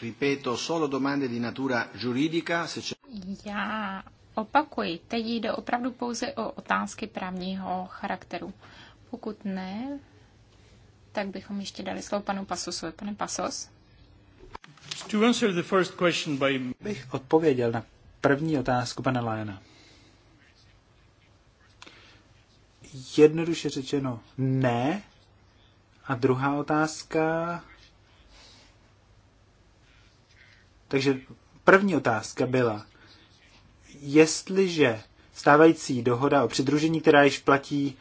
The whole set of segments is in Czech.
ripeto, solo domande di natura giuridica. Se c'è... Já opakuji, teď jde opravdu pouze o otázky právního charakteru. Pokud ne, tak bychom ještě dali slovo panu Pasosovi. Pane Pasos? To answer the first question by... Bych odpověděl na první otázku pana Lajena. Jednoduše řečeno ne. A druhá otázka Takže první otázka byla, jestliže stávající dohoda o přidružení, která již platí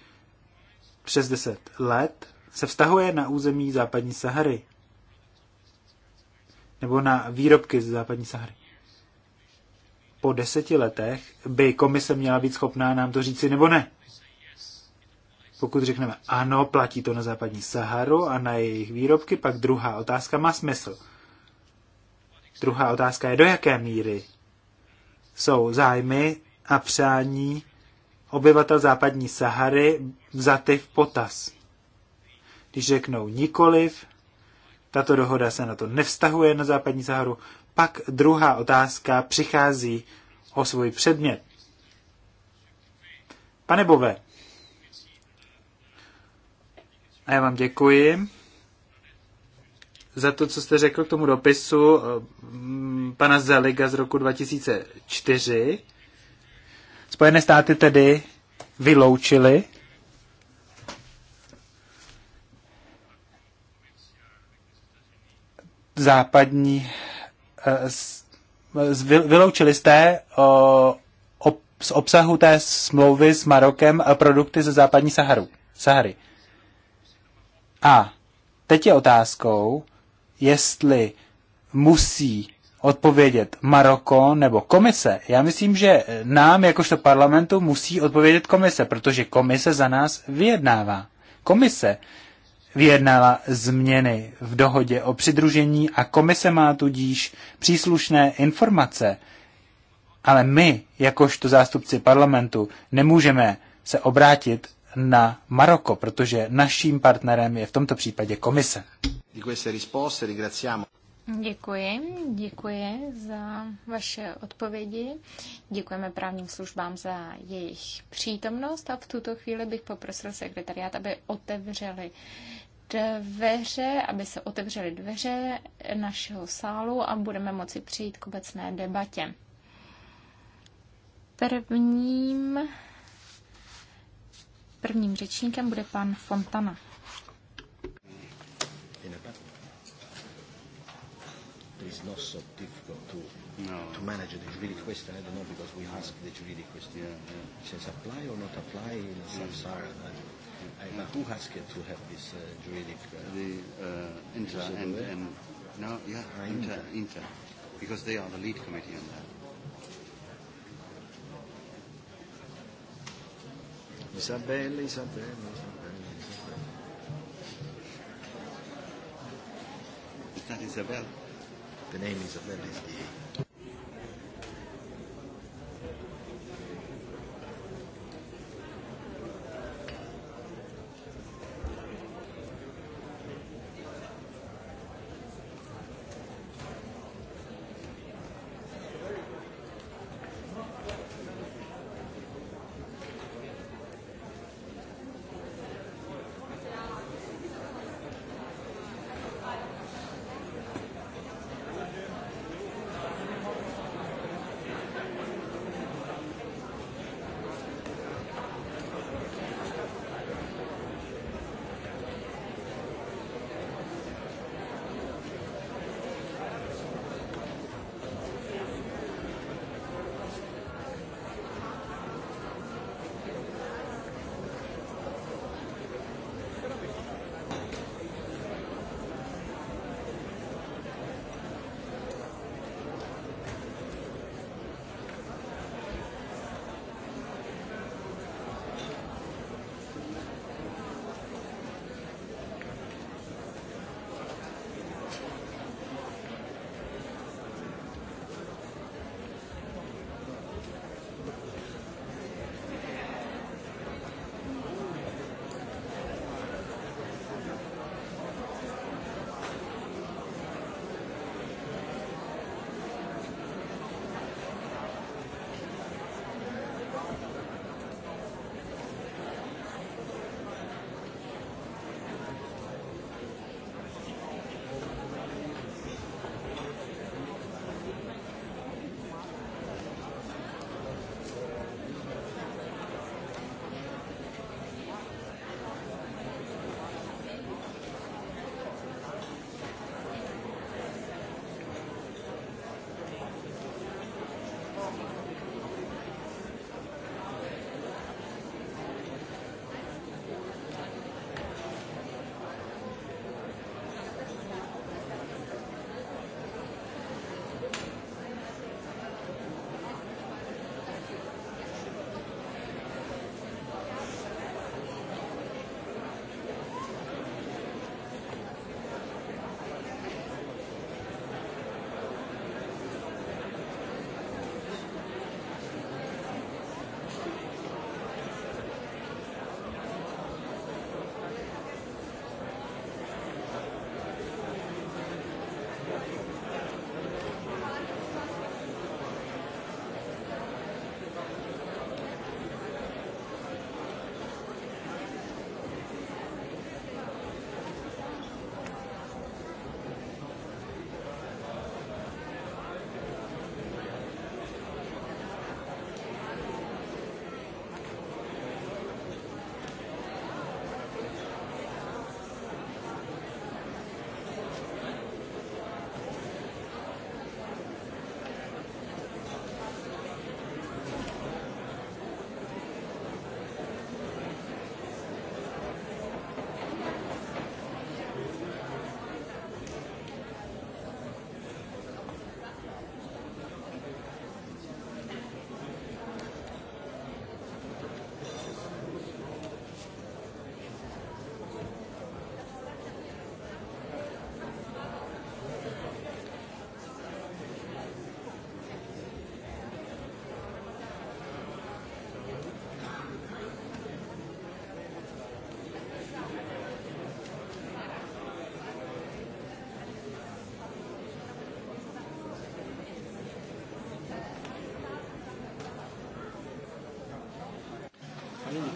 přes 10 let, se vztahuje na území západní Sahary. Nebo na výrobky z západní Sahary. Po deseti letech by komise měla být schopná nám to říci nebo ne. Pokud řekneme ano, platí to na západní Saharu a na jejich výrobky, pak druhá otázka má smysl. Druhá otázka je, do jaké míry jsou zájmy a přání obyvatel západní Sahary vzaty v potaz. Když řeknou nikoliv, tato dohoda se na to nevztahuje na západní Saharu, pak druhá otázka přichází o svůj předmět. Pane Bove, a já vám děkuji za to, co jste řekl k tomu dopisu eh, pana Zeliga z roku 2004. Spojené státy tedy vyloučily západní eh, vyloučili jste z obsahu té smlouvy s Marokem eh, produkty ze západní Saharu, Sahary. A teď je otázkou, jestli musí odpovědět Maroko nebo komise. Já myslím, že nám, jakožto parlamentu, musí odpovědět komise, protože komise za nás vyjednává. Komise vyjednala změny v dohodě o přidružení a komise má tudíž příslušné informace. Ale my, jakožto zástupci parlamentu, nemůžeme se obrátit na Maroko, protože naším partnerem je v tomto případě komise di queste risposte. Ringraziamo. Děkuji, děkuji za vaše odpovědi. Děkujeme právním službám za jejich přítomnost a v tuto chvíli bych poprosil sekretariat, aby otevřeli dveře, aby se otevřely dveře našeho sálu a budeme moci přijít k obecné debatě. Prvním, prvním řečníkem bude pan Fontana. is not so difficult to no. to manage the juridic question. I don't know because we ask the juridic question. Yeah, yeah. It says apply or not apply in yeah. Mm. samsara. Yeah. I, but who asked to have this uh, juridic? Uh, the uh, inter and, and, and no, yeah, uh, inter, inter inter because they are the lead committee on that. Isabelle, Isabelle, Isabelle. Isabella. Is that Isabelle. The name is of MSDA.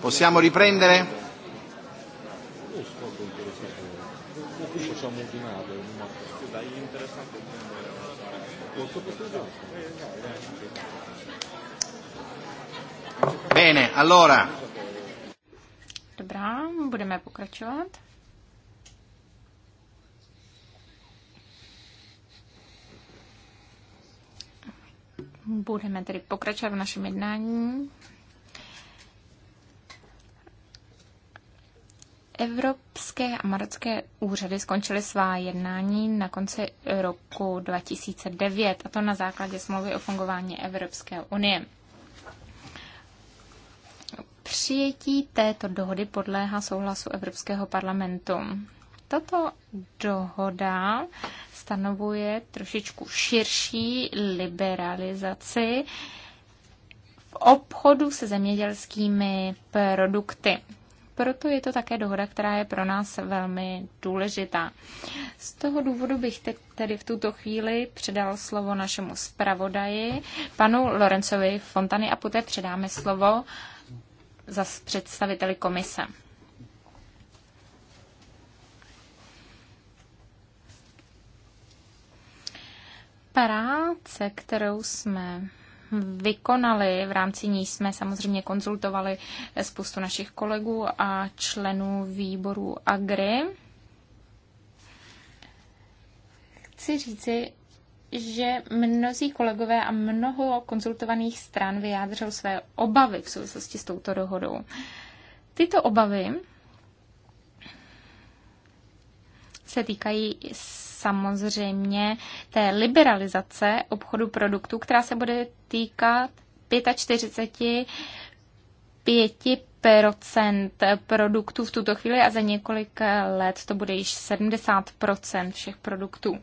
Possiamo riprendere? Bene, allora. Dobrá, budeme pokračovat. Budeme tedy pokračovat v našem jednání. Evropské a marocké úřady skončily svá jednání na konci roku 2009, a to na základě smlouvy o fungování Evropské unie. Přijetí této dohody podléhá souhlasu Evropského parlamentu. Tato dohoda stanovuje trošičku širší liberalizaci v obchodu se zemědělskými produkty proto je to také dohoda, která je pro nás velmi důležitá. Z toho důvodu bych teď tedy v tuto chvíli předal slovo našemu zpravodaji, panu Lorencovi Fontany a poté předáme slovo za představiteli komise. Práce, kterou jsme vykonali. V rámci ní jsme samozřejmě konzultovali spoustu našich kolegů a členů výboru AGRI. Chci říci, že mnozí kolegové a mnoho konzultovaných stran vyjádřil své obavy v souvislosti s touto dohodou. Tyto obavy se týkají samozřejmě té liberalizace obchodu produktů, která se bude týkat 45 procent produktů v tuto chvíli a za několik let to bude již 70 všech produktů.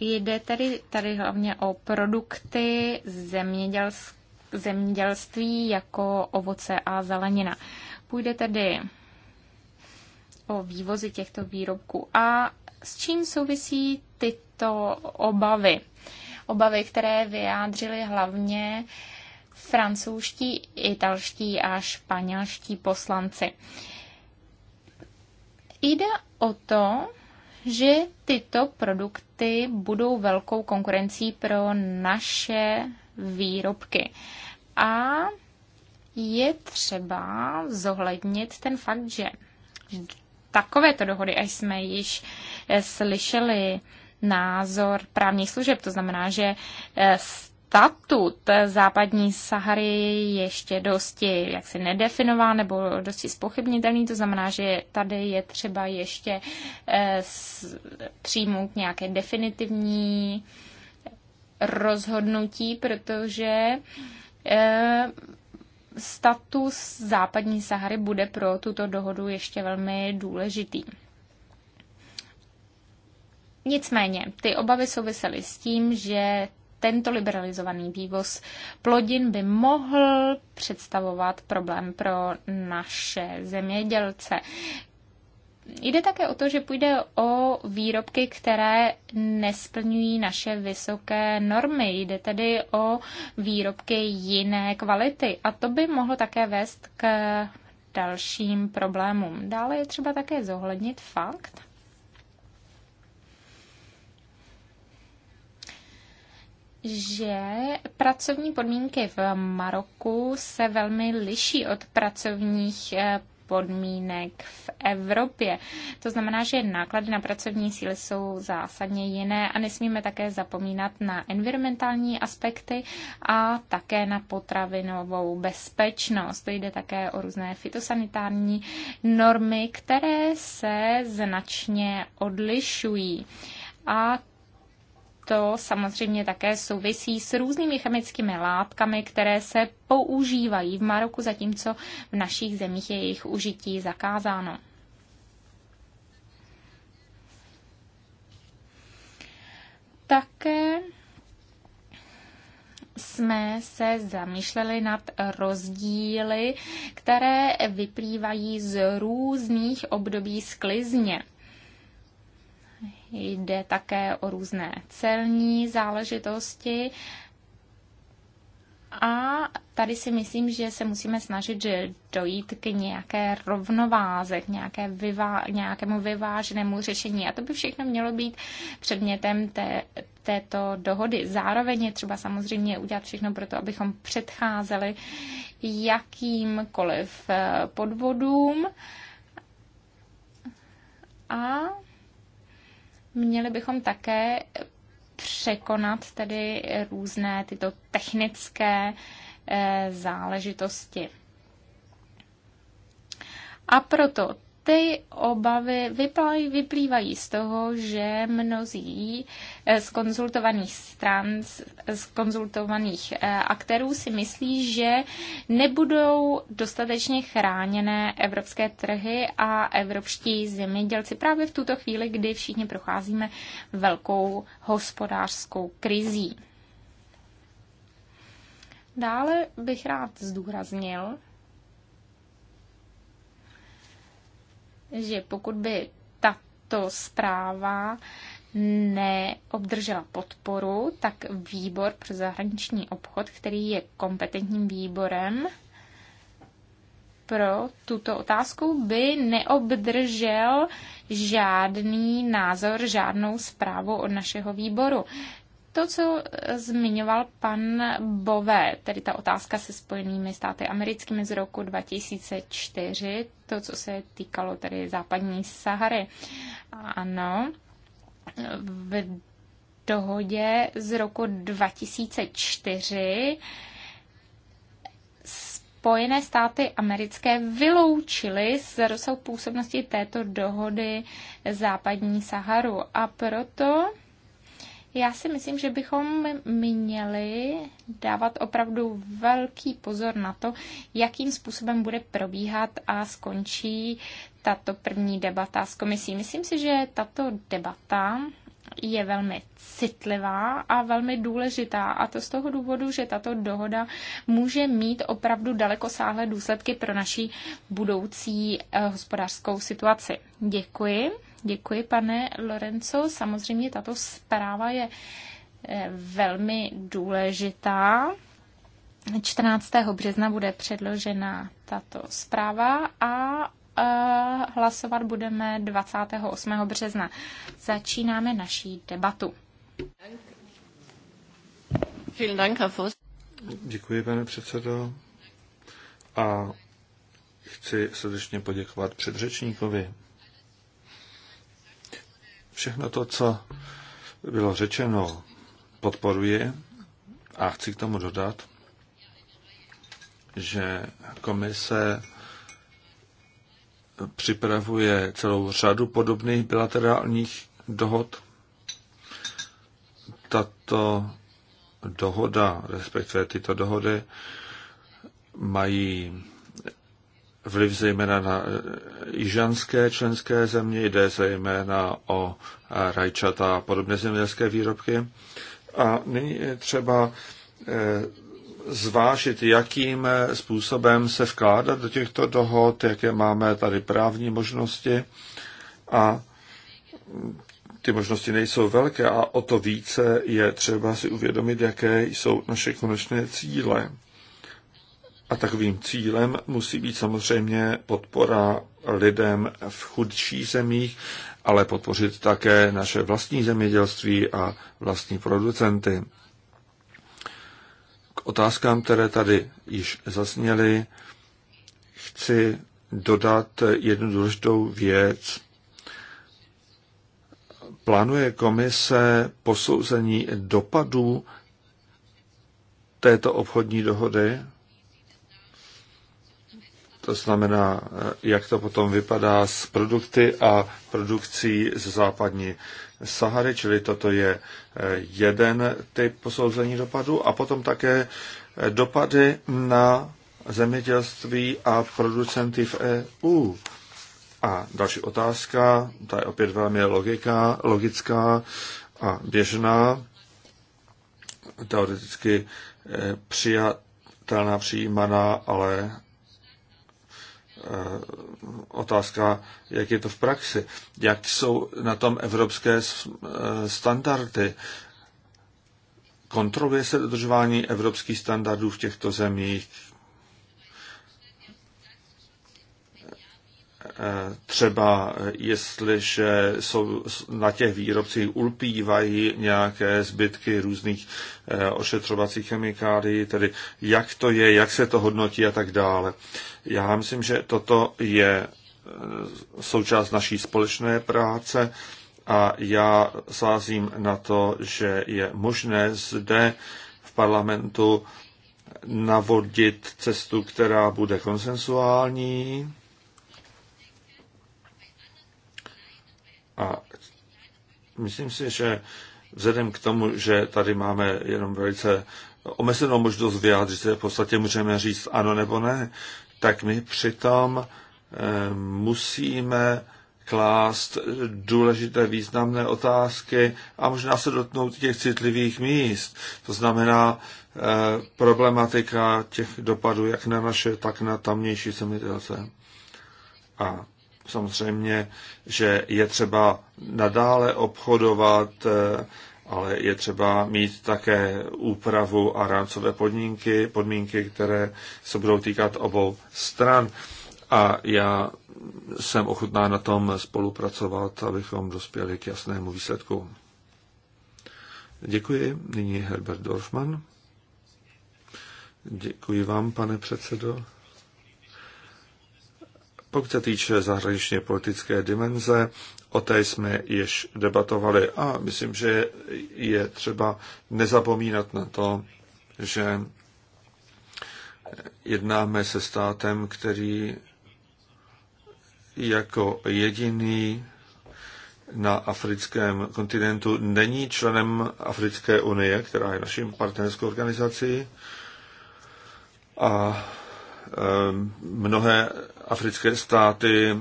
Jde tedy tady hlavně o produkty zemědělství jako ovoce a zelenina. Půjde tedy o vývozy těchto výrobků. A s čím souvisí tyto obavy? Obavy, které vyjádřili hlavně francouzští, italští a španělští poslanci. Jde o to, že tyto produkty budou velkou konkurencí pro naše výrobky. A je třeba zohlednit ten fakt, že takovéto dohody a jsme již eh, slyšeli názor právních služeb. To znamená, že eh, statut západní Sahary je ještě dosti jaksi nedefinován nebo dosti spochybnitelný. To znamená, že tady je třeba ještě eh, přijmout nějaké definitivní rozhodnutí, protože status západní Sahary bude pro tuto dohodu ještě velmi důležitý. Nicméně, ty obavy souvisely s tím, že tento liberalizovaný vývoz plodin by mohl představovat problém pro naše zemědělce. Jde také o to, že půjde o výrobky, které nesplňují naše vysoké normy. Jde tedy o výrobky jiné kvality a to by mohlo také vést k dalším problémům. Dále je třeba také zohlednit fakt, že pracovní podmínky v Maroku se velmi liší od pracovních eh, podmínek v Evropě. To znamená, že náklady na pracovní síly jsou zásadně jiné a nesmíme také zapomínat na environmentální aspekty a také na potravinovou bezpečnost. To jde také o různé fitosanitární normy, které se značně odlišují a to samozřejmě také souvisí s různými chemickými látkami, které se používají v Maroku, zatímco v našich zemích je jejich užití zakázáno. Také jsme se zamýšleli nad rozdíly, které vyplývají z různých období sklizně jde také o různé celní záležitosti. A tady si myslím, že se musíme snažit že dojít k nějaké rovnováze, k nějaké vyvá, nějakému vyváženému řešení. A to by všechno mělo být předmětem té, této dohody. Zároveň je třeba samozřejmě udělat všechno pro to, abychom předcházeli jakýmkoliv eh, podvodům. A Měli bychom také překonat tedy různé tyto technické eh, záležitosti. A proto ty obavy vyplývají z toho, že mnozí eh, z konzultovaných stran, z konzultovaných eh, aktérů si myslí, že nebudou dostatečně chráněné evropské trhy a evropští zemědělci právě v tuto chvíli, kdy všichni procházíme velkou hospodářskou krizí. Dále bych rád zdůraznil, že pokud by tato zpráva neobdržela podporu, tak výbor pro zahraniční obchod, který je kompetentním výborem pro tuto otázku, by neobdržel žádný názor, žádnou zprávu od našeho výboru. To, co eh, zmiňoval pan Bové, tedy ta otázka se Spojenými státy americkými z roku 2004, to, co se týkalo tedy západní Sahary. Ano, v dohodě z roku 2004 Spojené státy americké vyloučily z rozsahu působnosti této dohody západní Saharu a proto já si myslím, že bychom měli dávat opravdu velký pozor na to, jakým způsobem bude probíhat a skončí tato první debata s komisí. Myslím si, že tato debata je velmi citlivá a velmi důležitá. A to z toho důvodu, že tato dohoda může mít opravdu dalekosáhlé důsledky pro naší budoucí eh, hospodářskou situaci. Děkuji. Děkuji, pane Lorenzo. Samozřejmě tato zpráva je eh, velmi důležitá. 14. března bude předložena tato zpráva a eh, hlasovat budeme 28. března. Začínáme naší debatu. Děkuji, pane předsedo. A chci srdečně poděkovat předřečníkovi. Všechno to, co bylo řečeno, podporuji a chci k tomu dodat, že komise připravuje celou řadu podobných bilaterálních dohod. Tato dohoda, respektive tyto dohody, mají vliv zejména na e, jižanské členské země, jde zejména o e, rajčata a podobné zemědělské výrobky. A nyní je třeba e, zvážit, jakým způsobem se vkládat do těchto dohod, jaké máme tady právní možnosti a ty možnosti nejsou velké a o to více je třeba si uvědomit, jaké jsou naše konečné cíle. A takovým cílem musí být samozřejmě podpora lidem v chudších zemích, ale podpořit také naše vlastní zemědělství a vlastní producenty. K otázkám, které tady již zazněly, chci dodat jednu důležitou věc. Plánuje komise posouzení dopadů této obchodní dohody? To znamená, eh, jak to potom vypadá s produkty a produkcí z západní Sahary, čili toto je eh, jeden typ posouzení dopadu a potom také eh, dopady na zemědělství a producenty v EU. A další otázka, ta je opět velmi logika, logická a běžná, teoreticky přijatelná, přijímaná, ale Eh, otázka, jak je to v praxi, jak jsou na tom evropské eh, standardy, kontroluje se dodržování evropských standardů v těchto zemích, třeba jestliže jsou na těch výrobcích ulpívají nějaké zbytky různých eh, ošetřovacích chemikálií, tedy jak to je, jak se to hodnotí a tak dále. Já myslím, že toto je eh, součást naší společné práce a já sázím na to, že je možné zde v parlamentu navodit cestu, která bude konsensuální, A myslím si, že vzhledem k tomu, že tady máme jenom velice omezenou možnost vyjádřit se, v podstatě můžeme říct ano nebo ne, tak my přitom eh, musíme klást důležité významné otázky a možná se dotknout těch citlivých míst. To znamená eh, problematika těch dopadů jak na naše, tak na tamnější zemědělce. A Samozřejmě, že je třeba nadále obchodovat, eh, ale je třeba mít také úpravu a rámcové podmínky, podmínky, které se budou týkat obou stran. A já jsem ochutná na tom spolupracovat, abychom dospěli k jasnému výsledku. Děkuji. Nyní Herbert Dorfman. Děkuji vám, pane předsedo. Pokud se týče zahraničně politické dimenze, o té jsme již debatovali a myslím, že je třeba nezapomínat na to, že jednáme se státem, který jako jediný na africkém kontinentu není členem Africké unie, která je naším partnerskou organizací. A eh, mnohé africké státy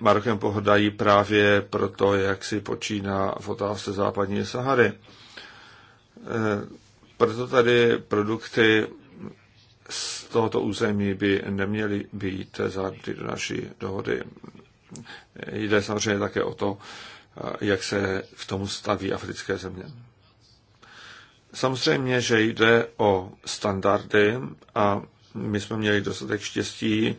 Marokem pohodají právě proto, jak si počíná v otázce západní Sahary. Eh, proto tady produkty z tohoto území by neměly být zahrnuty do naší dohody. Jde samozřejmě také o to, eh, jak se k tomu staví africké země. Samozřejmě, že jde o standardy a my jsme měli dostatek štěstí,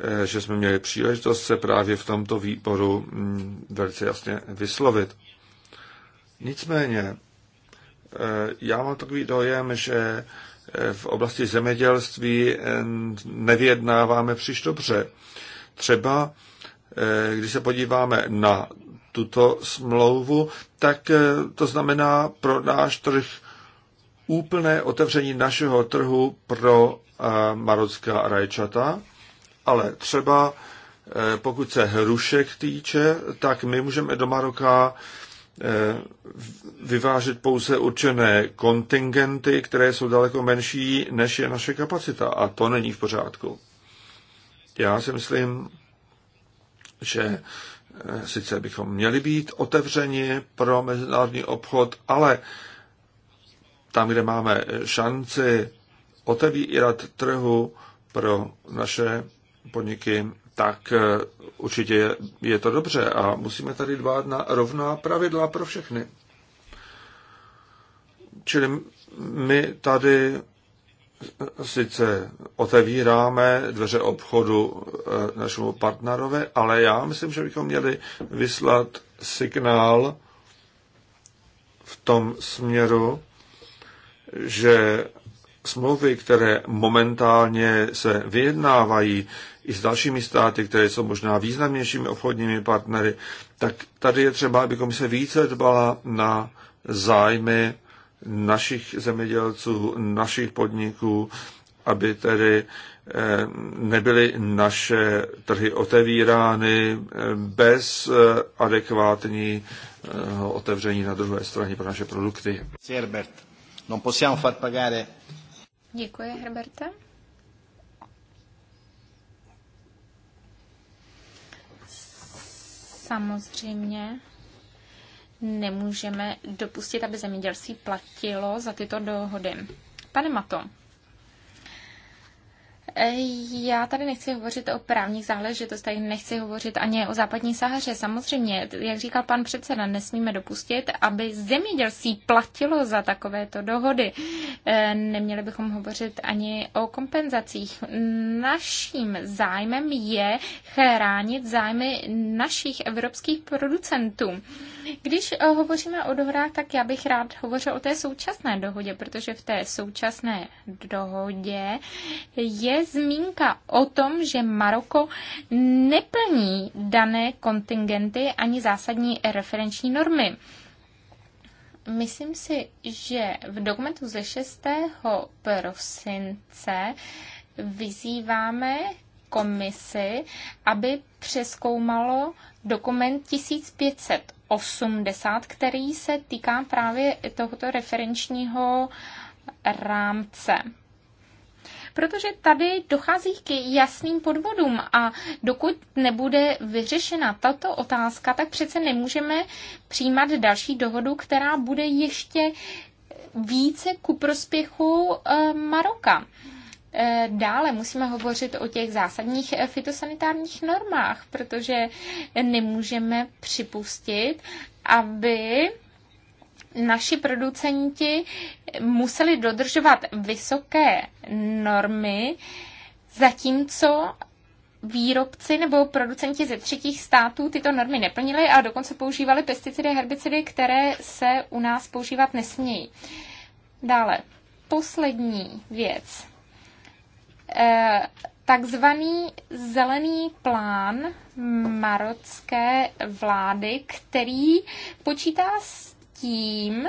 Eh, že jsme měli příležitost se právě v tomto výboru mm, velice jasně vyslovit. Nicméně, eh, já mám takový dojem, že eh, v oblasti zemědělství nevyjednáváme příliš dobře. Třeba, když se podíváme na tuto smlouvu, tak to znamená pro náš trh úplné otevření našeho trhu pro marocká rajčata ale třeba eh, pokud se hrušek týče, tak my můžeme do Maroka eh, vyvážet pouze určené kontingenty, které jsou daleko menší, než je naše kapacita. A to není v pořádku. Já si myslím, že eh, sice bychom měli být otevřeni pro mezinárodní obchod, ale tam, kde máme šanci otevírat trhu pro naše podniky, tak eh, určitě je to dobře a musíme tady dbát na rovná pravidla pro všechny. Čili my tady eh, sice otevíráme dveře obchodu eh, našemu partnerovi, ale já myslím, že bychom měli vyslat signál v tom směru, že smlouvy, které momentálně se vyjednávají, i s dalšími státy, které jsou možná významnějšími obchodními partnery, tak tady je třeba, abychom se více dbala na zájmy našich zemědělců, našich podniků, aby tedy eh, nebyly naše trhy otevírány eh, bez eh, adekvátní otevření na druhé straně pro naše produkty. Děkuji, Herberta. samozřejmě nemůžeme dopustit, aby zemědělství platilo za tyto dohody. Pane Mato, já tady nechci hovořit o právních záležitostech, nechci hovořit ani o západní Sahaře. Samozřejmě, jak říkal pan předseda, nesmíme dopustit, aby zemědělství platilo za takovéto dohody. Eh, neměli bychom hovořit ani o kompenzacích. Naším zájmem je chránit zájmy našich evropských producentů. Když hovoříme o dohodách, tak já bych rád hovořil o té současné dohodě, protože v té současné dohodě je zmínka o tom, že Maroko neplní dané kontingenty ani zásadní referenční normy. Myslím si, že v dokumentu ze 6. prosince vyzýváme komisi, aby přeskoumalo dokument 1580, který se týká právě tohoto referenčního rámce protože tady dochází k jasným podvodům a dokud nebude vyřešena tato otázka, tak přece nemůžeme přijímat další dohodu, která bude ještě více ku prospěchu eh, Maroka. Eh, dále musíme hovořit o těch zásadních eh, fitosanitárních normách, protože nemůžeme připustit, aby naši producenti museli dodržovat vysoké normy, zatímco výrobci nebo producenti ze třetích států tyto normy neplnili a dokonce používali pesticidy a herbicidy, které se u nás používat nesmějí. Dále, poslední věc. E, takzvaný zelený plán marocké vlády, který počítá s tím,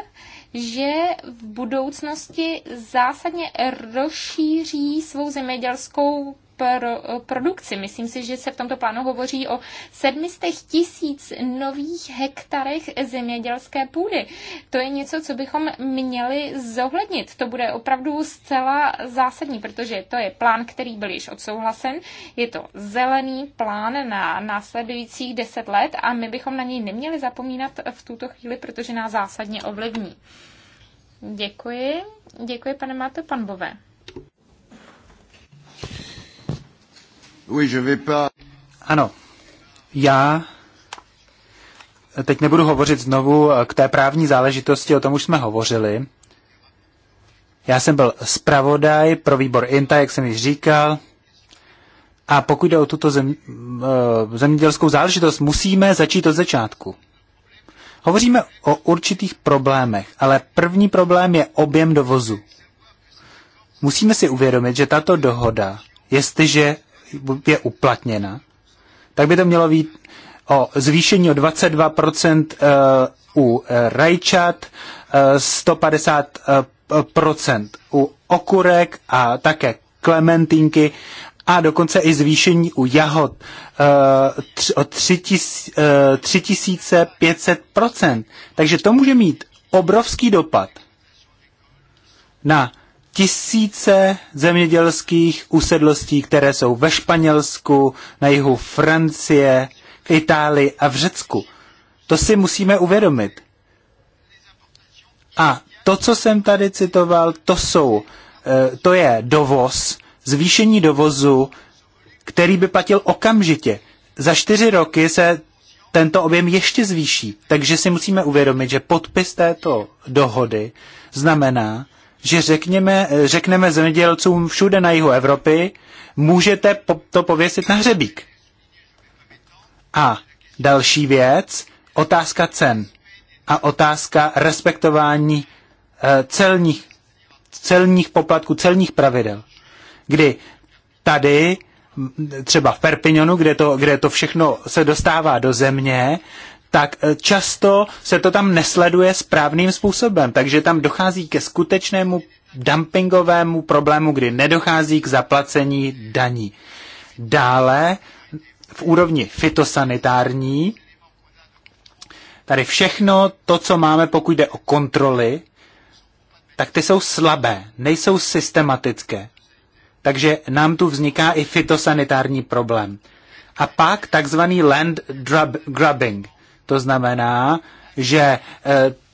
že v budoucnosti zásadně rozšíří svou zemědělskou pro, eh, produkci. Myslím si, že se v tomto plánu hovoří o 700 tisíc nových hektarech zemědělské půdy. To je něco, co bychom měli zohlednit. To bude opravdu zcela zásadní, protože to je plán, který byl již odsouhlasen. Je to zelený plán na následujících 10 let a my bychom na něj neměli zapomínat v tuto chvíli, protože nás zásadně ovlivní. Děkuji. Děkuji, pane Mato pan Bové. Ano, já teď nebudu hovořit znovu k té právní záležitosti, o tom už jsme hovořili. Já jsem byl zpravodaj pro výbor INTA, jak jsem již říkal. A pokud jde o tuto zem, eh, zemědělskou záležitost, musíme začít od začátku. Hovoříme o určitých problémech, ale první problém je objem dovozu. Musíme si uvědomit, že tato dohoda, jestliže je uplatněna, tak by to mělo být o zvýšení o 22% eh, u eh, rajčat, 150% eh, u okurek a také klementinky a dokonce i zvýšení u jahod o 3500%. Takže to může mít obrovský dopad na tisíce zemědělských usedlostí, které jsou ve Španělsku, na jihu Francie, v Itálii a v Řecku. To si musíme uvědomit. A to, co jsem tady citoval, to, jsou, eh, to je dovoz, zvýšení dovozu, který by platil okamžitě. Za čtyři roky se tento objem ještě zvýší. Takže si musíme uvědomit, že podpis této dohody znamená, že řekněme, řekneme zemědělcům všude na jihu Evropy, můžete to pověsit na hřebík. A další věc, otázka cen a otázka respektování eh, celních, celních poplatků, celních pravidel. Kdy tady třeba v Perpignanu, kde to, kde to všechno se dostává do země, tak eh, často se to tam nesleduje správným způsobem, takže tam dochází ke skutečnému dumpingovému problému, kdy nedochází k zaplacení daní. Dále v úrovni fitosanitární, tady všechno to, co máme, pokud jde o kontroly, tak ty jsou slabé, nejsou systematické. Takže nám tu vzniká i fitosanitární problém. A pak takzvaný land grab grabbing – to znamená, že e,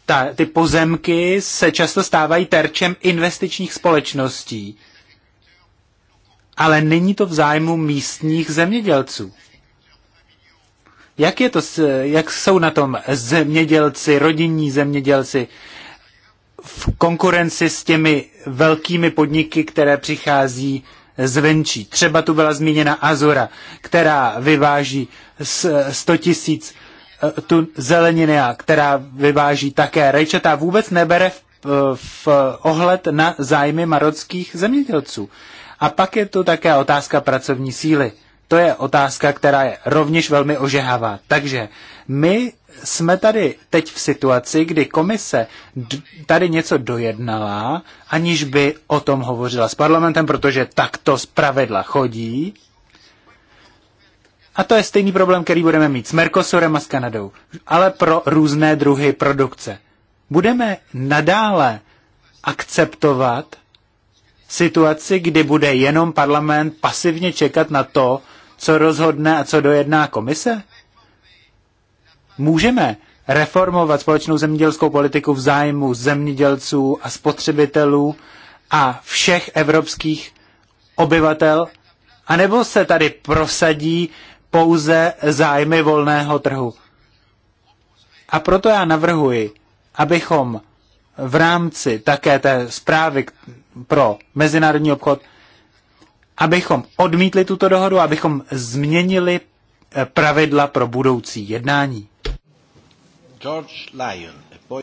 ta, ty pozemky se často stávají terčem investičních společností, ale není to v zájmu místních zemědělců. Jak, je to, jak jsou na tom zemědělci, rodinní zemědělci v konkurenci s těmi velkými podniky, které přichází zvenčí? Třeba tu byla zmíněna Azora, která vyváží 100 tisíc Eh, tu zeleniny, která vyváží také rajčata, vůbec nebere v, eh, v ohled na zájmy marockých zemědělců. A pak je tu také otázka pracovní síly. To je otázka, která je rovněž velmi ožehavá. Takže my jsme tady teď v situaci, kdy komise tady něco dojednala, aniž by o tom hovořila s parlamentem, protože takto zpravidla chodí. A to je stejný problém, který budeme mít s Mercosurem a s Kanadou, ale pro různé druhy produkce. Budeme nadále akceptovat situaci, kdy bude jenom parlament pasivně čekat na to, co rozhodne a co dojedná komise? Můžeme reformovat společnou zemědělskou politiku v zájmu zemědělců a spotřebitelů a všech evropských obyvatel, a nebo se tady prosadí pouze zájmy volného trhu. A proto já navrhuji, abychom v rámci také té zprávy pro mezinárodní obchod, abychom odmítli tuto dohodu, abychom změnili eh, pravidla pro budoucí jednání. George Lyon.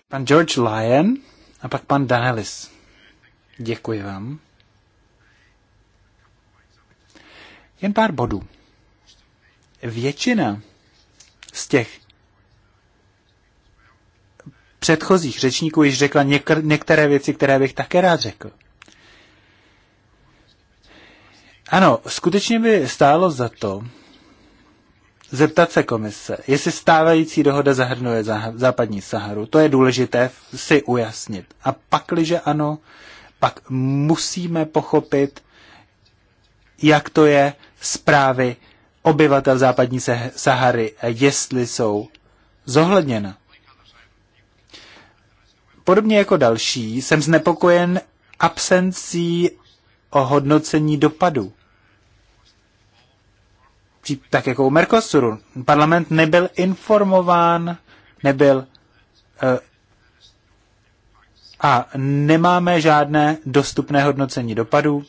Pan George Lyon a pak pan Danelis. Děkuji vám. Jen pár bodů většina z těch předchozích řečníků již řekla někr- některé věci, které bych také rád řekl. Ano, skutečně by stálo za to zeptat se komise, jestli stávající dohoda zahrnuje zá- západní Saharu. To je důležité si ujasnit. A pakliže ano, pak musíme pochopit, jak to je zprávy obyvatel západní Sahary, eh, jestli jsou zohledněna. Podobně jako další jsem znepokojen absencí o hodnocení dopadu. Tak jako u Mercosuru. Parlament nebyl informován, nebyl eh, a nemáme žádné dostupné hodnocení dopadů.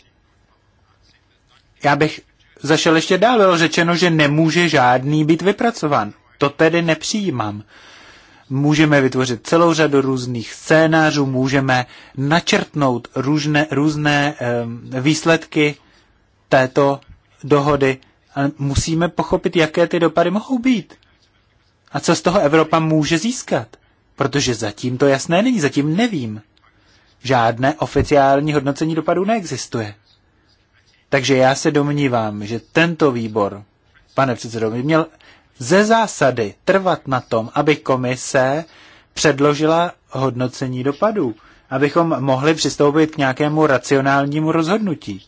Já bych zašel ještě dál. Bylo řečeno, že nemůže žádný být vypracován. To tedy nepřijímám. Můžeme vytvořit celou řadu různých scénářů, můžeme načrtnout různé, různé um, výsledky této dohody, ale musíme pochopit, jaké ty dopady mohou být. A co z toho Evropa může získat? Protože zatím to jasné není, zatím nevím. Žádné oficiální hodnocení dopadů neexistuje. Takže já se domnívám, že tento výbor, pane předsedo, by měl ze zásady trvat na tom, aby komise předložila hodnocení dopadů, abychom mohli přistoupit k nějakému racionálnímu rozhodnutí.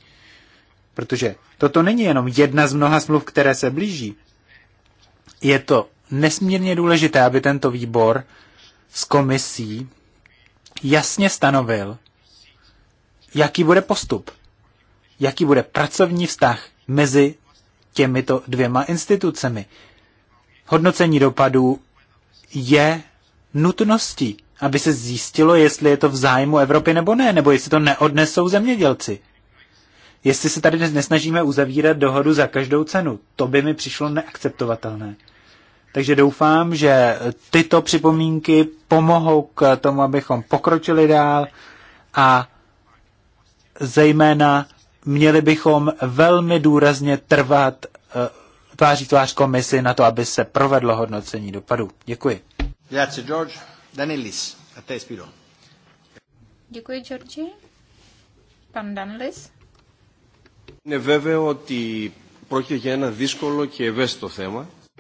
Protože toto není jenom jedna z mnoha smluv, které se blíží. Je to nesmírně důležité, aby tento výbor s komisí jasně stanovil, jaký bude postup jaký bude pracovní vztah mezi těmito dvěma institucemi. Hodnocení dopadů je nutností, aby se zjistilo, jestli je to v zájmu Evropy nebo ne, nebo jestli to neodnesou zemědělci. Jestli se tady nesnažíme uzavírat dohodu za každou cenu, to by mi přišlo neakceptovatelné. Takže doufám, že tyto připomínky pomohou k tomu, abychom pokročili dál a zejména měli bychom velmi důrazně trvat eh, tváří tvář komisi na to, aby se provedlo hodnocení dopadů. Děkuji. Děkuji George. Danilis, a te Spiro. Děkuji, Georgi. Pan Danilis. Είναι βέβαιο ότι πρόκειται για ένα δύσκολο και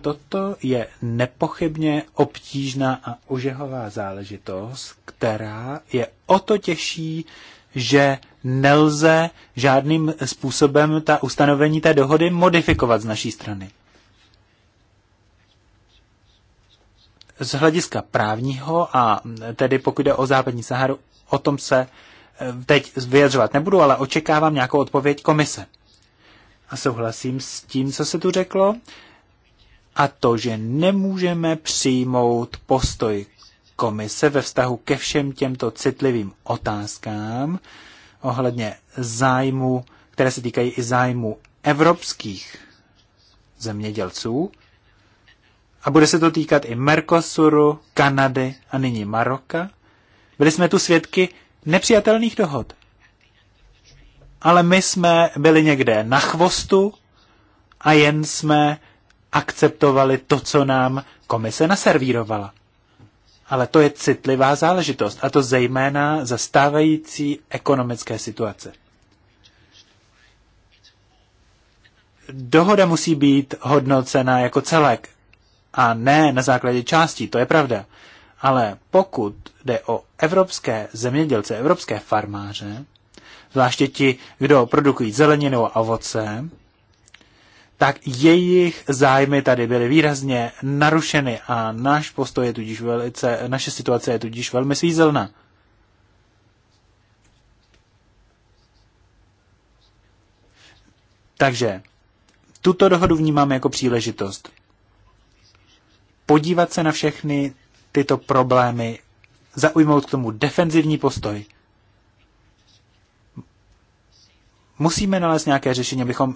Toto je nepochybně obtížná a ožehová záležitost, která je o to těžší, že nelze žádným způsobem ta ustanovení té dohody modifikovat z naší strany. Z hlediska právního a tedy pokud jde o západní Saharu, o tom se eh, teď vyjadřovat nebudu, ale očekávám nějakou odpověď komise. A souhlasím s tím, co se tu řeklo, a to, že nemůžeme přijmout postoj komise ve vztahu ke všem těmto citlivým otázkám ohledně zájmu, které se týkají i zájmu evropských zemědělců. A bude se to týkat i Mercosuru, Kanady a nyní Maroka. Byli jsme tu svědky nepřijatelných dohod. Ale my jsme byli někde na chvostu a jen jsme akceptovali to, co nám komise naservírovala. Ale to je citlivá záležitost, a to zejména za stávající ekonomické situace. Dohoda musí být hodnocena jako celek a ne na základě částí, to je pravda. Ale pokud jde o evropské zemědělce, evropské farmáře, zvláště ti, kdo produkují zeleninu a ovoce, tak jejich zájmy tady byly výrazně narušeny a náš postoj je tudíž velice, naše situace je tudíž velmi svízelná. Takže tuto dohodu vnímám jako příležitost podívat se na všechny tyto problémy, zaujmout k tomu defenzivní postoj. Musíme nalézt nějaké řešení, abychom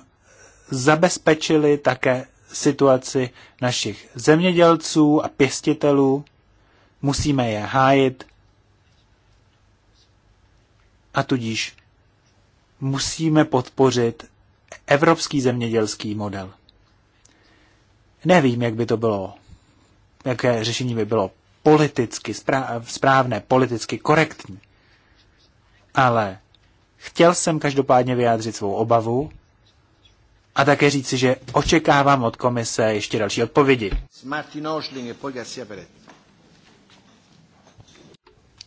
zabezpečili také situaci našich zemědělců a pěstitelů. Musíme je hájit a tudíž musíme podpořit evropský zemědělský model. Nevím, jak by to bylo, jaké řešení by bylo politicky správné, politicky korektní, ale chtěl jsem každopádně vyjádřit svou obavu a také říci, že očekávám od komise ještě další odpovědi. Martin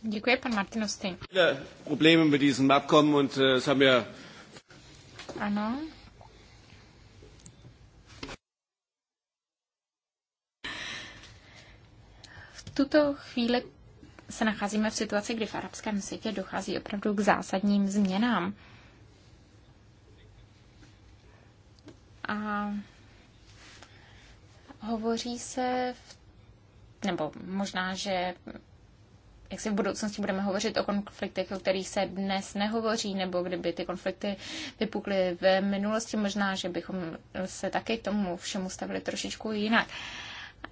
Děkuji, pan Martinosti. Äh, ano. V tuto chvíli se nacházíme v situaci, kdy v arabském světě dochází opravdu k zásadním změnám. A hovoří se, v, nebo možná, že jak si v budoucnosti budeme hovořit o konfliktech, o kterých se dnes nehovoří, nebo kdyby ty konflikty vypukly v minulosti, možná, že bychom se taky tomu všemu stavili trošičku jinak.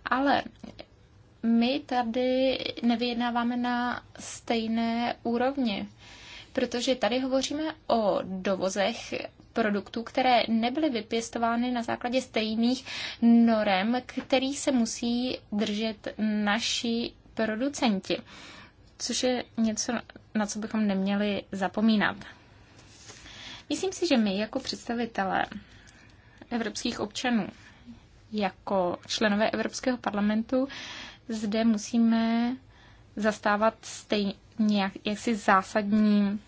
Ale my tady nevyjednáváme na stejné úrovni, protože tady hovoříme o dovozech produktů, které nebyly vypěstovány na základě stejných norem, kterých se musí držet naši producenti, což je něco, na co bychom neměli zapomínat. Myslím si, že my jako představitelé evropských občanů, jako členové Evropského parlamentu, zde musíme zastávat stejně jak, jaksi zásadní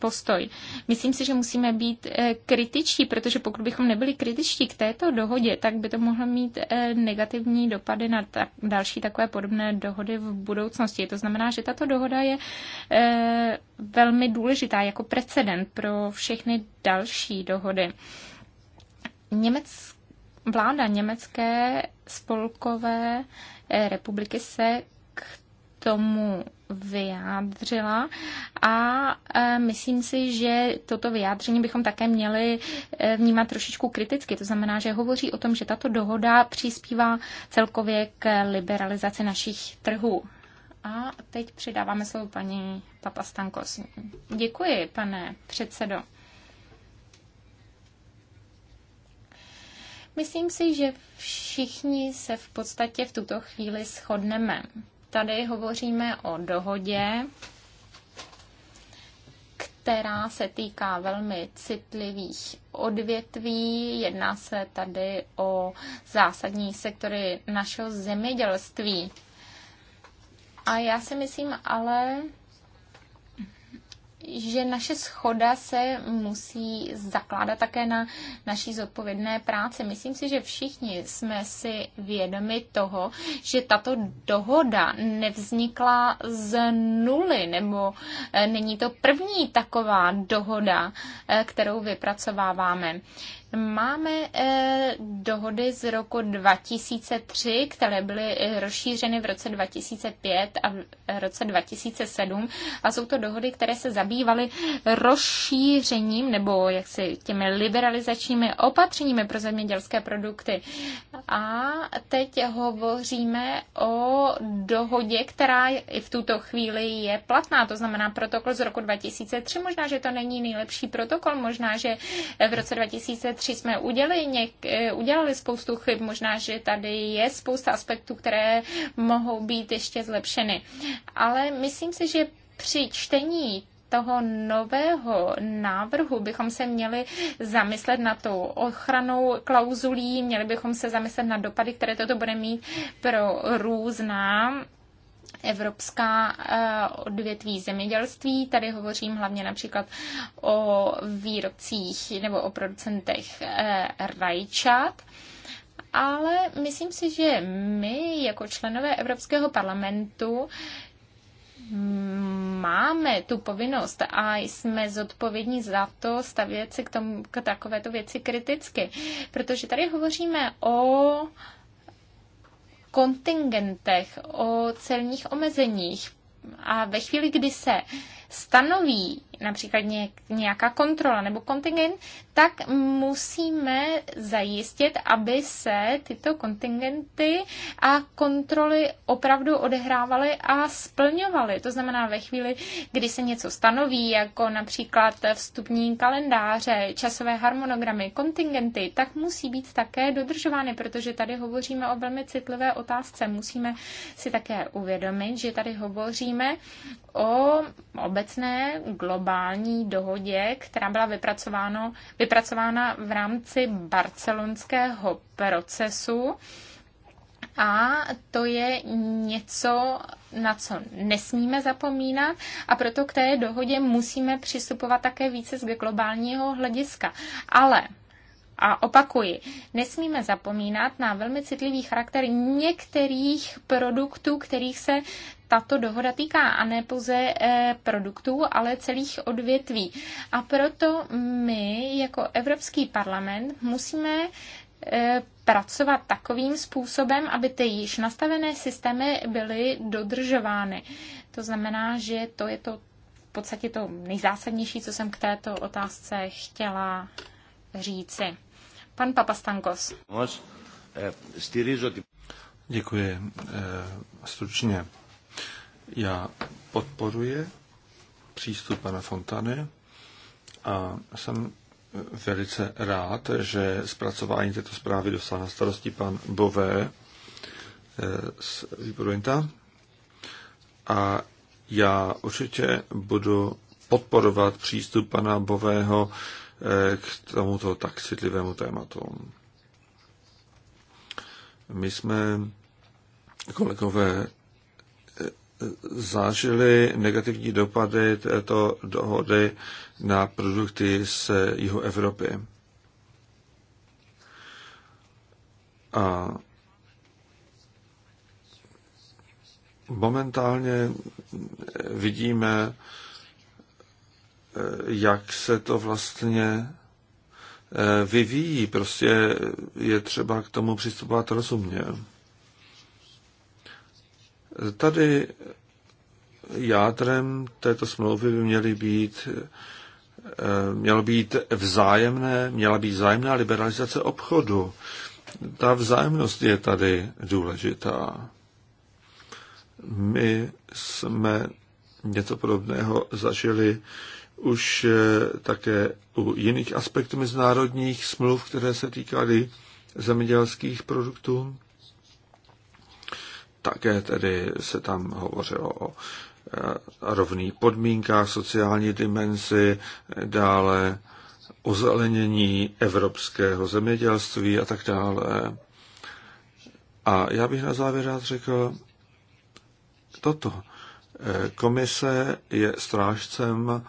postoj. Myslím si, že musíme být eh, kritičtí, protože pokud bychom nebyli kritičtí k této dohodě, tak by to mohlo mít eh, negativní dopady na ta- další takové podobné dohody v budoucnosti. To znamená, že tato dohoda je eh, velmi důležitá jako precedent pro všechny další dohody. Německá vláda Německé spolkové republiky se tomu vyjádřila a e, myslím si, že toto vyjádření bychom také měli e, vnímat trošičku kriticky. To znamená, že hovoří o tom, že tato dohoda přispívá celkově k liberalizaci našich trhů. A teď předáváme slovo paní Papastankos. Děkuji, pane předsedo. Myslím si, že všichni se v podstatě v tuto chvíli shodneme. Tady hovoříme o dohodě, která se týká velmi citlivých odvětví. Jedná se tady o zásadní sektory našeho zemědělství. A já si myslím ale, že naše schoda se musí zakládat také na naší zodpovědné práci. Myslím si, že všichni jsme si vědomi toho, že tato dohoda nevznikla z nuly, nebo eh, není to první taková dohoda, eh, kterou vypracováváme. Máme eh, dohody z roku 2003, které byly eh, rozšířeny v roce 2005 a v eh, roce 2007 a jsou to dohody, které se zabývaly rozšířením nebo jaksi těmi liberalizačními opatřeními pro zemědělské produkty. A teď hovoříme o dohodě, která i v tuto chvíli je platná, to znamená protokol z roku 2003. Možná, že to není nejlepší protokol, možná, že v roce 2003 2003 jsme udělali, něk, eh, udělali spoustu chyb, možná, že tady je spousta aspektů, které mohou být ještě zlepšeny. Ale myslím si, že při čtení toho nového návrhu bychom se měli zamyslet na tou ochranou klauzulí, měli bychom se zamyslet na dopady, které toto bude mít pro různá evropská eh, odvětví zemědělství. Tady hovořím hlavně například o výrobcích nebo o producentech eh, rajčat. Ale myslím si, že my jako členové Evropského parlamentu máme tu povinnost a jsme zodpovědní za to stavět se k, tomu, k takovéto věci kriticky. Protože tady hovoříme o kontingentech, o celních omezeních. A ve chvíli, kdy se stanoví například nějaká kontrola nebo kontingent, tak musíme zajistit, aby se tyto kontingenty a kontroly opravdu odehrávaly a splňovaly. To znamená ve chvíli, kdy se něco stanoví, jako například vstupní kalendáře, časové harmonogramy, kontingenty, tak musí být také dodržovány, protože tady hovoříme o velmi citlivé otázce. Musíme si také uvědomit, že tady hovoříme o, o obecné globální dohodě, která byla vypracována v rámci barcelonského procesu. A to je něco, na co nesmíme zapomínat a proto k té dohodě musíme přistupovat také více z globálního hlediska. Ale a opakuji, nesmíme zapomínat na velmi citlivý charakter některých produktů, kterých se tato dohoda týká a ne pouze eh, produktů, ale celých odvětví. A proto my jako Evropský parlament musíme eh, pracovat takovým způsobem, aby ty již nastavené systémy byly dodržovány. To znamená, že to je to v podstatě to nejzásadnější, co jsem k této otázce chtěla říci. Pan Papastankos. Eh, Děkuji. Eh, stručně. Já podporuji přístup pana Fontany a jsem eh, velice rád, že zpracování této zprávy dostal na starosti pan Bové z výboru INTA. A já určitě budu podporovat přístup pana Bového k tomuto tak citlivému tématu. My jsme, kolegové, zažili negativní dopady této dohody na produkty z jihu Evropy. A momentálně vidíme Eh, jak se to vlastně eh, vyvíjí. Prostě je třeba k tomu přistupovat rozumně. Tady jádrem této smlouvy by měly být, eh, mělo být vzájemné, měla být vzájemná liberalizace obchodu. Ta vzájemnost je tady důležitá. My jsme něco podobného zažili už eh, také u jiných aspektů mezinárodních smluv, které se týkaly zemědělských produktů. Také tedy se tam hovořilo o eh, rovných podmínkách, sociální dimenzi, dále ozelenění evropského zemědělství a tak dále. A já bych na závěr rád řekl toto. Eh, komise je strážcem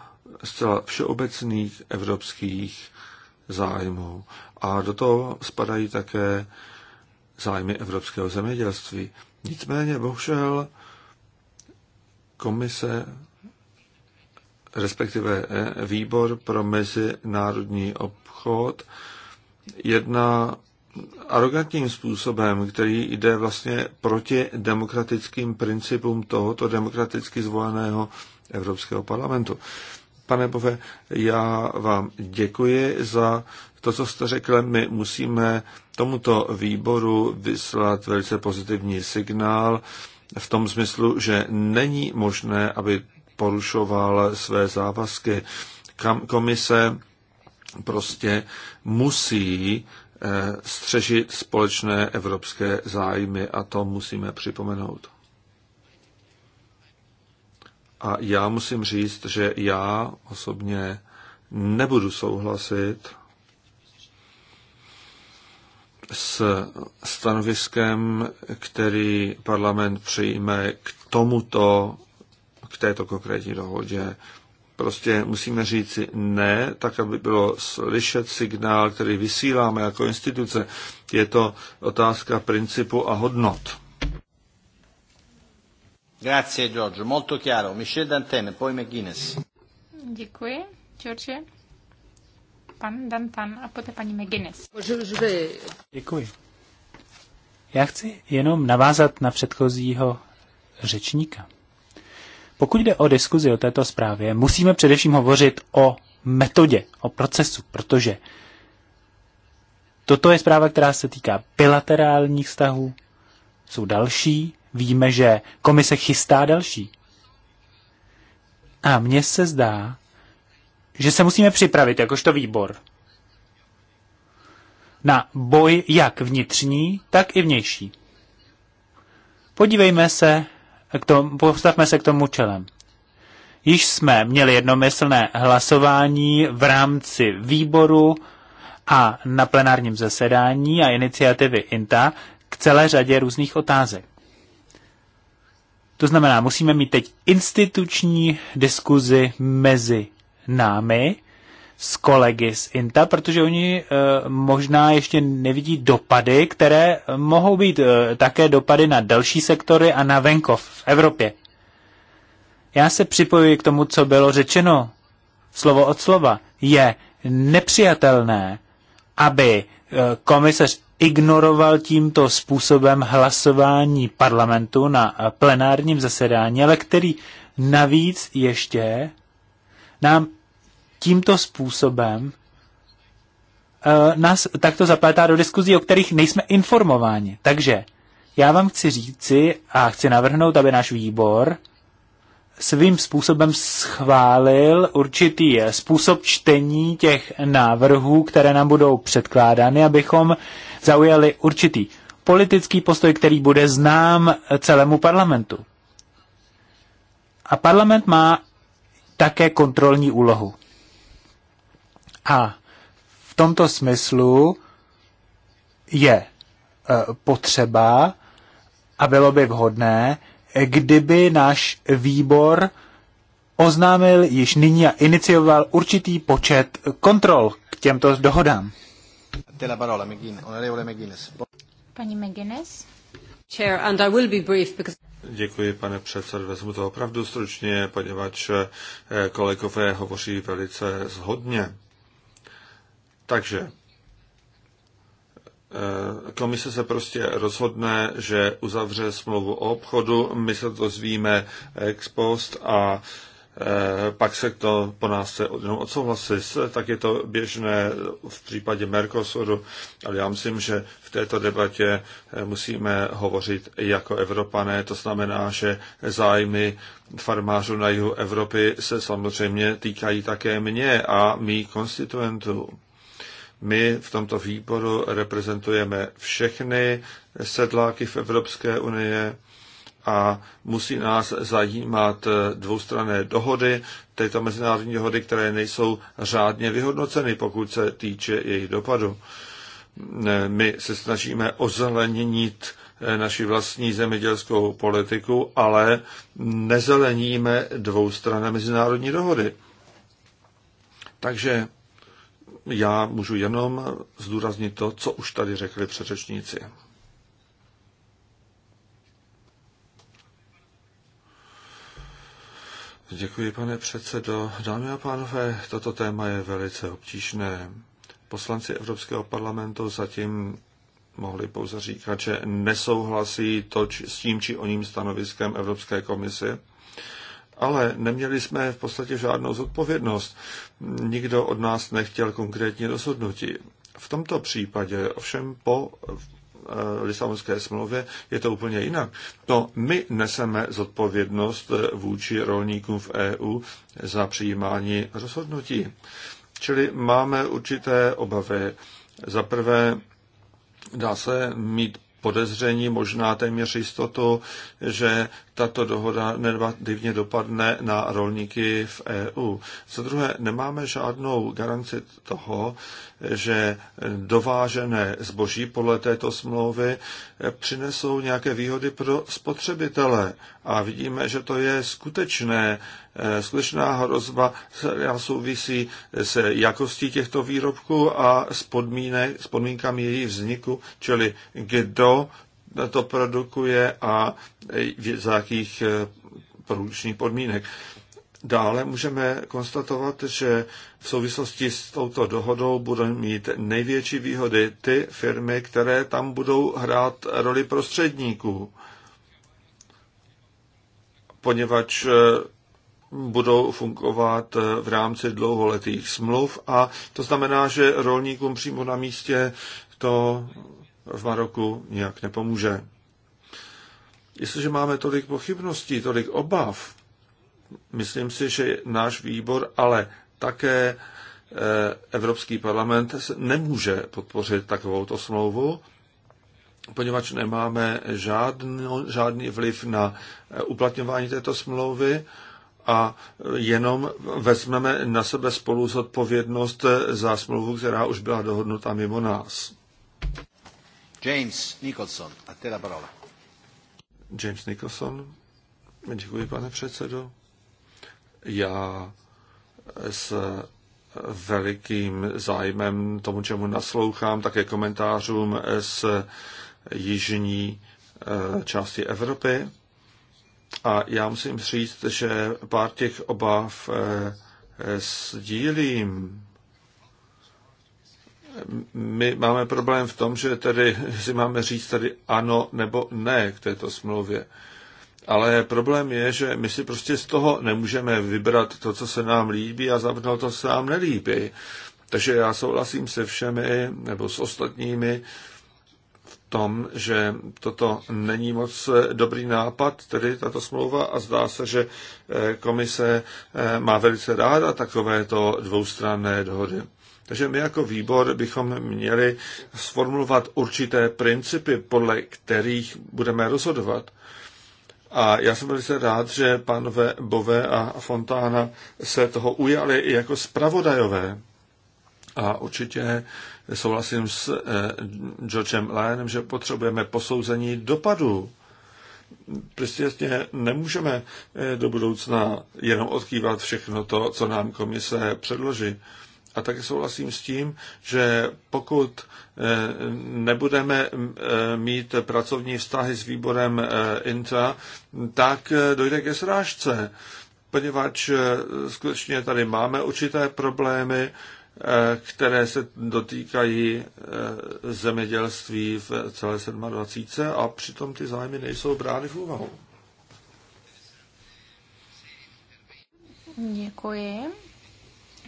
zcela všeobecných evropských zájmů. A do toho spadají také zájmy evropského zemědělství. Nicméně, bohužel, komise, respektive eh, výbor pro mezinárodní obchod, jedná arrogantním způsobem, který jde vlastně proti demokratickým principům tohoto demokraticky zvoleného Evropského parlamentu. Pane Bove, já vám děkuji za to, co jste řekl. My musíme tomuto výboru vyslat velice pozitivní signál v tom smyslu, že není možné, aby porušoval své závazky. Kam Komise prostě musí eh, střežit společné evropské zájmy a to musíme připomenout. A já musím říct, že já osobně nebudu souhlasit s stanoviskem, který parlament přijme k tomuto, k této konkrétní dohodě. Prostě musíme říci ne, tak aby bylo slyšet signál, který vysíláme jako instituce. Je to otázka principu a hodnot. Grazie Giorgio, molto chiaro. Michel Dantene, poi McGuinness. Děkuji, George. Pan Dantan a poté paní McGuinness. Děkuji. Já chci jenom navázat na předchozího řečníka. Pokud jde o diskuzi o této zprávě, musíme především hovořit o metodě, o procesu, protože toto je zpráva, která se týká bilaterálních vztahů, jsou další, Víme, že komise chystá další. A mně se zdá, že se musíme připravit jakožto výbor na boj jak vnitřní, tak i vnější. Podívejme se, k tomu, postavme se k tomu čelem. Již jsme měli jednomyslné hlasování v rámci výboru a na plenárním zasedání a iniciativy INTA k celé řadě různých otázek. To znamená, musíme mít teď instituční diskuzi mezi námi, s kolegy z INTA, protože oni e, možná ještě nevidí dopady, které mohou být e, také dopady na další sektory a na venkov v Evropě. Já se připojuji k tomu, co bylo řečeno. Slovo od slova je nepřijatelné, aby e, komisař ignoroval tímto způsobem hlasování parlamentu na plenárním zasedání, ale který navíc ještě nám tímto způsobem eh, nás takto zapletá do diskuzí, o kterých nejsme informováni. Takže já vám chci říci a chci navrhnout, aby náš výbor svým způsobem schválil určitý způsob čtení těch návrhů, které nám budou předkládány, abychom zaujali určitý politický postoj, který bude znám celému parlamentu. A parlament má také kontrolní úlohu. A v tomto smyslu je e, potřeba a bylo by vhodné, kdyby náš výbor oznámil již nyní a inicioval určitý počet kontrol k těmto dohodám la parola, onorevole McGuinness. Paní McGuinness. Chair, and I will be brief because... Děkuji, pane předsedo. Vezmu to opravdu stručně, poněvadž eh, kolegové hovoří velice zhodně. Takže eh, Komise se prostě rozhodne, že uzavře smlouvu o obchodu, my se to zvíme ex post a Eh, pak se to po nás se jenom odsouhlasí, tak je to běžné v případě Mercosuru, ale já myslím, že v této debatě eh, musíme hovořit jako Evropané, to znamená, že zájmy farmářů na jihu Evropy se samozřejmě týkají také mě a mých konstituentů. My v tomto výboru reprezentujeme všechny sedláky v Evropské unie, a musí nás zajímat dvoustranné dohody, tyto mezinárodní dohody, které nejsou řádně vyhodnoceny, pokud se týče jejich dopadu. My se snažíme ozelenit naši vlastní zemědělskou politiku, ale nezeleníme dvoustranné mezinárodní dohody. Takže já můžu jenom zdůraznit to, co už tady řekli předřečníci. Děkuji, pane předsedo. Dámy a pánové, toto téma je velice obtížné. Poslanci Evropského parlamentu zatím mohli pouze říkat, že nesouhlasí to s tím či oním stanoviskem Evropské komise, ale neměli jsme v podstatě žádnou zodpovědnost. Nikdo od nás nechtěl konkrétní rozhodnutí. V tomto případě ovšem po Eh, Lisabonské smlouvě, je to úplně jinak. To my neseme zodpovědnost eh, vůči rolníkům v EU za přijímání rozhodnutí. Čili máme určité obavy. Za prvé, dá se mít podezření, možná téměř jistotu, že tato dohoda negativně dopadne na rolníky v EU. Za druhé, nemáme žádnou garanci toho, že dovážené zboží podle této smlouvy přinesou nějaké výhody pro spotřebitele. A vidíme, že to je skutečné, eh, skutečná hrozba, souvisí s jakostí těchto výrobků a s, podmínek, s podmínkami jejich vzniku, čili kdo to produkuje a za jakých eh, produkčních podmínek. Dále můžeme konstatovat, že v souvislosti s touto dohodou budou mít největší výhody ty firmy, které tam budou hrát roli prostředníků, poněvadž eh, budou fungovat eh, v rámci dlouholetých smluv a to znamená, že rolníkům přímo na místě to v Maroku nijak nepomůže. Jestliže máme tolik pochybností, tolik obav, Myslím si, že náš výbor, ale také eh, Evropský parlament nemůže podpořit takovou smlouvu, poněvadž nemáme žádný, žádný vliv na eh, uplatňování této smlouvy a jenom vezmeme na sebe spolu zodpovědnost eh, za smlouvu, která už byla dohodnuta mimo nás. James Nicholson, a teda parola. James Nicholson, děkuji pane předsedo. Já s velikým zájmem tomu, čemu naslouchám, také komentářům z jižní eh, části Evropy. A já musím říct, že pár těch obav eh, sdílím. My máme problém v tom, že tedy si máme říct tady ano nebo ne k této smlouvě. Ale problém je, že my si prostě z toho nemůžeme vybrat to, co se nám líbí a zapnout to, co se nám nelíbí. Takže já souhlasím se všemi, nebo s ostatními, v tom, že toto není moc dobrý nápad, tedy tato smlouva, a zdá se, že eh, komise eh, má velice ráda takovéto dvoustranné dohody. Takže my jako výbor bychom měli sformulovat určité principy, podle kterých budeme rozhodovat. A já jsem velice rád, že pánové Bové a Fontána se toho ujali i jako spravodajové. A určitě souhlasím s eh, Georgem Lyonem, že potřebujeme posouzení dopadu. Prostě nemůžeme eh, do budoucna jenom odkývat všechno to, co nám komise předloží. Eh, a také souhlasím s tím, že pokud eh, nebudeme eh, mít pracovní vztahy s výborem eh, INTA, tak dojde ke srážce, poněvadž skutečně tady máme určité problémy, které se dotýkají zemědělství v celé 27. a přitom ty zájmy nejsou brány v úvahu. Děkuji.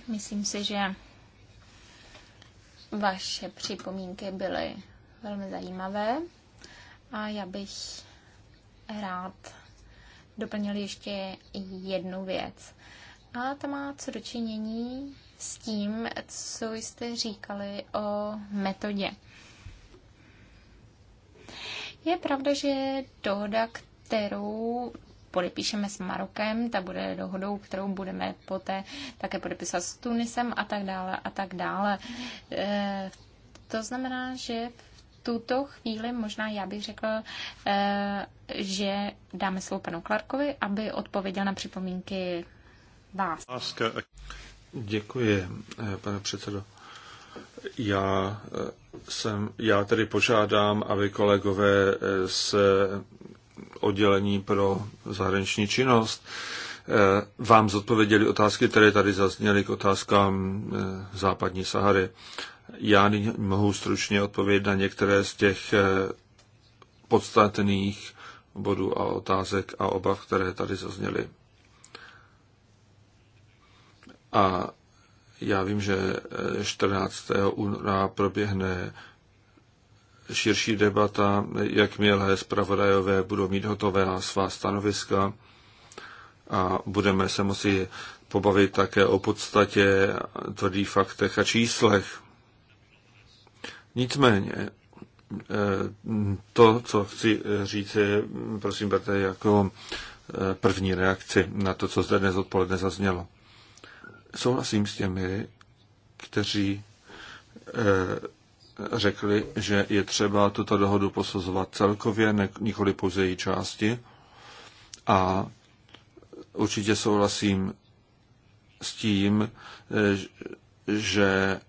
Myslím si, že vaše připomínky byly velmi zajímavé a já bych rád doplnil ještě jednu věc. A ta má co dočinění s tím, co jste říkali o metodě. Je pravda, že dohoda, kterou podepíšeme s Marokem, ta bude dohodou, kterou budeme poté také podepisovat s Tunisem a tak dále a tak dále. Eh, to znamená, že tuto chvíli možná já bych řekl, eh, že dáme slovo panu Clarkovi, aby odpověděl na připomínky vás. Děkuji, eh, pane předsedo. Já, jsem, já tedy požádám, aby kolegové z oddělení pro zahraniční činnost eh, vám zodpověděli otázky, které tady zazněly k otázkám eh, západní Sahary. Já nyní mohu stručně odpovědět na některé z těch eh, podstatných bodů a otázek a obav, které tady zazněly. A já vím, že 14. února proběhne širší debata, jakmile zpravodajové budou mít hotové svá stanoviska a budeme se moci pobavit také o podstatě, tvrdých faktech a číslech. Nicméně, eh, to, co chci říct, je, prosím, berte jako eh, první reakci na to, co zde dnes odpoledne zaznělo. Souhlasím s těmi, kteří eh, řekli, že je třeba tuto dohodu posuzovat celkově, nikoli pouze její části. A určitě souhlasím s tím, eh, že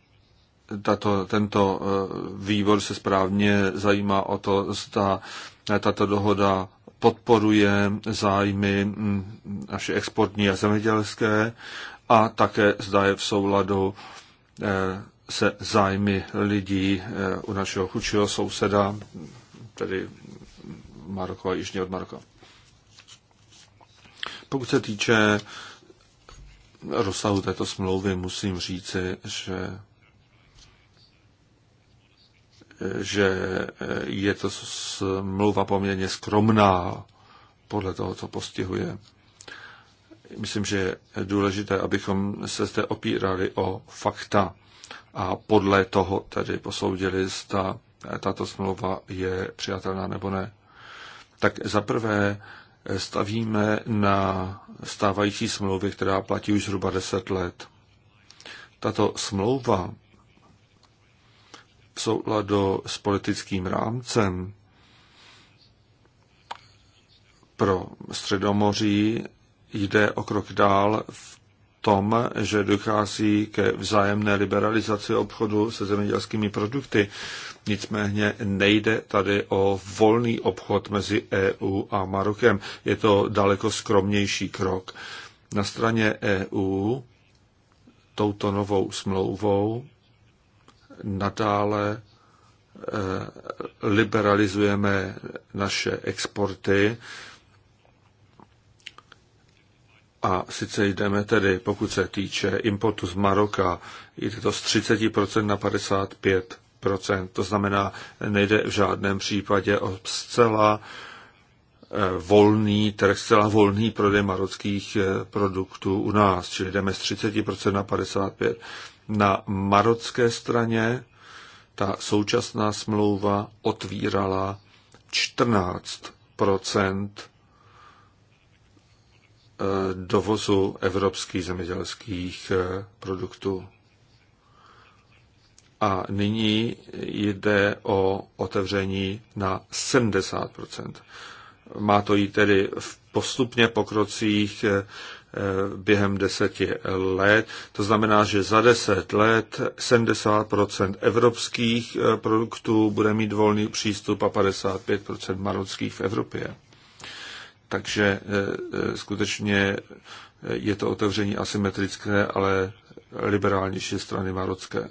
tato, tento eh, výbor se správně zajímá o to, zda tato dohoda podporuje zájmy hm, naše exportní a zemědělské a také zda je v souladu eh, se zájmy lidí eh, u našeho chudšího souseda, tedy Maroko a jižně od Maroka. Pokud se týče rozsahu této smlouvy, musím říci, že že je to smlouva poměrně skromná podle toho, co postihuje. Myslím, že je důležité, abychom se zde opírali o fakta a podle toho tedy posoudili, zda tato smlouva je přijatelná nebo ne. Tak zaprvé eh, stavíme na stávající smlouvy, která platí už zhruba 10 let. Tato smlouva v souladu s politickým rámcem pro Středomoří jde o krok dál v tom, že dochází ke vzájemné liberalizaci obchodu se zemědělskými produkty. Nicméně nejde tady o volný obchod mezi EU a Marokem. Je to daleko skromnější krok. Na straně EU touto novou smlouvou nadále eh, liberalizujeme naše exporty a sice jdeme tedy, pokud se týče importu z Maroka, jde to z 30% na 55%. To znamená, nejde v žádném případě o zcela eh, volný trh, zcela volný prodej marockých eh, produktů u nás, čili jdeme z 30% na 55%. Na marocké straně ta současná smlouva otvírala 14 dovozu evropských zemědělských eh, produktů. A nyní jde o otevření na 70 Má to jít tedy v postupně pokrocích eh, eh, během deseti let. To znamená, že za deset let 70 evropských produktů bude mít volný přístup a 55 marockých v Evropě. Takže e, e, skutečně e, je to otevření asymetrické, ale liberálnější strany marocké.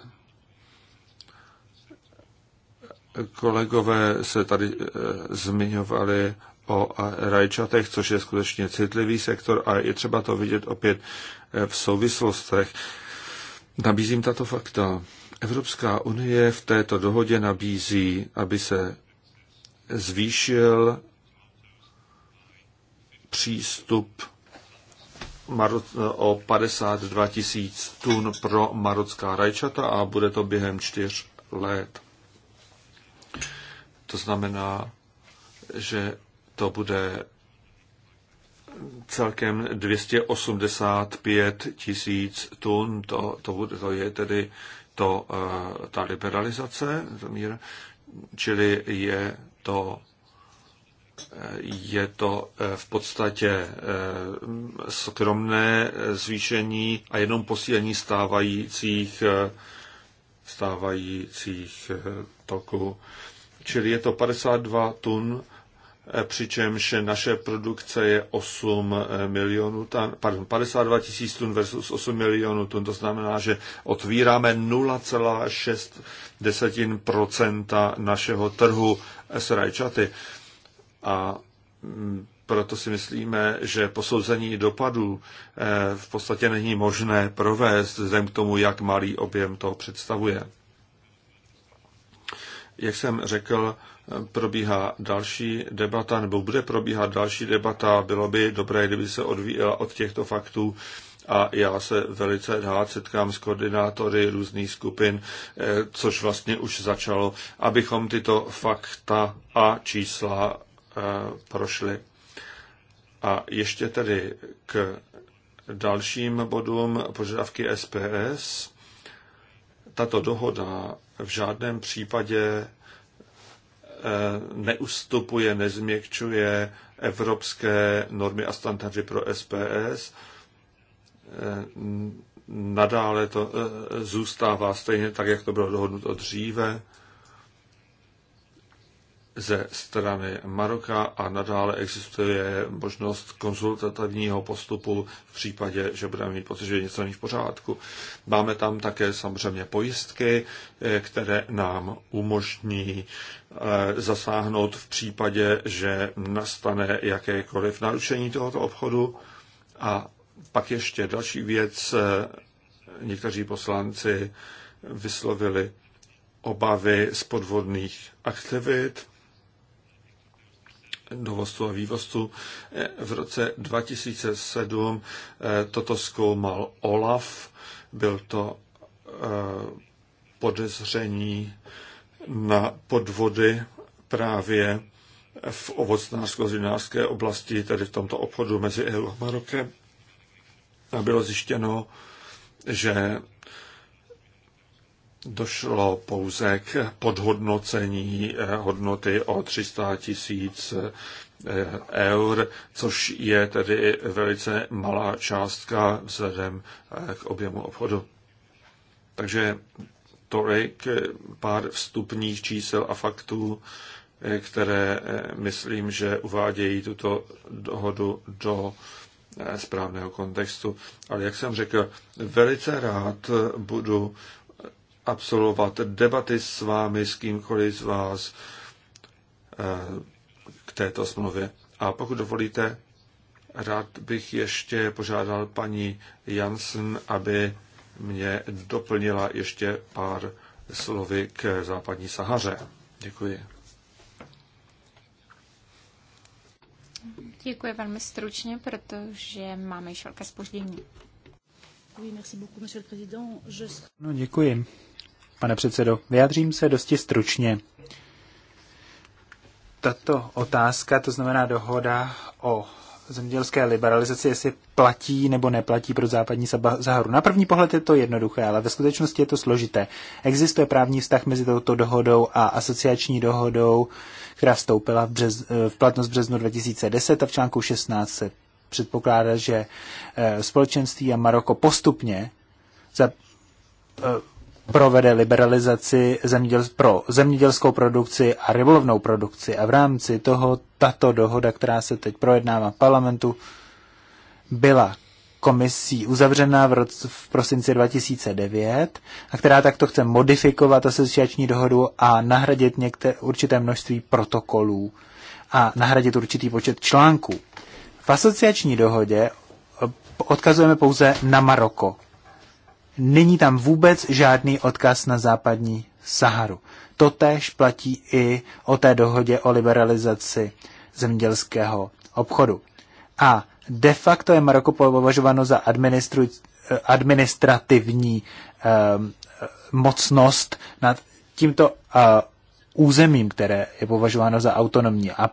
Kolegové se tady zmiňovali o rajčatech, což je skutečně citlivý sektor a je třeba to vidět opět v souvislostech. Nabízím tato fakta. Evropská unie v této dohodě nabízí, aby se zvýšil přístup o 52 tisíc tun pro marocká rajčata a bude to během čtyř let. To znamená, že to bude celkem 285 tisíc tun, to, to, bude, to je tedy to, eh, ta liberalizace, to mír, čili je to je to eh, v podstatě eh, skromné eh, zvýšení a jenom posílení stávajících, stávajících toků. Čili je to 52 tun, přičemž naše produkce je 8 milionů tun, pardon, 52 tisíc tun versus 8 milionů tun, to znamená, že otvíráme 0,6 desetin procenta našeho trhu s rajčaty a mm, proto si myslíme, že posouzení dopadů eh, v podstatě není možné provést vzhledem k tomu, jak malý objem to představuje. Jak jsem řekl, eh, probíhá další debata, nebo bude probíhat další debata. Bylo by dobré, kdyby se odvíjela od těchto faktů a já se velice rád setkám s koordinátory různých skupin, eh, což vlastně už začalo, abychom tyto fakta a čísla prošly. A ještě tedy k dalším bodům požadavky SPS. Tato dohoda v žádném případě e, neustupuje, nezměkčuje evropské normy a standardy pro SPS. E, nadále to e, zůstává stejně tak, jak to bylo dohodnuto dříve ze strany Maroka a nadále existuje možnost konzultativního postupu v případě, že budeme mít pocit, že něco není v pořádku. Máme tam také samozřejmě pojistky, eh, které nám umožní eh, zasáhnout v případě, že nastane jakékoliv narušení tohoto obchodu. A pak ještě další věc, eh, někteří poslanci vyslovili obavy z podvodných aktivit, dovozců a vývozců. V roce 2007 eh, toto zkoumal OLAF, byl to eh, podezření na podvody právě v ovocnářsko-zinářské oblasti, tedy v tomto obchodu mezi EU a Marokem. A bylo zjištěno, že došlo pouze k podhodnocení eh, hodnoty o 300 tisíc eh, eur, což je tedy velice malá částka vzhledem eh, k objemu obchodu. Takže tolik pár vstupních čísel a faktů, které myslím, že uvádějí tuto dohodu do správného kontextu. Ale jak jsem řekl, velice rád budu absolvovat debaty s vámi, s kýmkoliv z vás eh, k této smlouvě. A pokud dovolíte, rád bych ještě požádal paní Jansen, aby mě doplnila ještě pár slovy k západní Sahaře. Děkuji. Děkuji velmi stručně, protože máme již velké spoždění. No, děkuji pane předsedo. Vyjádřím se dosti stručně. Tato otázka, to znamená dohoda o zemědělské liberalizaci, jestli platí nebo neplatí pro západní zahoru. Na první pohled je to jednoduché, ale ve skutečnosti je to složité. Existuje právní vztah mezi touto dohodou a asociační dohodou, která vstoupila v, břez, v platnost březnu 2010 a v článku 16 se předpokládá, že eh, společenství a Maroko postupně za, eh, provede liberalizaci zeměděl, pro zemědělskou produkci a rybolovnou produkci. A v rámci toho tato dohoda, která se teď projednává v parlamentu, byla komisí uzavřená v, roce, v prosinci 2009 a která takto chce modifikovat asociační dohodu a nahradit některé, určité množství protokolů a nahradit určitý počet článků. V asociační dohodě eh, odkazujeme pouze na Maroko. Není tam vůbec žádný odkaz na západní Saharu. Totež platí i o té dohodě o liberalizaci zemědělského obchodu. A de facto je Maroko považováno za administru, eh, administrativní eh, mocnost nad tímto eh, územím, které je považováno za autonomní. A, a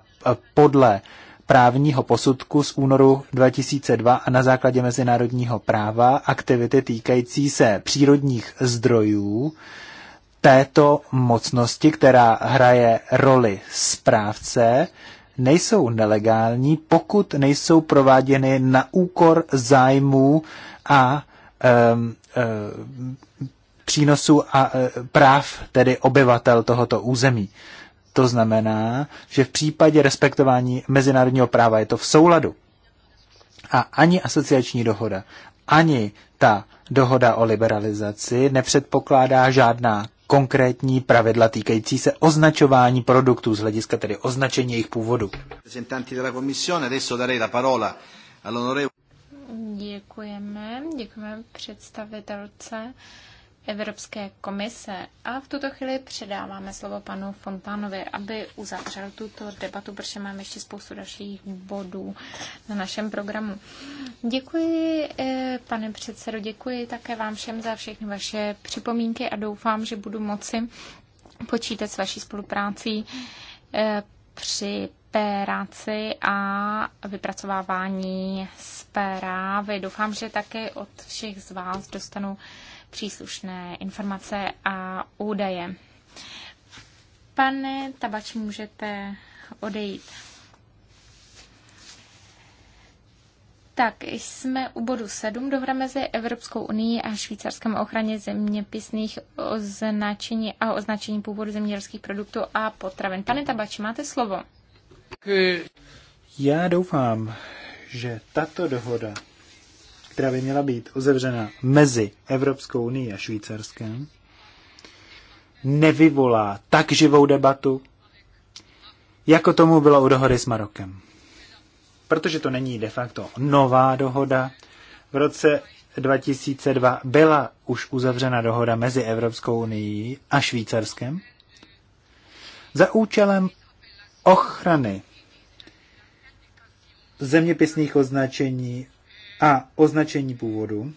podle eh, právního posudku z únoru 2002 a na základě mezinárodního práva aktivity týkající se přírodních zdrojů této mocnosti, která hraje roli správce, nejsou nelegální, pokud nejsou prováděny na úkor zájmů a um, um, přínosu a e, práv tedy obyvatel tohoto území. To znamená, že v případě respektování mezinárodního práva je to v souladu. A ani asociační dohoda, ani ta dohoda o liberalizaci nepředpokládá žádná konkrétní pravidla týkající se označování produktů z hlediska tedy označení jejich původu. Děkujeme, děkujeme představitelce Evropské komise. A v tuto chvíli předáváme slovo panu Fontánovi, aby uzavřel tuto debatu, protože máme ještě spoustu dalších bodů na našem programu. Děkuji, eh, pane předsedo, děkuji také vám všem za všechny vaše připomínky a doufám, že budu moci počítat s vaší spoluprácí eh, při práci a vypracovávání zprávy. Doufám, že také od všech z vás dostanu příslušné informace a údaje. Pane Tabač, můžete odejít. Tak, jsme u bodu 7, dohra mezi Evropskou unii a Švýcarskem ochraně zeměpisných označení a označení původu zemědělských produktů a potravin. Pane Tabači, máte slovo. Já doufám, že tato dohoda která by měla být uzavřena mezi Evropskou unii a Švýcarskem, nevyvolá tak živou debatu, jako tomu bylo u dohody s Marokem. Protože to není de facto nová dohoda. V roce 2002 byla už uzavřena dohoda mezi Evropskou unii a Švýcarskem za účelem ochrany zeměpisných označení a označení původu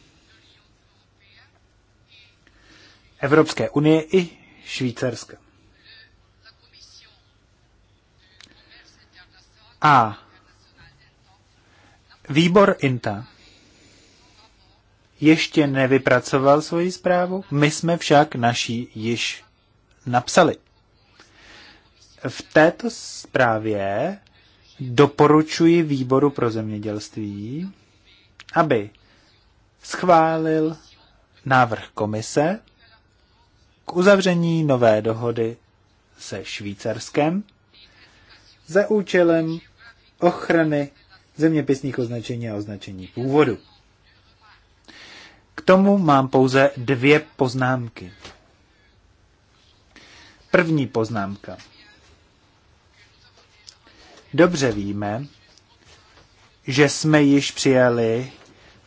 Evropské unie i Švýcarska. A výbor INTA ještě nevypracoval svoji zprávu, my jsme však naší již napsali. V této zprávě doporučuji výboru pro zemědělství, aby schválil návrh komise k uzavření nové dohody se Švýcarskem za účelem ochrany zeměpisných označení a označení původu. K tomu mám pouze dvě poznámky. První poznámka. Dobře víme, že jsme již přijali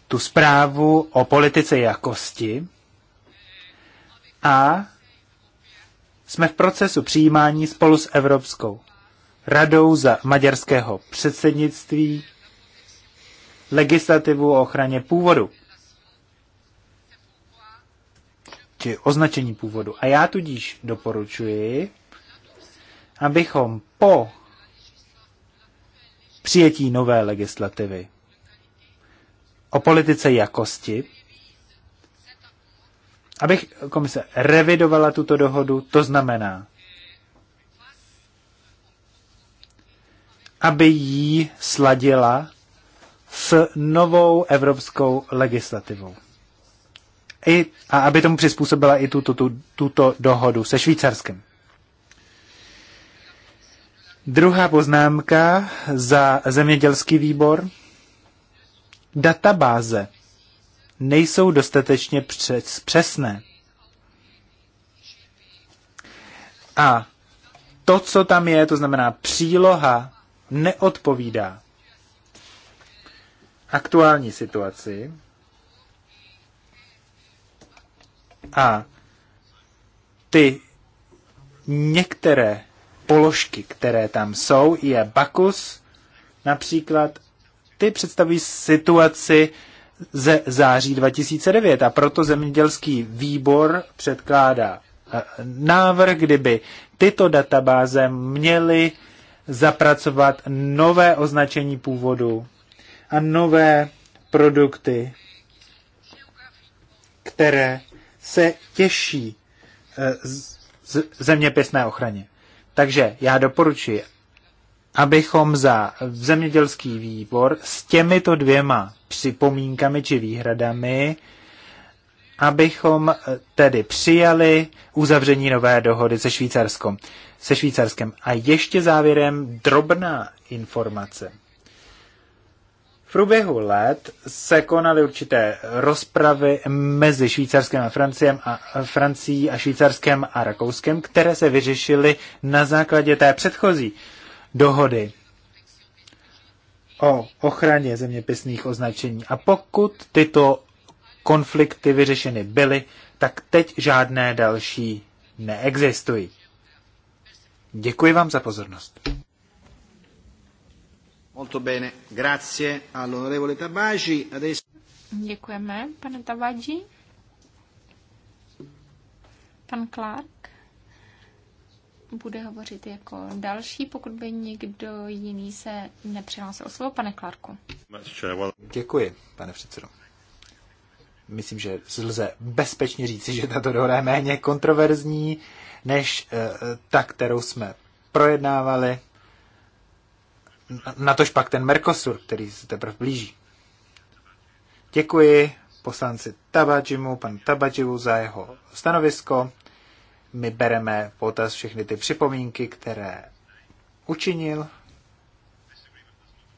tu zprávu o politice jakosti a jsme v procesu přijímání spolu s Evropskou radou za maďarského předsednictví legislativu o ochraně původu či označení původu. A já tudíž doporučuji, abychom po přijetí nové legislativy o politice jakosti, abych komise revidovala tuto dohodu, to znamená, aby ji sladila s novou evropskou legislativou. I, a aby tomu přizpůsobila i tuto, tu, tuto dohodu se Švýcarskem. Druhá poznámka za zemědělský výbor databáze nejsou dostatečně přes, přesné. A to, co tam je, to znamená příloha, neodpovídá aktuální situaci a ty některé položky, které tam jsou, je Bakus například ty představují situaci ze září 2009 a proto zemědělský výbor předkládá eh, návrh, kdyby tyto databáze měly zapracovat nové označení původu a nové produkty, které se těší eh, zeměpisné ochraně. Takže já doporučuji, abychom za zemědělský výbor s těmito dvěma připomínkami či výhradami, abychom eh, tedy přijali uzavření nové dohody se Se Švýcarskem. A ještě závěrem drobná informace. V průběhu let se konaly určité rozpravy mezi Švýcarskem a Franciem a eh, Francií a Švýcarskem a Rakouskem, které se vyřešily na základě té předchozí dohody o ochraně zeměpisných označení. A pokud tyto konflikty vyřešeny byly, tak teď žádné další neexistují. Děkuji vám za pozornost. Molto bene, grazie all'onorevole Tabagi. Adesso... Děkujeme, pane Tabagi. Pan Clark bude hovořit jako další, pokud by někdo jiný se nepřihlásil o slovo. Pane Klarku. Děkuji, pane předsedo. Myslím, že lze bezpečně říci, že tato dohoda je méně kontroverzní než eh, ta, kterou jsme projednávali. Na tož pak ten Mercosur, který se teprve blíží. Děkuji poslanci Tabadžimu, panu Tabadživu za jeho stanovisko my bereme potaz všechny ty připomínky, které učinil.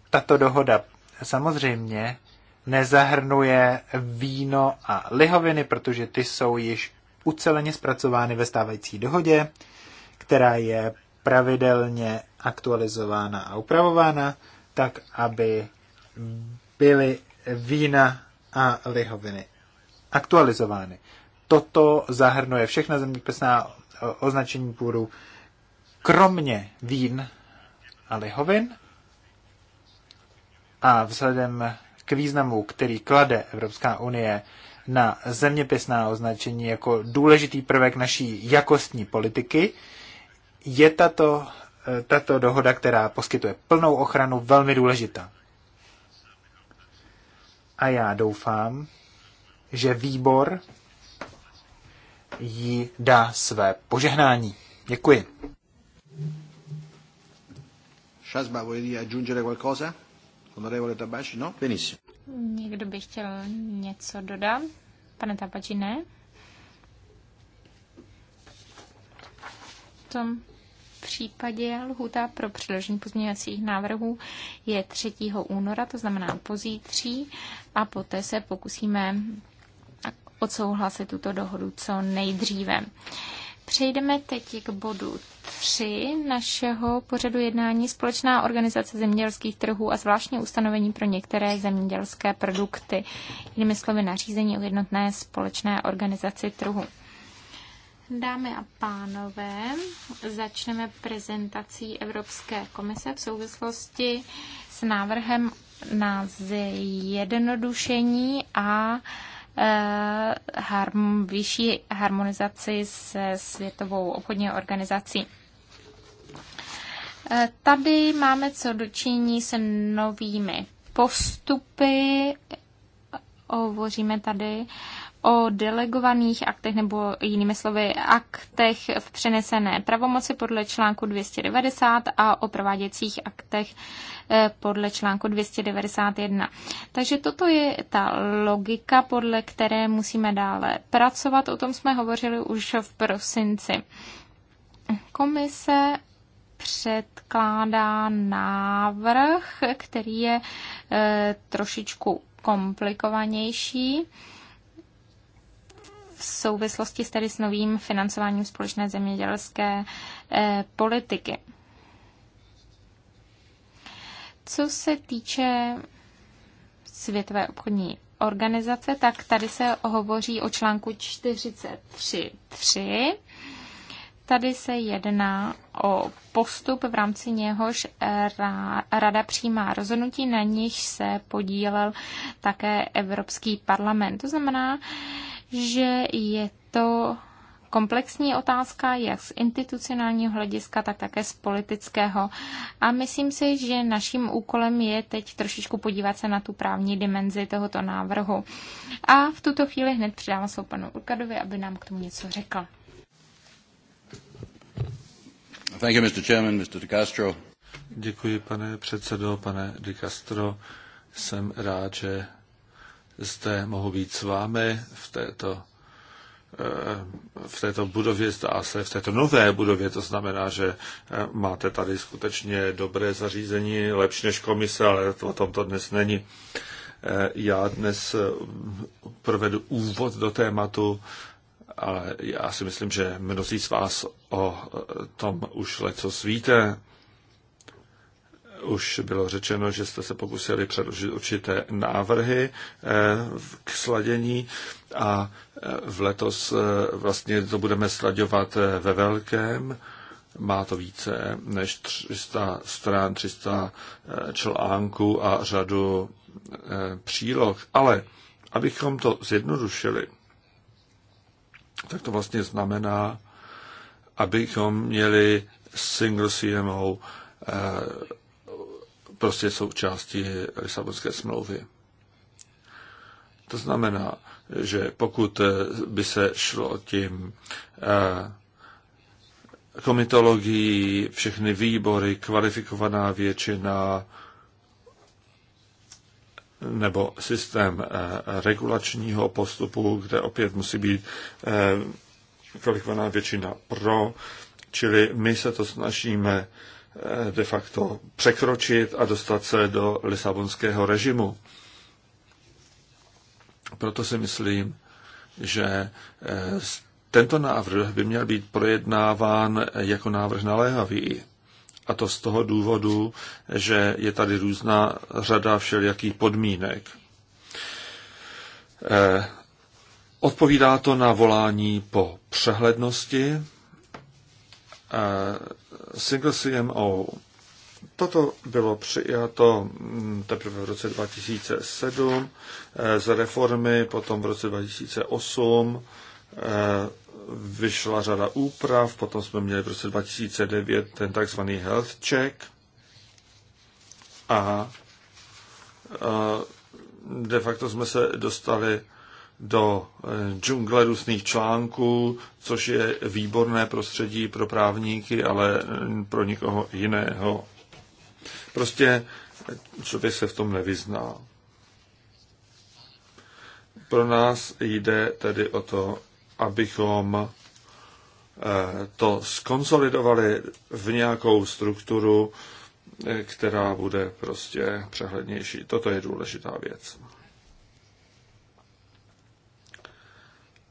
Tato dohoda samozřejmě nezahrnuje víno a lihoviny, protože ty jsou již uceleně zpracovány ve stávající dohodě, která je pravidelně aktualizována a upravována, tak aby byly vína a lihoviny aktualizovány toto zahrnuje všechna zeměpisná e, označení půdu, kromě vín a lihovin. A vzhledem k významu, který klade Evropská unie na zeměpisná označení jako důležitý prvek naší jakostní politiky, je tato, e, tato dohoda, která poskytuje plnou ochranu, velmi důležitá. A já doufám, že výbor jí dá své požehnání. Děkuji. Shasba, vuoi aggiungere qualcosa? Onorevole Tabaci, no? Benissimo. Někdo by chtěl něco dodat? Pane Tabači, ne? V tom případě lhůta pro předložení pozměňovacích návrhů je 3. února, to znamená pozítří, a poté se pokusíme odsouhlasit tuto dohodu co nejdříve. Přejdeme teď k bodu 3 našeho pořadu jednání Společná organizace zemědělských trhů a zvláštní ustanovení pro některé zemědělské produkty. Jinými slovy nařízení o jednotné společné organizaci trhu. Dámy a pánové, začneme prezentací Evropské komise v souvislosti s návrhem na zjednodušení a Eh, harm, vyšší harmonizaci se Světovou obchodní organizací. Eh, tady máme co dočinění se novými postupy. Hovoříme tady o delegovaných aktech nebo jinými slovy aktech v přenesené pravomoci podle článku 290 a o prováděcích aktech eh, podle článku 291. Takže toto je ta logika, podle které musíme dále pracovat. O tom jsme hovořili už v prosinci. Komise předkládá návrh, který je e, trošičku komplikovanější. E, v souvislosti s tedy s novým financováním společné zemědělské eh, politiky. Co se týče Světové obchodní organizace, tak tady se hovoří o článku 43.3. Tady se jedná o postup, v rámci něhož eh, rada přijímá rozhodnutí, na nich se podílel také Evropský parlament. To znamená, že je to komplexní otázka, jak z institucionálního hlediska, tak také z politického. A myslím si, že naším úkolem je teď trošičku podívat se na tu právní dimenzi tohoto návrhu. A v tuto chvíli hned předávám slovo panu Urkadovi, aby nám k tomu něco řekl. Thank you, Mr. Chairman, Mr. De Castro. Děkuji, pane předsedo, pane De Castro. Jsem rád, že zde mohu být s vámi v této eh, v této budově, zdá se, v této nové budově, to znamená, že eh, máte tady skutečně dobré zařízení, lepší než komise, ale o tom to dnes není. Eh, já dnes provedu úvod do tématu, ale já si myslím, že mnozí z vás o tom už leco svíte už bylo řečeno, že jste se pokusili předložit určité návrhy eh, k sladění a eh, v letos eh, vlastně to budeme sladěvat ve velkém. Má to více než 300 stran, 300 článků a řadu příloh. Ale abychom to zjednodušili, tak to vlastně znamená, abychom měli single CMO prostě součástí Lisabonské smlouvy. To znamená, že pokud eh, by se šlo tím eh, komitologií, všechny výbory, kvalifikovaná většina nebo systém eh, regulačního postupu, kde opět musí být kvalifikovaná většina pro, čili my se to snažíme Eh, de facto překročit a dostat se do lisabonského režimu. Proto si myslím, že eh, tento návrh by měl být projednáván eh, jako návrh naléhavý. A to z toho důvodu, že je tady různá řada všelijakých podmínek. Odpovídá to na volání po přehlednosti, single CMO. Toto bylo přijato mm, teprve v roce 2007 eh, z reformy, potom v roce 2008 eh, vyšla řada úprav, potom jsme měli v roce 2009 ten takzvaný health check a eh, de facto jsme se dostali do eh, džungle různých článků, což je výborné prostředí pro právníky, ale eh, pro nikoho jiného. Prostě člověk se v tom nevyzná. Pro nás jde tedy o to, abychom eh, to skonsolidovali v nějakou strukturu, která bude prostě přehlednější. Toto je důležitá věc.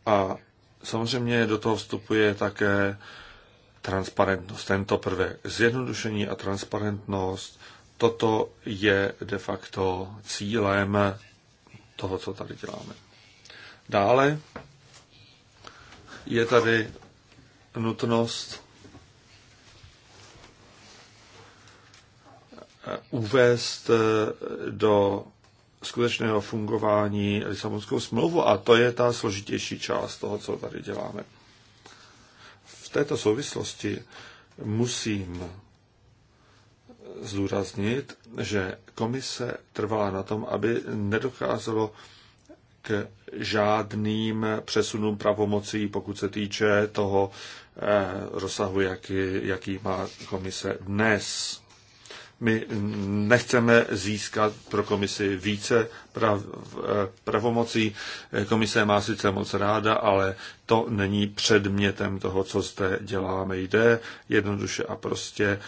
A samozřejmě do toho vstupuje také transparentnost, tento prvek. Zjednodušení a transparentnost, toto je de facto cílem toho, co tady děláme. Dále je tady nutnost eh, uvést eh, do skutečného fungování Lisabonskou smlouvu a to je ta složitější část toho, co tady děláme. V této souvislosti musím zdůraznit, že komise trvala na tom, aby nedocházelo k žádným přesunům pravomocí, pokud se týče toho eh, rozsahu, jaký, jaký má komise dnes. My nechceme získat pro komisi více prav, pravomocí. Komise má sice moc ráda, ale to není předmětem toho, co zde děláme. Jde jednoduše a prostě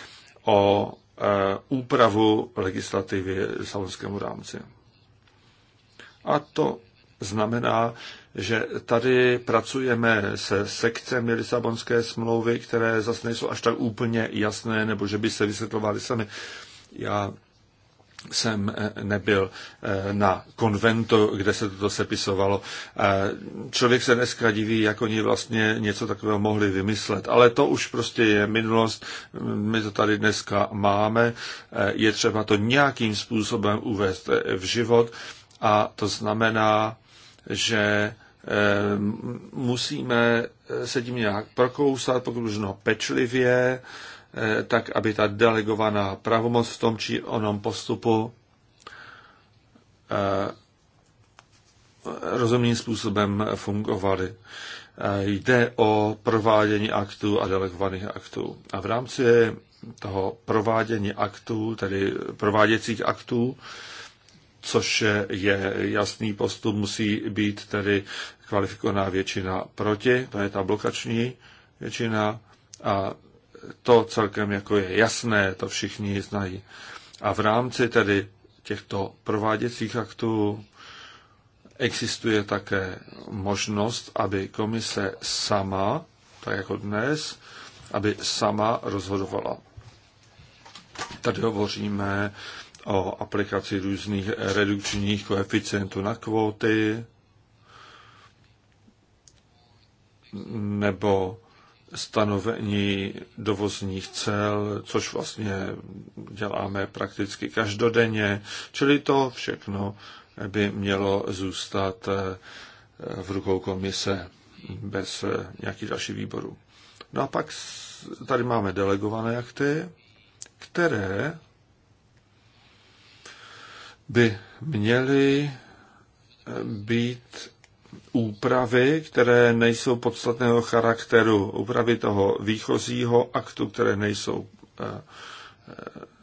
o e, úpravu legislativy v salonskému rámci. A to znamená, že tady pracujeme se sekcemi Lisabonské smlouvy, které zase nejsou až tak úplně jasné, nebo že by se vysvětlovaly sami. Já jsem eh, nebyl eh, na konventu, kde se toto sepisovalo. Eh, člověk se dneska diví, jak oni vlastně něco takového mohli vymyslet. Ale to už prostě je minulost. My to tady dneska máme. Je třeba to nějakým způsobem uvést v život. A to znamená, že eh, musíme se tím nějak prokousat, pokud možno pečlivě, eh, tak aby ta delegovaná pravomoc v tom či onom postupu eh, rozumným způsobem fungovaly. Jde o provádění aktů a delegovaných aktů. A v rámci toho provádění aktů, tedy prováděcích aktů, což je jasný postup, musí být tedy kvalifikovaná většina proti, to je ta blokační většina a to celkem jako je jasné, to všichni znají. A v rámci tedy těchto prováděcích aktů existuje také možnost, aby komise sama, tak jako dnes, aby sama rozhodovala. Tady hovoříme o aplikaci různých redukčních koeficientů na kvóty nebo stanovení dovozních cel, což vlastně děláme prakticky každodenně. Čili to všechno by mělo zůstat eh, v rukou komise bez eh, nějakých dalších výborů. No a pak tady máme delegované akty, které by měly eh, být úpravy, které nejsou podstatného charakteru, úpravy toho výchozího aktu, které nejsou eh, eh,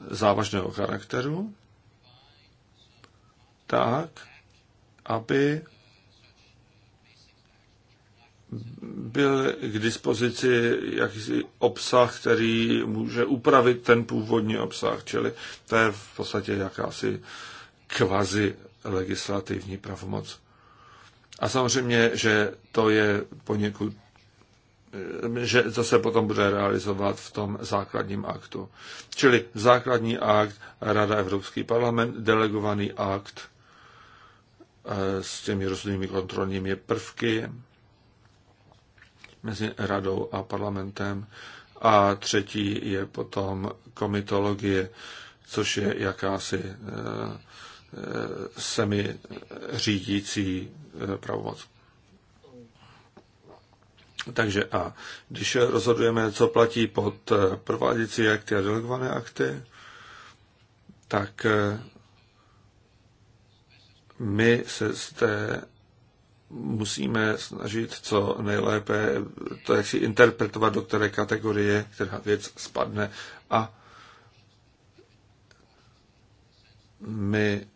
závažného charakteru, tak, aby byl k dispozici jakýsi obsah, který může upravit ten původní obsah, čili to je v podstatě jakási uh, kvazi legislativní pravomoc. A samozřejmě, že to je poněkud že to se potom bude realizovat v tom základním aktu. Čili základní akt, Rada Evropský parlament, delegovaný akt eh, s těmi různými kontrolními prvky mezi radou a parlamentem. A třetí je potom komitologie, což je jakási eh, semi řídící eh, pravomoc. Takže a když rozhodujeme, co platí pod eh, prováděcí akty a delegované akty, tak eh, my se zde musíme snažit co nejlépe to, jak si interpretovat, do které kategorie, která věc spadne a my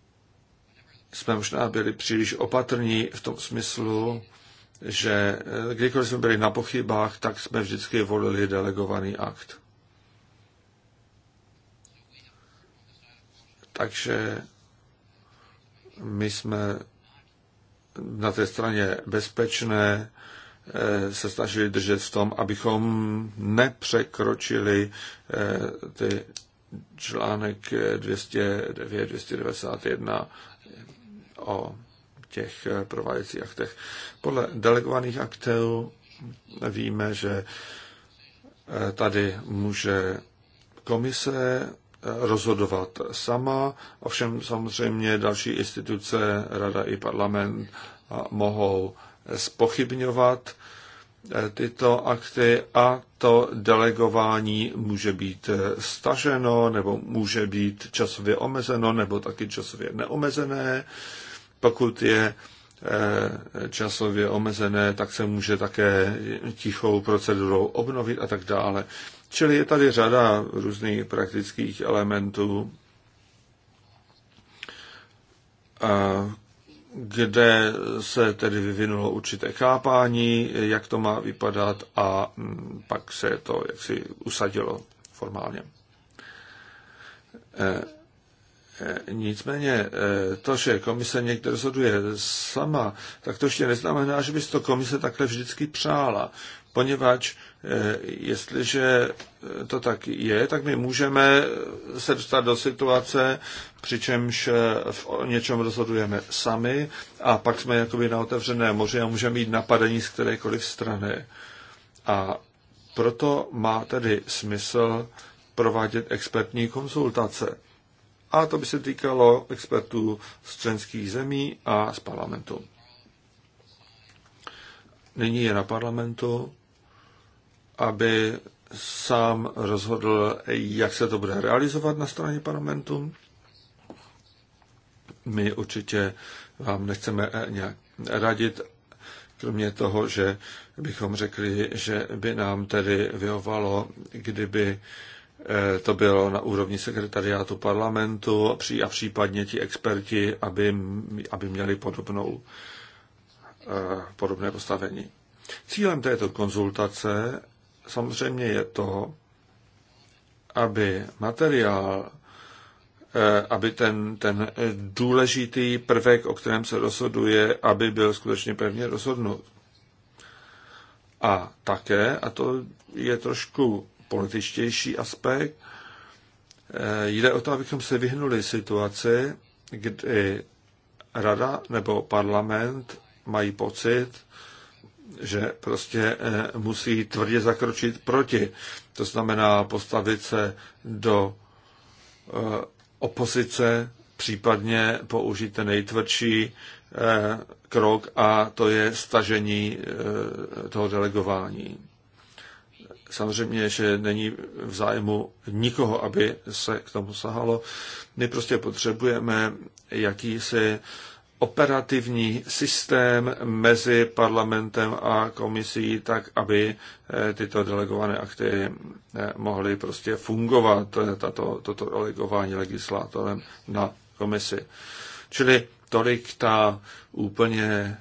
jsme možná byli příliš opatrní v tom smyslu, že eh, kdykoliv jsme byli na pochybách, tak jsme vždycky volili delegovaný akt. Takže my jsme na té straně bezpečné eh, se snažili držet v tom, abychom nepřekročili eh, ty článek 209, 291 o těch eh, prováděcích aktech. Podle delegovaných aktů víme, že eh, tady může komise eh, rozhodovat sama, ovšem samozřejmě další instituce, rada i parlament mohou spochybňovat tyto akty a to delegování může být staženo nebo může být časově omezeno nebo taky časově neomezené pokud je eh, časově omezené, tak se může také tichou procedurou obnovit a tak dále. Čili je tady řada různých praktických elementů, kde se tedy vyvinulo určité chápání, jak to má vypadat a hm, pak se to jaksi usadilo formálně. Eh, E, nicméně e, to, že komise někde rozhoduje sama, tak to ještě neznamená, že by to komise takhle vždycky přála, poněvadž e, jestliže to tak je, tak my můžeme se dostat do situace, přičemž v něčem rozhodujeme sami a pak jsme jakoby na otevřené moři a můžeme mít napadení z kterékoliv strany. A proto má tedy smysl provádět expertní konzultace a to by se týkalo expertů z členských zemí a z parlamentu. Nyní je na parlamentu, aby sám rozhodl, jak se to bude realizovat na straně parlamentu. My určitě vám nechceme eh, nějak radit, kromě toho, že bychom řekli, že by nám tedy vyhovalo, kdyby Eh, to bylo na úrovni sekretariátu parlamentu a případně ti experti, aby, aby měli podobnou, eh, podobné postavení. Cílem této konzultace samozřejmě je to, aby materiál, eh, aby ten, ten důležitý prvek, o kterém se rozhoduje, aby byl skutečně pevně rozhodnut. A také, a to je trošku političtější aspekt. Eh, jde o to, abychom se vyhnuli situaci, kdy rada nebo parlament mají pocit, že prostě eh, musí tvrdě zakročit proti. To znamená postavit se do eh, opozice, případně použít ten nejtvrdší krok a to je stažení toho delegování samozřejmě, že není v zájmu nikoho, aby se k tomu sahalo. My prostě potřebujeme jakýsi operativní systém mezi parlamentem a komisí, tak aby eh, tyto delegované akty eh, mohly prostě fungovat, eh, tato, toto delegování legislátorem na komisi. Čili tolik ta úplně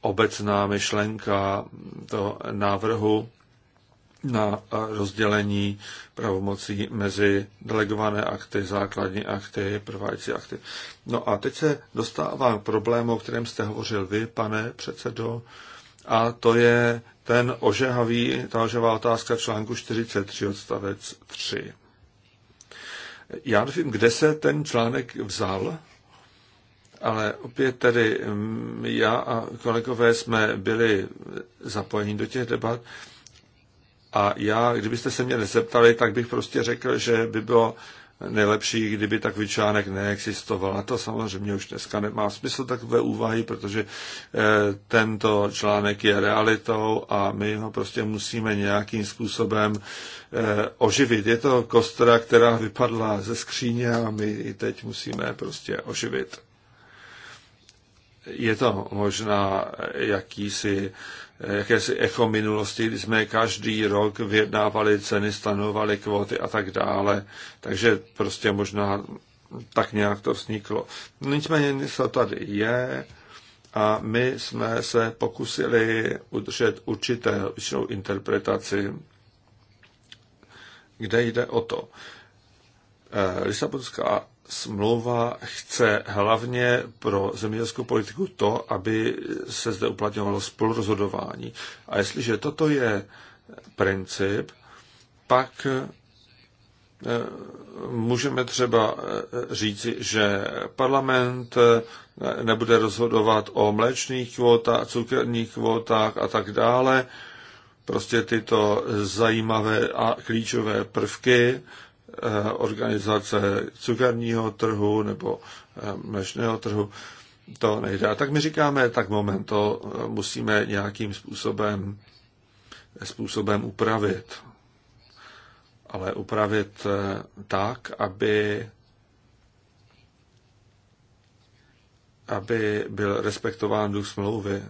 obecná myšlenka toho návrhu na rozdělení pravomocí mezi delegované akty, základní akty, prováděcí akty. No a teď se dostávám k problému, o kterém jste hovořil vy, pane předsedo, a to je ten ožehavý, ta ožehavá otázka článku 43 odstavec 3. Já nevím, kde se ten článek vzal, ale opět tedy mm, já a kolegové jsme byli zapojeni do těch debat a já, kdybyste se mě nezeptali, tak bych prostě řekl, že by bylo nejlepší, kdyby takový článek neexistoval. A to samozřejmě už dneska nemá smysl takové úvahy, protože eh, tento článek je realitou a my ho prostě musíme nějakým způsobem eh, oživit. Je to kostra, která vypadla ze skříně a my ji teď musíme prostě oživit. Je to možná jakýsi eh, jakési echo minulosti, kdy jsme každý rok vyjednávali ceny, stanovali kvóty a tak dále. Takže prostě možná tak nějak to vzniklo. Nicméně něco tady je a my jsme se pokusili udržet určité, většinou interpretaci, kde jde o to. Eh, Lisabonská smlouva chce hlavně pro zemědělskou politiku to, aby se zde uplatňovalo spolurozhodování. A jestliže toto je princip, pak eh, můžeme třeba eh, říci, že parlament eh, nebude rozhodovat o mléčných kvótách, cukerních kvótách a tak dále. Prostě tyto zajímavé a klíčové prvky Eh, organizace cukerního trhu nebo eh, mlečného trhu, to nejde. A tak my říkáme, tak moment, to eh, musíme nějakým způsobem, způsobem upravit. Ale upravit tak, aby aby byl respektován duch smlouvy,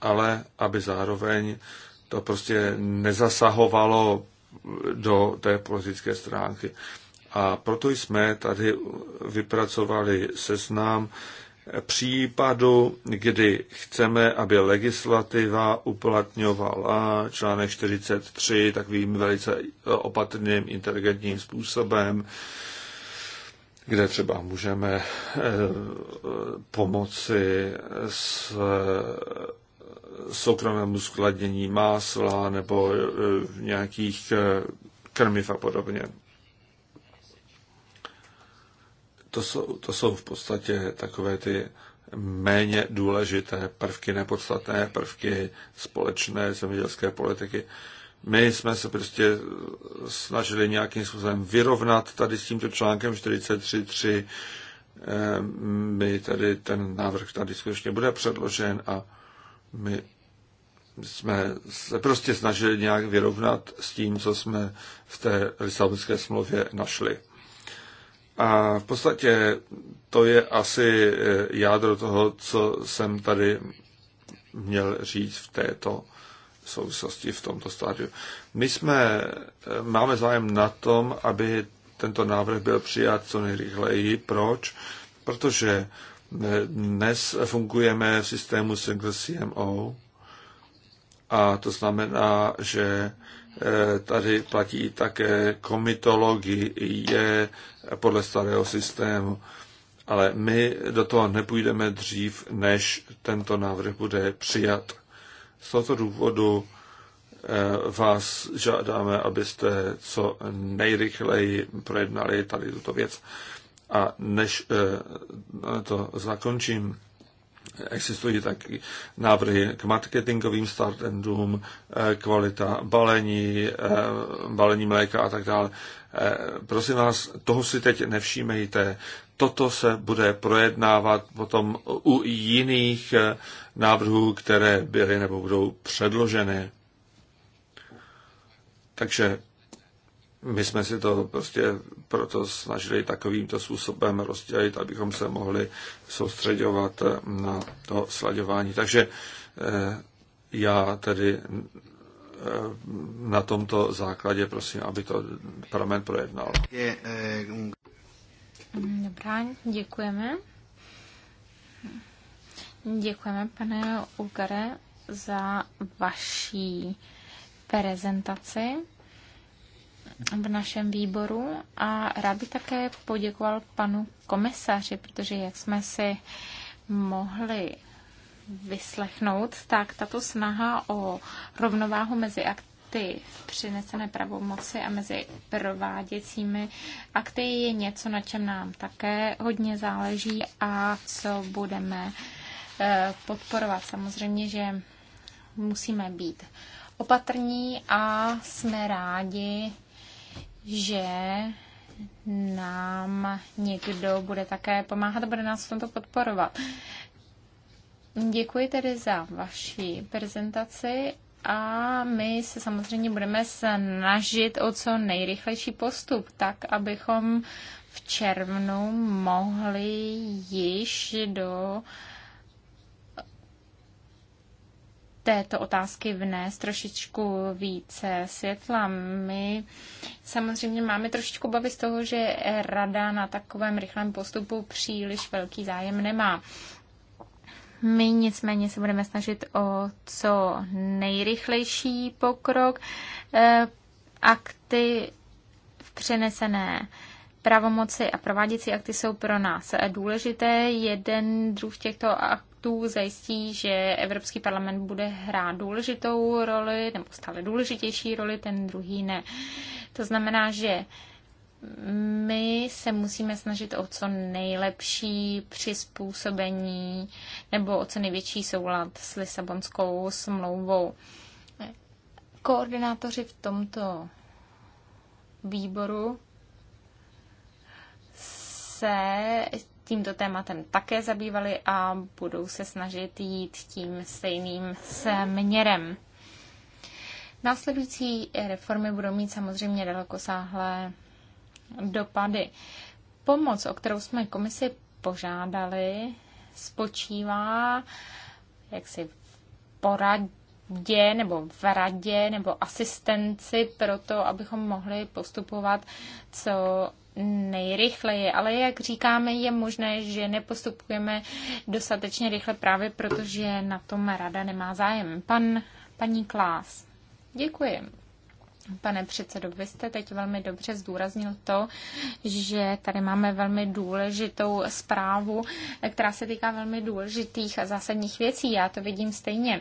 ale aby zároveň to prostě nezasahovalo do té politické stránky. A proto jsme tady vypracovali seznam případu, kdy chceme, aby legislativa uplatňovala článek 43 takovým velice opatrným, inteligentním způsobem, kde třeba můžeme eh, pomoci s soukromému skladnění másla nebo e, e, nějakých e, krmiv a podobně. To jsou, to jsou v podstatě takové ty méně důležité prvky, nepodstatné prvky společné zemědělské politiky. My jsme se prostě snažili nějakým způsobem vyrovnat tady s tímto článkem 43.3. My tady ten návrh tady skutečně bude předložen a my jsme se prostě snažili nějak vyrovnat s tím, co jsme v té Lisabonské smlouvě našli. A v podstatě to je asi eh, jádro toho, co jsem tady měl říct v této souvislosti, v tomto stádiu. My jsme, eh, máme zájem na tom, aby tento návrh byl přijat co nejrychleji. Proč? Protože dnes fungujeme v systému single CMO a to znamená, že eh, tady platí také je podle starého systému. Ale my do toho nepůjdeme dřív, než tento návrh bude přijat. Z tohoto důvodu eh, vás žádáme, abyste co nejrychleji projednali tady tuto věc. A než eh, to zakončím, existují taky návrhy k marketingovým startendům, eh, kvalita balení, eh, balení mléka a tak dále. Prosím vás, toho si teď nevšímejte. Toto se bude projednávat potom u jiných návrhů, které byly nebo budou předloženy. Takže my jsme si to prostě proto snažili takovýmto způsobem rozdělit, abychom se mohli soustředovat na to sladěvání. Takže eh, já tedy eh, na tomto základě prosím, aby to parlament projednal. Eh, Dobrá, děkujeme. Děkujeme, pane Ugare, za vaší prezentaci v našem výboru a rád bych také poděkoval panu komisaři, protože jak jsme si mohli vyslechnout, tak tato snaha o rovnováhu mezi akty přinesené pravomoci a mezi prováděcími akty je něco, na čem nám také hodně záleží a co budeme eh, podporovat. Samozřejmě, že musíme být opatrní a jsme rádi, že nám někdo bude také pomáhat, bude nás v tomto podporovat. Děkuji tedy za vaši prezentaci a my se samozřejmě budeme snažit o co nejrychlejší postup, tak abychom v červnu mohli již do této otázky vnést trošičku více světla. My samozřejmě máme trošičku bavy z toho, že rada na takovém rychlém postupu příliš velký zájem nemá. My nicméně se budeme snažit o co nejrychlejší pokrok. Eh, akty v přenesené pravomoci a prováděcí akty jsou pro nás důležité. Jeden druh těchto aktů zajistí, že Evropský parlament bude hrát důležitou roli nebo stále důležitější roli, ten druhý ne. To znamená, že my se musíme snažit o co nejlepší přizpůsobení nebo o co největší soulad s Lisabonskou smlouvou. Koordinátoři v tomto výboru se tímto tématem také zabývali a budou se snažit jít tím stejným směrem. Následující reformy budou mít samozřejmě dalekosáhlé dopady. Pomoc, o kterou jsme komisi požádali, spočívá jaksi v poradě nebo v radě nebo asistenci pro to, abychom mohli postupovat co nejrychleji, ale jak říkáme, je možné, že nepostupujeme dostatečně rychle právě protože na tom rada nemá zájem. Pan, paní Klás. Děkuji. Pane předsedo, vy jste teď velmi dobře zdůraznil to, že tady máme velmi důležitou zprávu, která se týká velmi důležitých a zásadních věcí. Já to vidím stejně.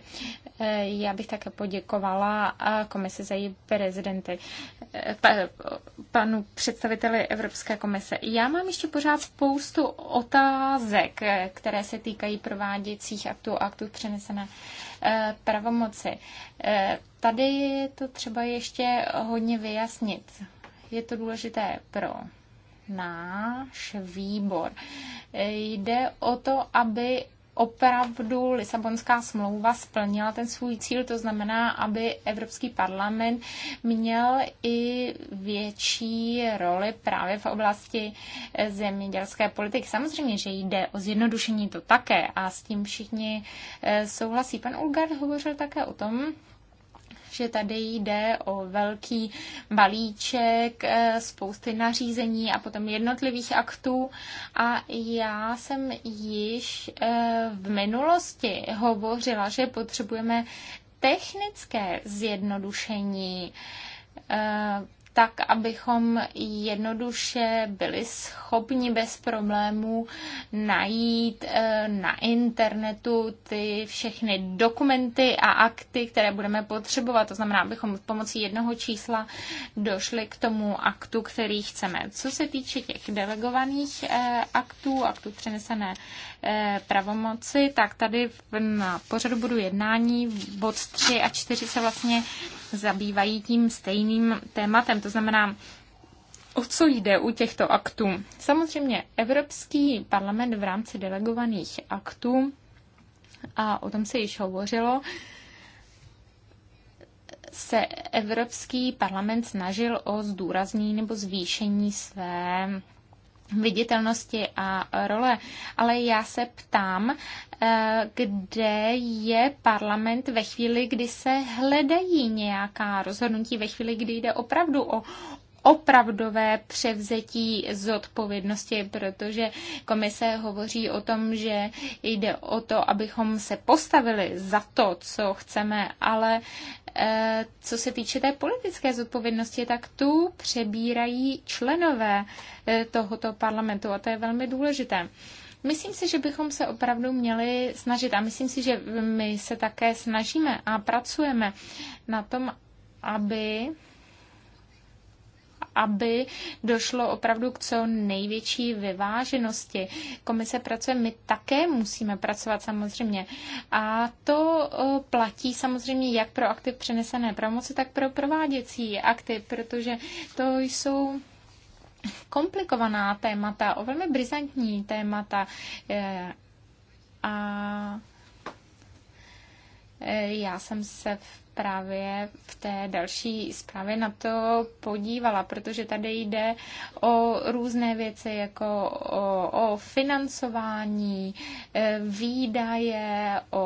Eh, já bych také poděkovala eh, komisi za její prezidenty, eh, panu představiteli Evropské komise. Já mám ještě pořád spoustu otázek, které se týkají prováděcích aktů a aktů přenesené pravomoci. Tady je to třeba ještě hodně vyjasnit. Je to důležité pro náš výbor. Jde o to, aby opravdu Lisabonská smlouva splnila ten svůj cíl, to znamená, aby Evropský parlament měl i větší roli právě v oblasti zemědělské politiky. Samozřejmě, že jde o zjednodušení to také a s tím všichni eh, souhlasí. Pan Ulgar hovořil také o tom, že tady jde o velký balíček, eh, spousty nařízení a potom jednotlivých aktů. A já jsem již eh, v minulosti hovořila, že potřebujeme technické zjednodušení eh, tak abychom jednoduše byli schopni bez problémů najít eh, na internetu ty všechny dokumenty a akty, které budeme potřebovat. To znamená, abychom pomocí jednoho čísla došli k tomu aktu, který chceme. Co se týče těch delegovaných eh, aktů, aktů přenesené eh, pravomoci, tak tady na pořadu budu jednání bod 3 a 4 se vlastně zabývají tím stejným tématem. To znamená, o co jde u těchto aktů? Samozřejmě Evropský parlament v rámci delegovaných aktů, a o tom se již hovořilo, se Evropský parlament snažil o zdůraznění nebo zvýšení své viditelnosti a role. Ale já se ptám, eh, kde je parlament ve chvíli, kdy se hledají nějaká rozhodnutí, ve chvíli, kdy jde opravdu o opravdové převzetí odpovědnosti, protože komise hovoří o tom, že jde o to, abychom se postavili za to, co chceme, ale Eh, co se týče té politické zodpovědnosti, tak tu přebírají členové eh, tohoto parlamentu a to je velmi důležité. Myslím si, že bychom se opravdu měli snažit a myslím si, že my se také snažíme a pracujeme na tom, aby aby došlo opravdu k co největší vyváženosti. Komise pracuje, my také musíme pracovat samozřejmě. A to e, platí samozřejmě jak pro aktiv přenesené pravomoci, tak pro prováděcí akty, protože to jsou komplikovaná témata, o velmi brizantní témata. E, a e, já jsem se v právě v té další zprávě na to podívala, protože tady jde o různé věci, jako o, o financování, e, výdaje, o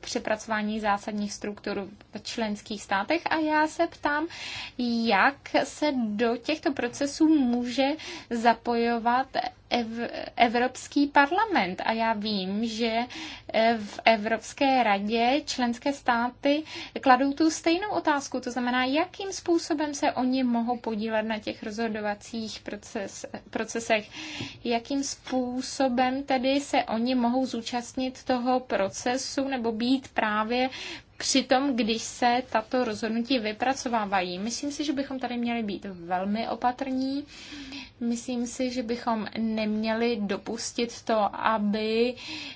přepracování zásadních struktur v členských státech a já se ptám, jak se do těchto procesů může zapojovat Evropský parlament. A já vím, že eh, v Evropské radě členské státy kladou tu stejnou otázku, to znamená, jakým způsobem se oni mohou podílet na těch rozhodovacích proces, procesech, jakým způsobem tedy se oni mohou zúčastnit toho procesu nebo být právě přitom, když se tato rozhodnutí vypracovávají. Myslím si, že bychom tady měli být velmi opatrní. Myslím si, že bychom neměli dopustit to, aby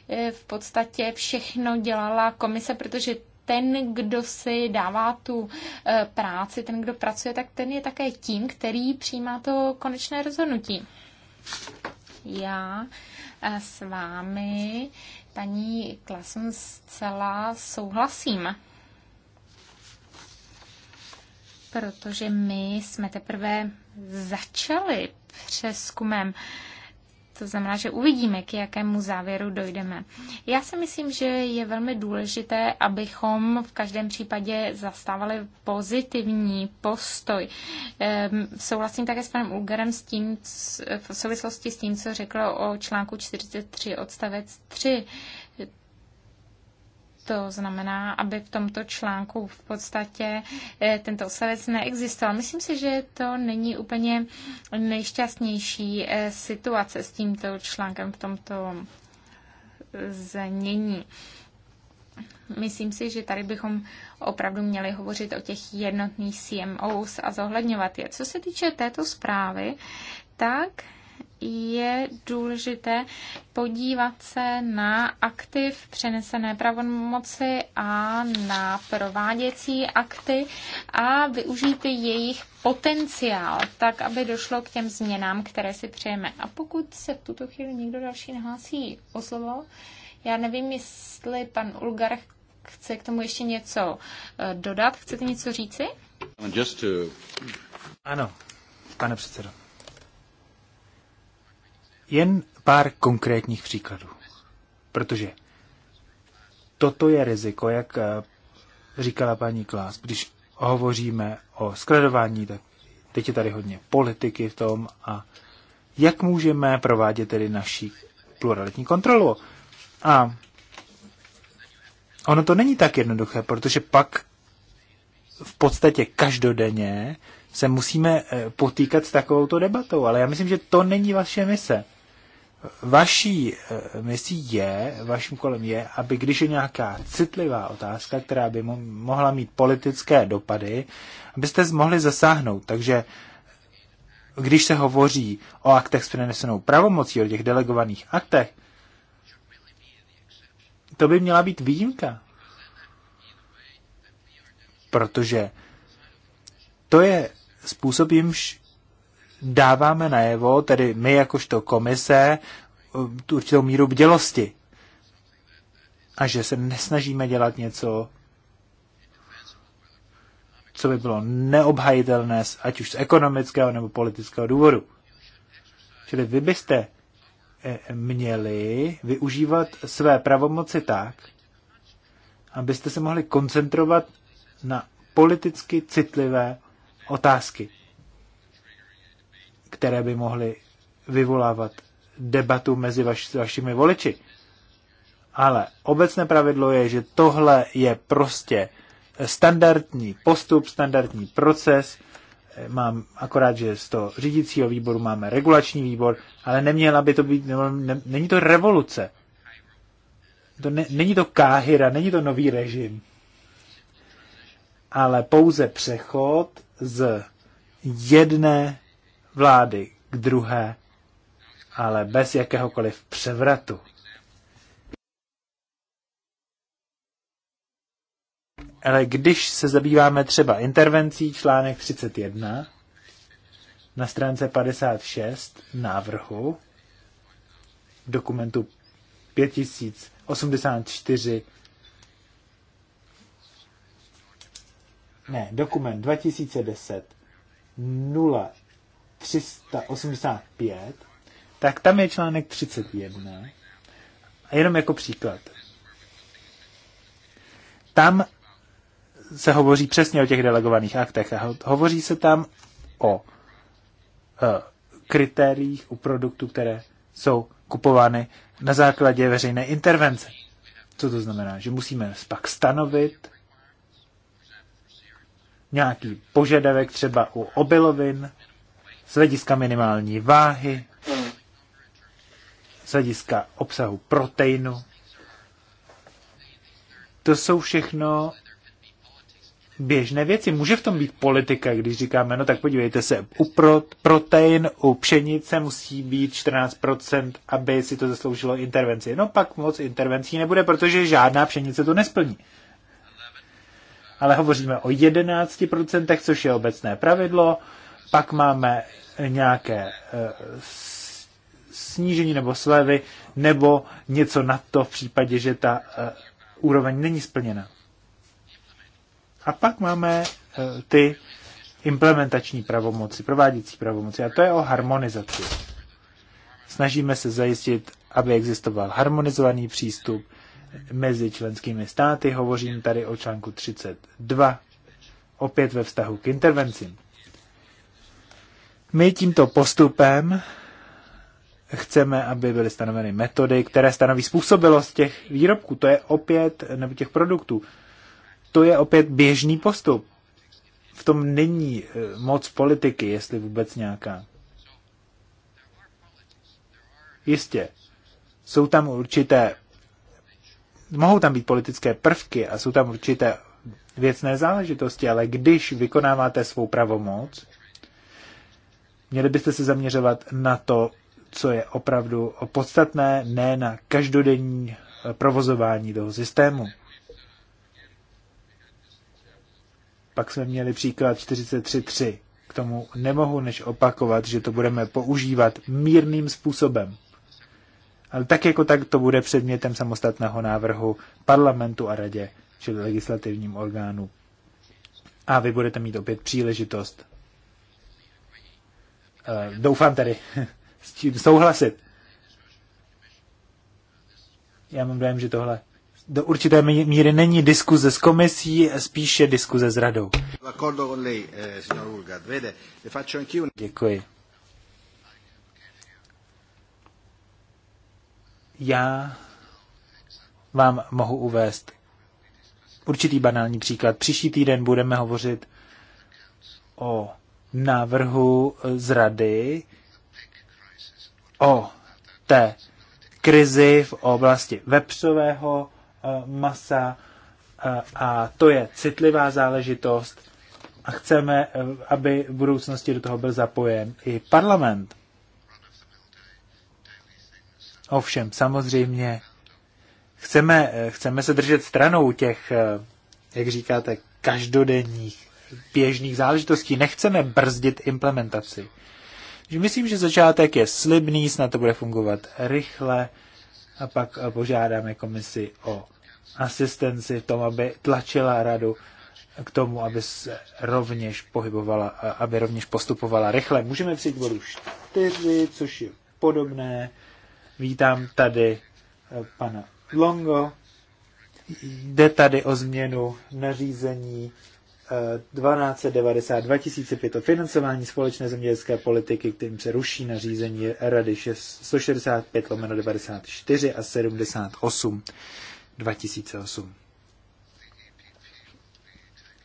eh, v podstatě všechno dělala komise, protože ten, kdo si dává tu eh, práci, ten, kdo pracuje, tak ten je také tím, který přijímá to konečné rozhodnutí. Já eh, s vámi paní Klasen zcela souhlasím. Protože my jsme teprve začali přeskumem. Uh, to znamená, že uvidíme, k jakému závěru dojdeme. Já si myslím, že je velmi důležité, abychom v každém případě zastávali pozitivní postoj. Ehm, souhlasím také s panem Ulgerem s tím, v souvislosti s tím, co řekl o článku 43 odstavec 3 to znamená, aby v tomto článku v podstatě eh, tento odstavec neexistoval. Myslím si, že to není úplně nejšťastnější eh, situace s tímto článkem v tomto eh, znění. Myslím si, že tady bychom opravdu měli hovořit o těch jednotných CMOs a zohledňovat je. Co se týče této zprávy, tak je důležité podívat se na aktiv přenesené pravomoci a na prováděcí akty a využít jejich potenciál, tak aby došlo k těm změnám, které si přejeme. A pokud se v tuto chvíli někdo další nehlásí o slovo, já nevím, jestli pan Ulgar chce k tomu ještě něco eh, dodat. Chcete něco říci? Ano, pane předsedo. Jen pár konkrétních příkladů, protože toto je riziko, jak eh, říkala paní Klás, když hovoříme o skladování, tak teď je tady hodně politiky v tom a jak můžeme provádět tedy naší pluralitní kontrolu. A ono to není tak jednoduché, protože pak v podstatě každodenně se musíme eh, potýkat s takovouto debatou, ale já myslím, že to není vaše mise vaší eh, misí je, vaším kolem je, aby když je nějaká citlivá otázka, která by mohla mít politické dopady, abyste mohli zasáhnout. Takže když se hovoří o aktech s přenesenou pravomocí, o těch delegovaných aktech, to by měla být výjimka. Protože to je způsob, jimž dáváme najevo, tedy my jakožto komise, tu určitou míru bdělosti. A že se nesnažíme dělat něco, co by bylo neobhajitelné, ať už z ekonomického nebo politického důvodu. Čili vy byste eh, měli využívat své pravomoci tak, abyste se mohli koncentrovat na politicky citlivé otázky které by mohly vyvolávat debatu mezi vaš, vašimi voliči. Ale obecné pravidlo je, že tohle je prostě standardní postup, standardní proces. Mám akorát, že z toho řídícího výboru máme regulační výbor, ale neměla by to být, ne, ne, není to revoluce. To ne, není to káhyra, není to nový režim, ale pouze přechod z jedné vlády k druhé, ale bez jakéhokoliv převratu. Ale když se zabýváme třeba intervencí článek 31 na stránce 56 návrhu dokumentu 5084 ne, dokument 2010 385, tak tam je článek 31. A jenom jako příklad. Tam se hovoří přesně o těch delegovaných aktech a hovoří se tam o eh, kritériích u produktů, které jsou kupovány na základě veřejné intervence. Co to znamená? Že musíme pak stanovit nějaký požadavek třeba u obilovin z hlediska minimální váhy, z hlediska obsahu proteinu. To jsou všechno běžné věci. Může v tom být politika, když říkáme, no tak podívejte se, u protein, u pšenice musí být 14%, aby si to zasloužilo intervenci. No pak moc intervencí nebude, protože žádná pšenice to nesplní. Ale hovoříme o 11%, což je obecné pravidlo. Pak máme nějaké eh, snížení nebo slevy, nebo něco na to v případě, že ta eh, úroveň není splněna. A pak máme eh, ty implementační pravomoci, prováděcí pravomoci, a to je o harmonizaci. Snažíme se zajistit, aby existoval harmonizovaný přístup mezi členskými státy. Hovořím tady o článku 32, opět ve vztahu k intervencím. My tímto postupem chceme, aby byly stanoveny metody, které stanoví způsobilost těch výrobků, to je opět, nebo těch produktů. To je opět běžný postup. V tom není e, moc politiky, jestli vůbec nějaká. Jistě, jsou tam určité, mohou tam být politické prvky a jsou tam určité věcné záležitosti, ale když vykonáváte svou pravomoc, Měli byste se zaměřovat na to, co je opravdu podstatné, ne na každodenní eh, provozování toho systému. Pak jsme měli příklad 43.3. K tomu nemohu než opakovat, že to budeme používat mírným způsobem. Ale tak jako tak to bude předmětem samostatného návrhu parlamentu a radě, čili legislativním orgánu. A vy budete mít opět příležitost Eh, doufám tedy s tím souhlasit. Já mám dojem, že tohle do určité míry není diskuze s komisí, spíše diskuze s radou. Eh, Děkuji. Já vám mohu uvést určitý banální příklad. Příští týden budeme hovořit o návrhu z rady o té krizi v oblasti vepřového eh, masa eh, a to je citlivá záležitost a chceme, eh, aby v budoucnosti do toho byl zapojen i parlament. Ovšem, samozřejmě, chceme, chceme se držet stranou těch, jak říkáte, každodenních běžných záležitostí. Nechceme brzdit implementaci. myslím, že začátek je slibný, snad to bude fungovat rychle a pak eh, požádáme komisi o asistenci v tom, aby tlačila radu k tomu, aby se rovněž pohybovala, eh, aby rovněž postupovala rychle. Můžeme přijít k bodu 4, což je podobné. Vítám tady eh, pana Longo. Jde tady o změnu nařízení 1290 2005 o financování společné zemědělské politiky, kterým se ruší nařízení Rady 165 lomeno 94 a 78 2008.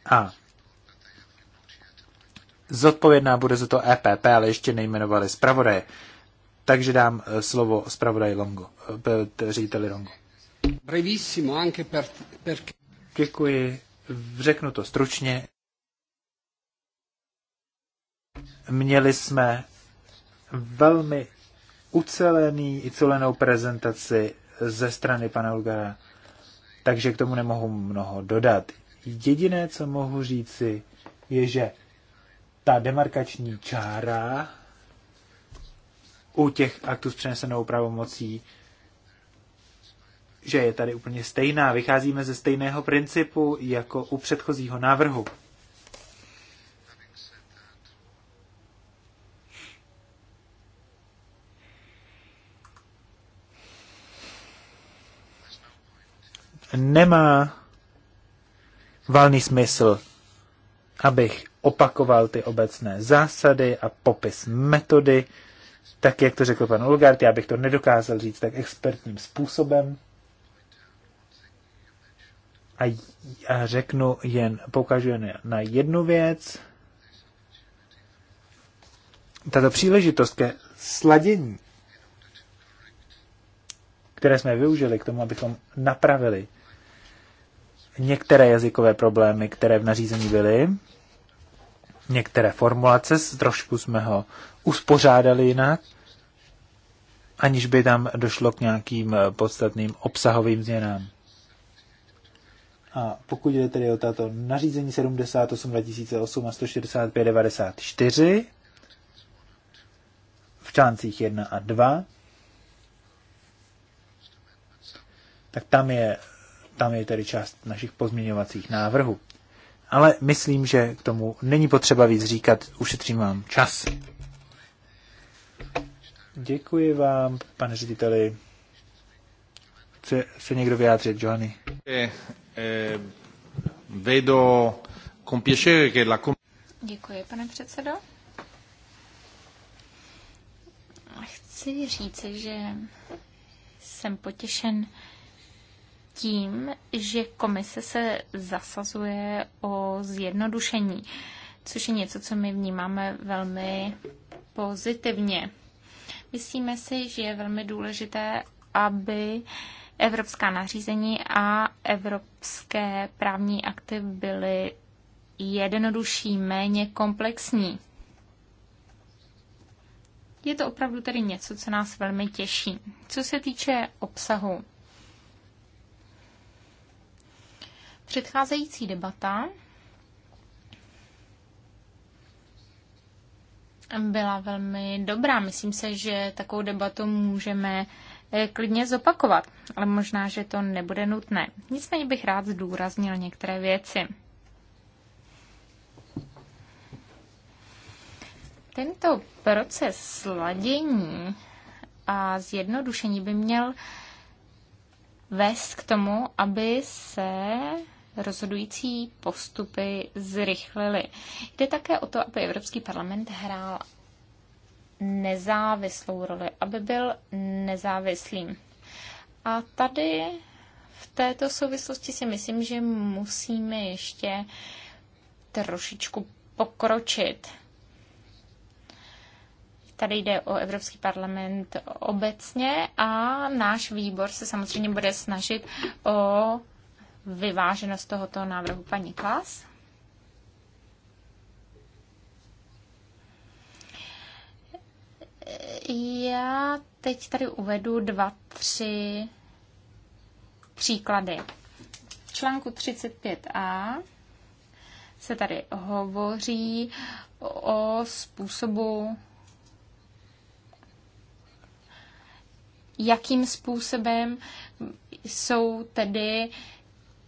A zodpovědná bude za to EPP, ale ještě nejmenovali zpravodaje. Takže dám eh, slovo zpravodaji Longo, eh, řediteli Longo. Brevissimo anche per, per... Děkuji řeknu to stručně, měli jsme velmi ucelený, celenou prezentaci ze strany pana Ulgara, takže k tomu nemohu mnoho dodat. Jediné, co mohu říci, je, že ta demarkační čára u těch aktů s přenesenou pravomocí že je tady úplně stejná. Vycházíme ze stejného principu jako u předchozího návrhu. Nemá valný smysl, abych opakoval ty obecné zásady a popis metody, tak jak to řekl pan Ulgard, já bych to nedokázal říct tak expertním způsobem a řeknu jen, pokažu jen na jednu věc. Tato příležitost ke sladění, které jsme využili k tomu, abychom napravili některé jazykové problémy, které v nařízení byly, některé formulace, trošku jsme ho uspořádali jinak, aniž by tam došlo k nějakým eh, podstatným obsahovým změnám. A pokud jde tedy o tato nařízení 78 2008 a 165 94 v článcích 1 a 2, tak tam je, tam je tedy část našich pozměňovacích návrhů. Ale myslím, že k tomu není potřeba víc říkat, ušetřím vám čas. Děkuji vám, pane řediteli. Chce se někdo vyjádřit, Johnny? Eh, Eh, vedo con piacere che la Děkuji, pane předsedo. Chci říci, že jsem potěšen tím, že komise se zasazuje o zjednodušení, což je něco, co my vnímáme velmi pozitivně. Myslíme si, že je velmi důležité, aby eh, evropská nařízení a evropské právní akty byly jednodušší, méně komplexní. Je to opravdu tedy něco, co nás velmi těší. Co se týče obsahu, předcházející debata byla velmi dobrá. Myslím se, že takovou debatu můžeme E, klidně zopakovat, ale možná, že to nebude nutné. Nicméně bych rád zdůraznil některé věci. Tento proces sladění a zjednodušení by měl vést k tomu, aby se rozhodující postupy zrychlily. Jde také o to, aby Evropský parlament hrál nezávislou roli, aby byl nezávislým. A tady v této souvislosti si myslím, že musíme ještě trošičku pokročit. Tady jde o Evropský parlament obecně a náš výbor se samozřejmě bude snažit o vyváženost tohoto návrhu paní Klas. Já teď tady uvedu dva, tři příklady. V článku 35a se tady hovoří o způsobu, jakým způsobem jsou tedy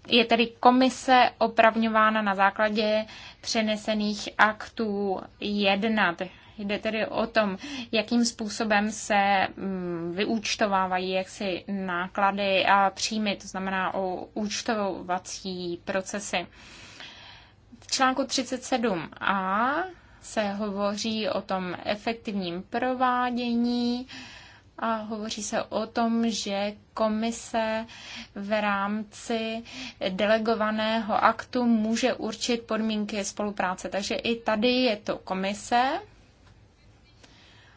je tedy komise opravňována na základě přenesených aktů jednat. Jde tedy o tom, jakým způsobem se mm, vyúčtovávají jaksi náklady a příjmy, to znamená o účtovací procesy. V článku 37a se hovoří o tom efektivním provádění a hovoří se o tom, že komise v rámci delegovaného aktu může určit podmínky spolupráce. Takže i tady je to komise,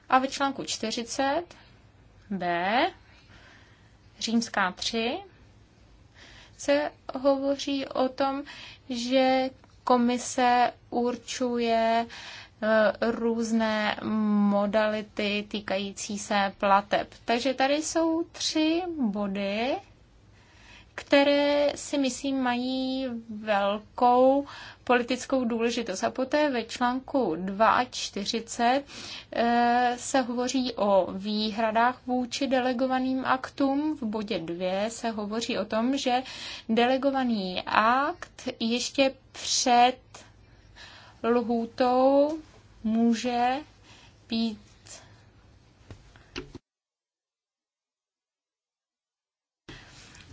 a ve článku 40 B, římská 3, se hovoří o tom, že komise určuje e, různé modality týkající se plateb. Takže tady jsou tři body, které si myslím mají velkou politickou důležitost. A poté ve článku 42 eh, se hovoří o výhradách vůči delegovaným aktům. V bodě 2 se hovoří o tom, že delegovaný akt ještě před lhůtou může být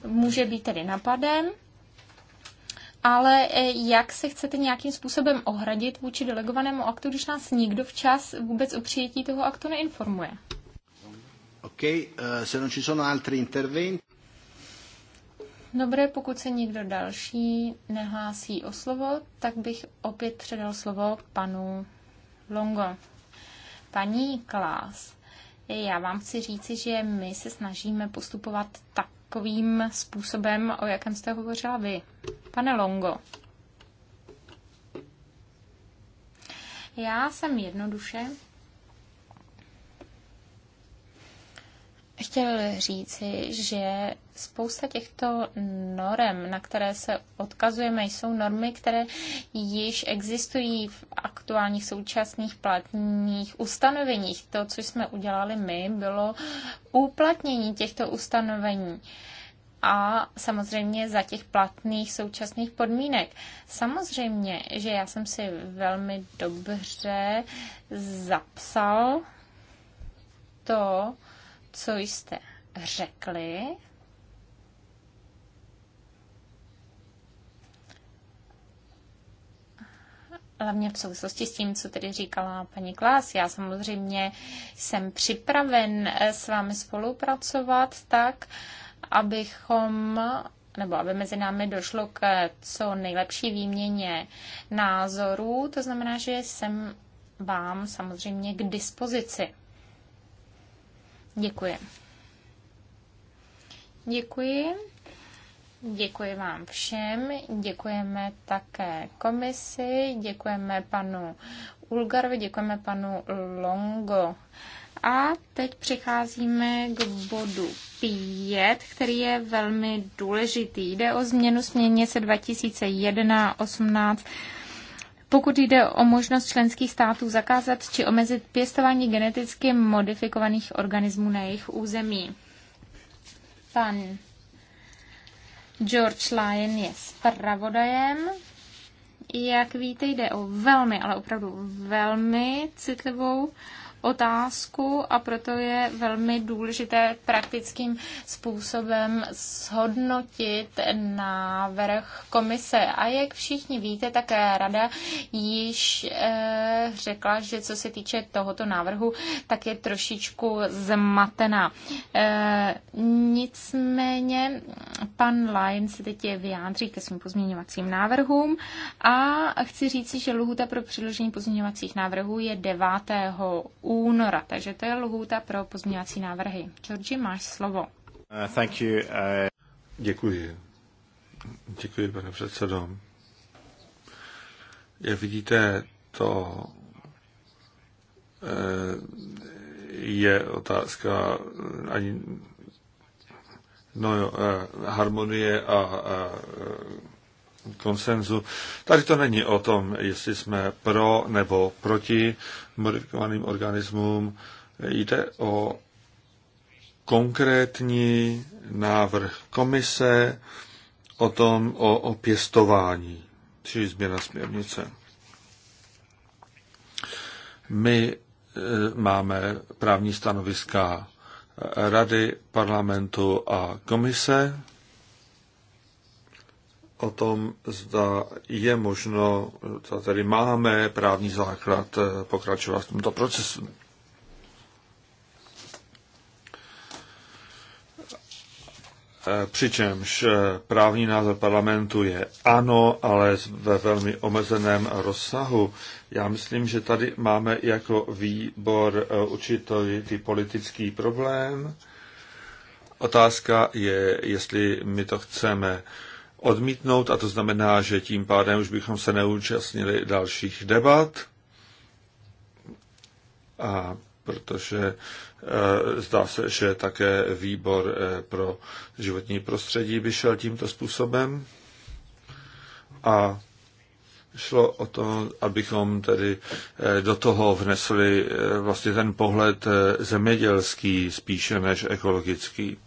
může být tedy napaden ale e, jak se chcete nějakým způsobem ohradit vůči delegovanému aktu, když nás nikdo včas vůbec o přijetí toho aktu neinformuje? OK, eh, se non ci sono altri interventi. Dobré, pokud se nikdo další nehlásí o slovo, tak bych opět předal slovo panu Longo. Paní Klás, já vám chci říci, že my se snažíme postupovat tak, takovým způsobem, o jakém jste hovořila vy. Pane Longo, já jsem jednoduše chtěl říci, že spousta těchto norem, na které se odkazujeme, jsou normy, které již existují v aktuálních současných platných ustanoveních. To, co jsme udělali my, bylo uplatnění těchto ustanovení a samozřejmě za těch platných současných podmínek. Samozřejmě, že já jsem si velmi dobře zapsal to, co jste řekli hlavně v souvislosti s tím, co tedy říkala paní Klás. Já samozřejmě jsem připraven eh, s vámi spolupracovat tak, abychom nebo aby mezi námi došlo k co nejlepší výměně názorů. To znamená, že jsem vám samozřejmě k dispozici. Děkuji. Děkuji. Děkuji vám všem, děkujeme také komisi, děkujeme panu Ulgarovi, děkujeme panu Longo. A teď přicházíme k bodu 5, který je velmi důležitý. Jde o změnu směrnice 2001-18 pokud jde o možnost členských států zakázat či omezit pěstování geneticky modifikovaných organismů na jejich území. Pan George Lyon je spravodajem. Jak víte, jde o velmi, ale opravdu velmi citlivou otázku a proto je velmi důležité praktickým způsobem shodnotit návrh komise. A jak všichni víte, tak rada již eh, řekla, že co se týče tohoto návrhu, tak je trošičku zmatená. Eh, nicméně pan Lyon se teď je vyjádří ke svým pozměňovacím návrhům a chci říci, že lhuta pro předložení pozměňovacích návrhů je 9 února, takže to je lhůta pro pozměňovací návrhy. Georgi, máš slovo. Uh, thank you. Uh... Děkuji. Děkuji, pane předsedo. Jak vidíte, to eh, je otázka ani no jo, eh, harmonie a, a eh, konsenzu. Tady to není o tom, jestli jsme pro nebo proti modifikovaným organismům. Jde o konkrétní návrh komise o tom, o, o pěstování, čili změna směrnice. My e, máme právní stanoviska Rady, parlamentu a komise o tom, zda je možno, zda tedy máme právní základ eh, pokračovat v tomto procesu. Eh, přičemž eh, právní názor parlamentu je ano, ale ve velmi omezeném rozsahu. Já myslím, že tady máme jako výbor určitý politický problém. Otázka je, jestli my to chceme odmítnout a to znamená, že tím pádem už bychom se neúčastnili dalších debat a protože e, zdá se, že také výbor e, pro životní prostředí by šel tímto způsobem a šlo o to, abychom tedy e, do toho vnesli vlastně ten pohled zemědělský spíše než ekologický.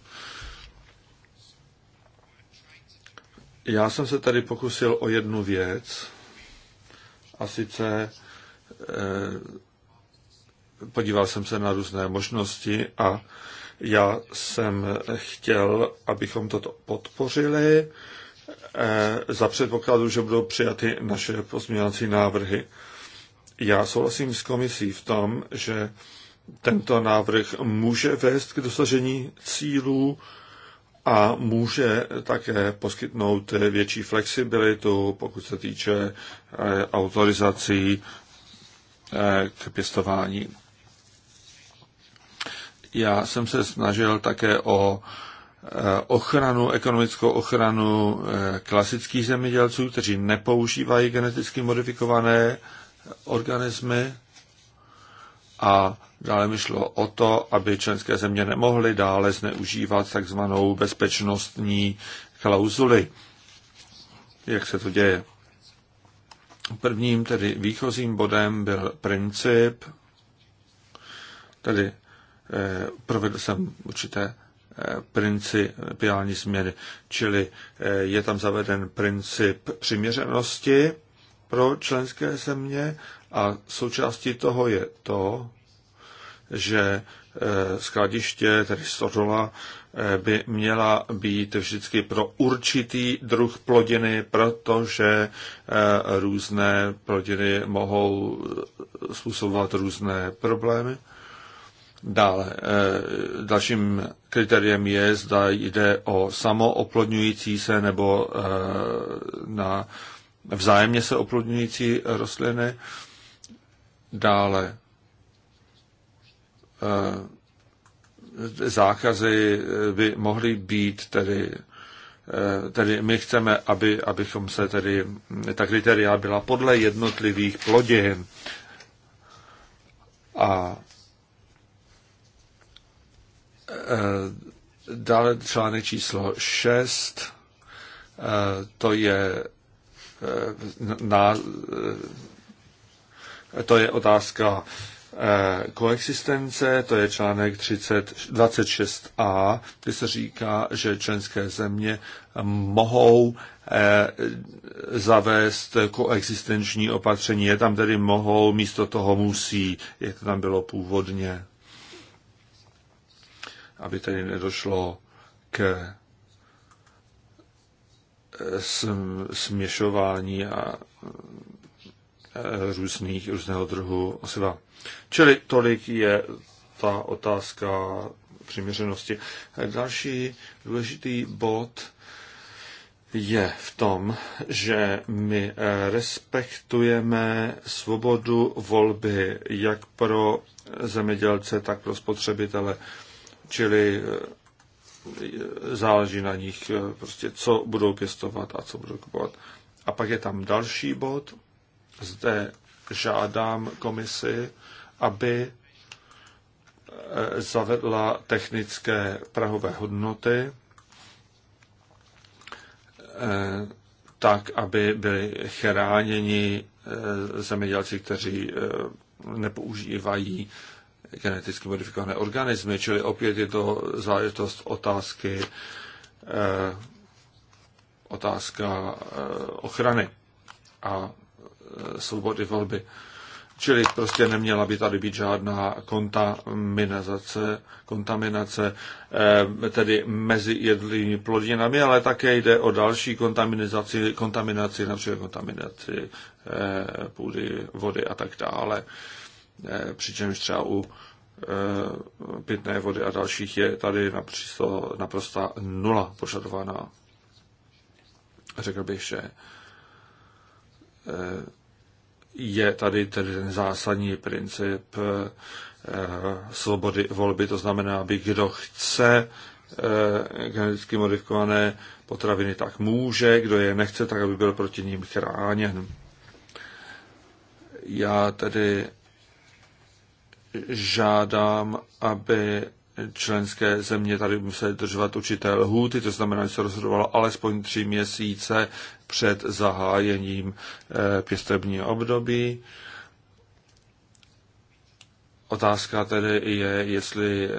Já jsem se tady pokusil o jednu věc, a sice e, podíval jsem se na různé možnosti a já jsem chtěl, abychom toto podpořili e, za předpokladu, že budou přijaty naše pozměňovací návrhy. Já souhlasím s komisí v tom, že tento návrh může vést k dosažení cílů, a může také poskytnout větší flexibilitu, pokud se týče eh, autorizací eh, k pěstování. Já jsem se snažil také o eh, ochranu, ekonomickou ochranu klasických zemědělců, kteří nepoužívají geneticky modifikované organismy a dále mi šlo o to, aby členské země nemohly dále zneužívat takzvanou bezpečnostní klauzuly. Jak se to děje? Prvním tedy výchozím bodem byl princip, tedy eh, provedl jsem určité eh, principiální změny. Čili eh, je tam zaveden princip přiměřenosti pro členské země a součástí toho je to, že eh, skladiště, tedy stodola, eh, by měla být vždycky pro určitý druh plodiny, protože eh, různé plodiny mohou způsobovat různé problémy. Dále, dalším kritériem je, zda jde o samooplodňující se nebo na vzájemně se oplodňující rostliny. Dále eh, zákazy by mohly být tedy eh, tedy my chceme, aby, abychom se tedy, ta kritéria byla podle jednotlivých plodin. A eh, dále článek číslo 6, to je na to je otázka eh, koexistence, to je článek 30, 26a, kde se říká, že členské země mohou eh, zavést koexistenční opatření. Je tam tedy mohou, místo toho musí, jak to tam bylo původně, aby tedy nedošlo k eh, směšování a Eh, různých, různého druhu osiva. Čili tolik je ta otázka přiměřenosti. Eh, další důležitý bod je v tom, že my eh, respektujeme svobodu volby jak pro zemědělce, tak pro spotřebitele. Čili záleží na nich, prostě, co budou pěstovat a co budou kupovat. A pak je tam další bod, zde žádám komisi, aby eh, zavedla technické prahové hodnoty, eh, tak, aby byli chráněni eh, zemědělci, kteří nepoužívají geneticky modifikované organismy, čili opět je to záležitost otázky otázka ochrany. A Eh, svobody volby. Čili prostě neměla by tady být žádná kontaminace, kontaminace eh, tedy mezi jedlými plodinami, ale také jde o další kontaminaci, kontaminaci například kontaminaci eh, půdy, vody a tak dále. Přičemž třeba u pitné vody a dalších je tady naprosto, naprosto nula požadovaná. Řekl bych, že je tady tedy ten zásadní princip eh, svobody volby, to znamená, aby kdo chce eh, geneticky modifikované potraviny, tak může, kdo je nechce, tak aby byl proti ním chráněn. Já tedy žádám, aby členské země tady museli držovat určité lhůty, to znamená, že se rozhodovalo alespoň tři měsíce před zahájením eh, pěstebního období. Otázka tedy je, jestli eh,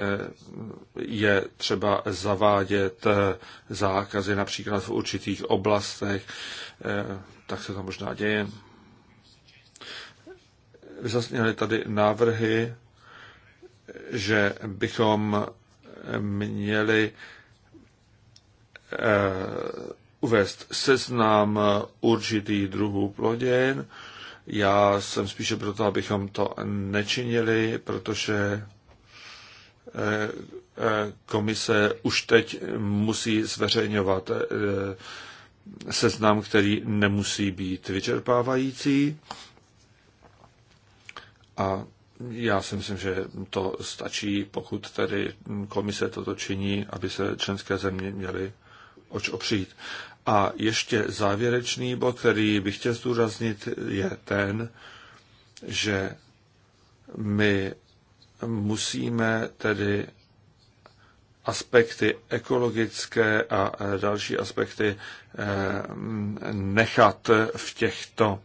je třeba zavádět eh, zákazy například v určitých oblastech, tak se to možná děje. Zazněly tady návrhy že bychom měli eh, uvést seznam určitých druhů plodin. Já jsem spíše proto, abychom to nečinili, protože eh, eh, komise už teď musí zveřejňovat seznam, který nemusí být vyčerpávající. A já si myslím, že to stačí, pokud tedy komise toto činí, aby se členské země měly oč opřít. A ještě závěrečný bod, který bych chtěl zdůraznit, je ten, že my musíme tedy aspekty ekologické a další aspekty eh, nechat v těchto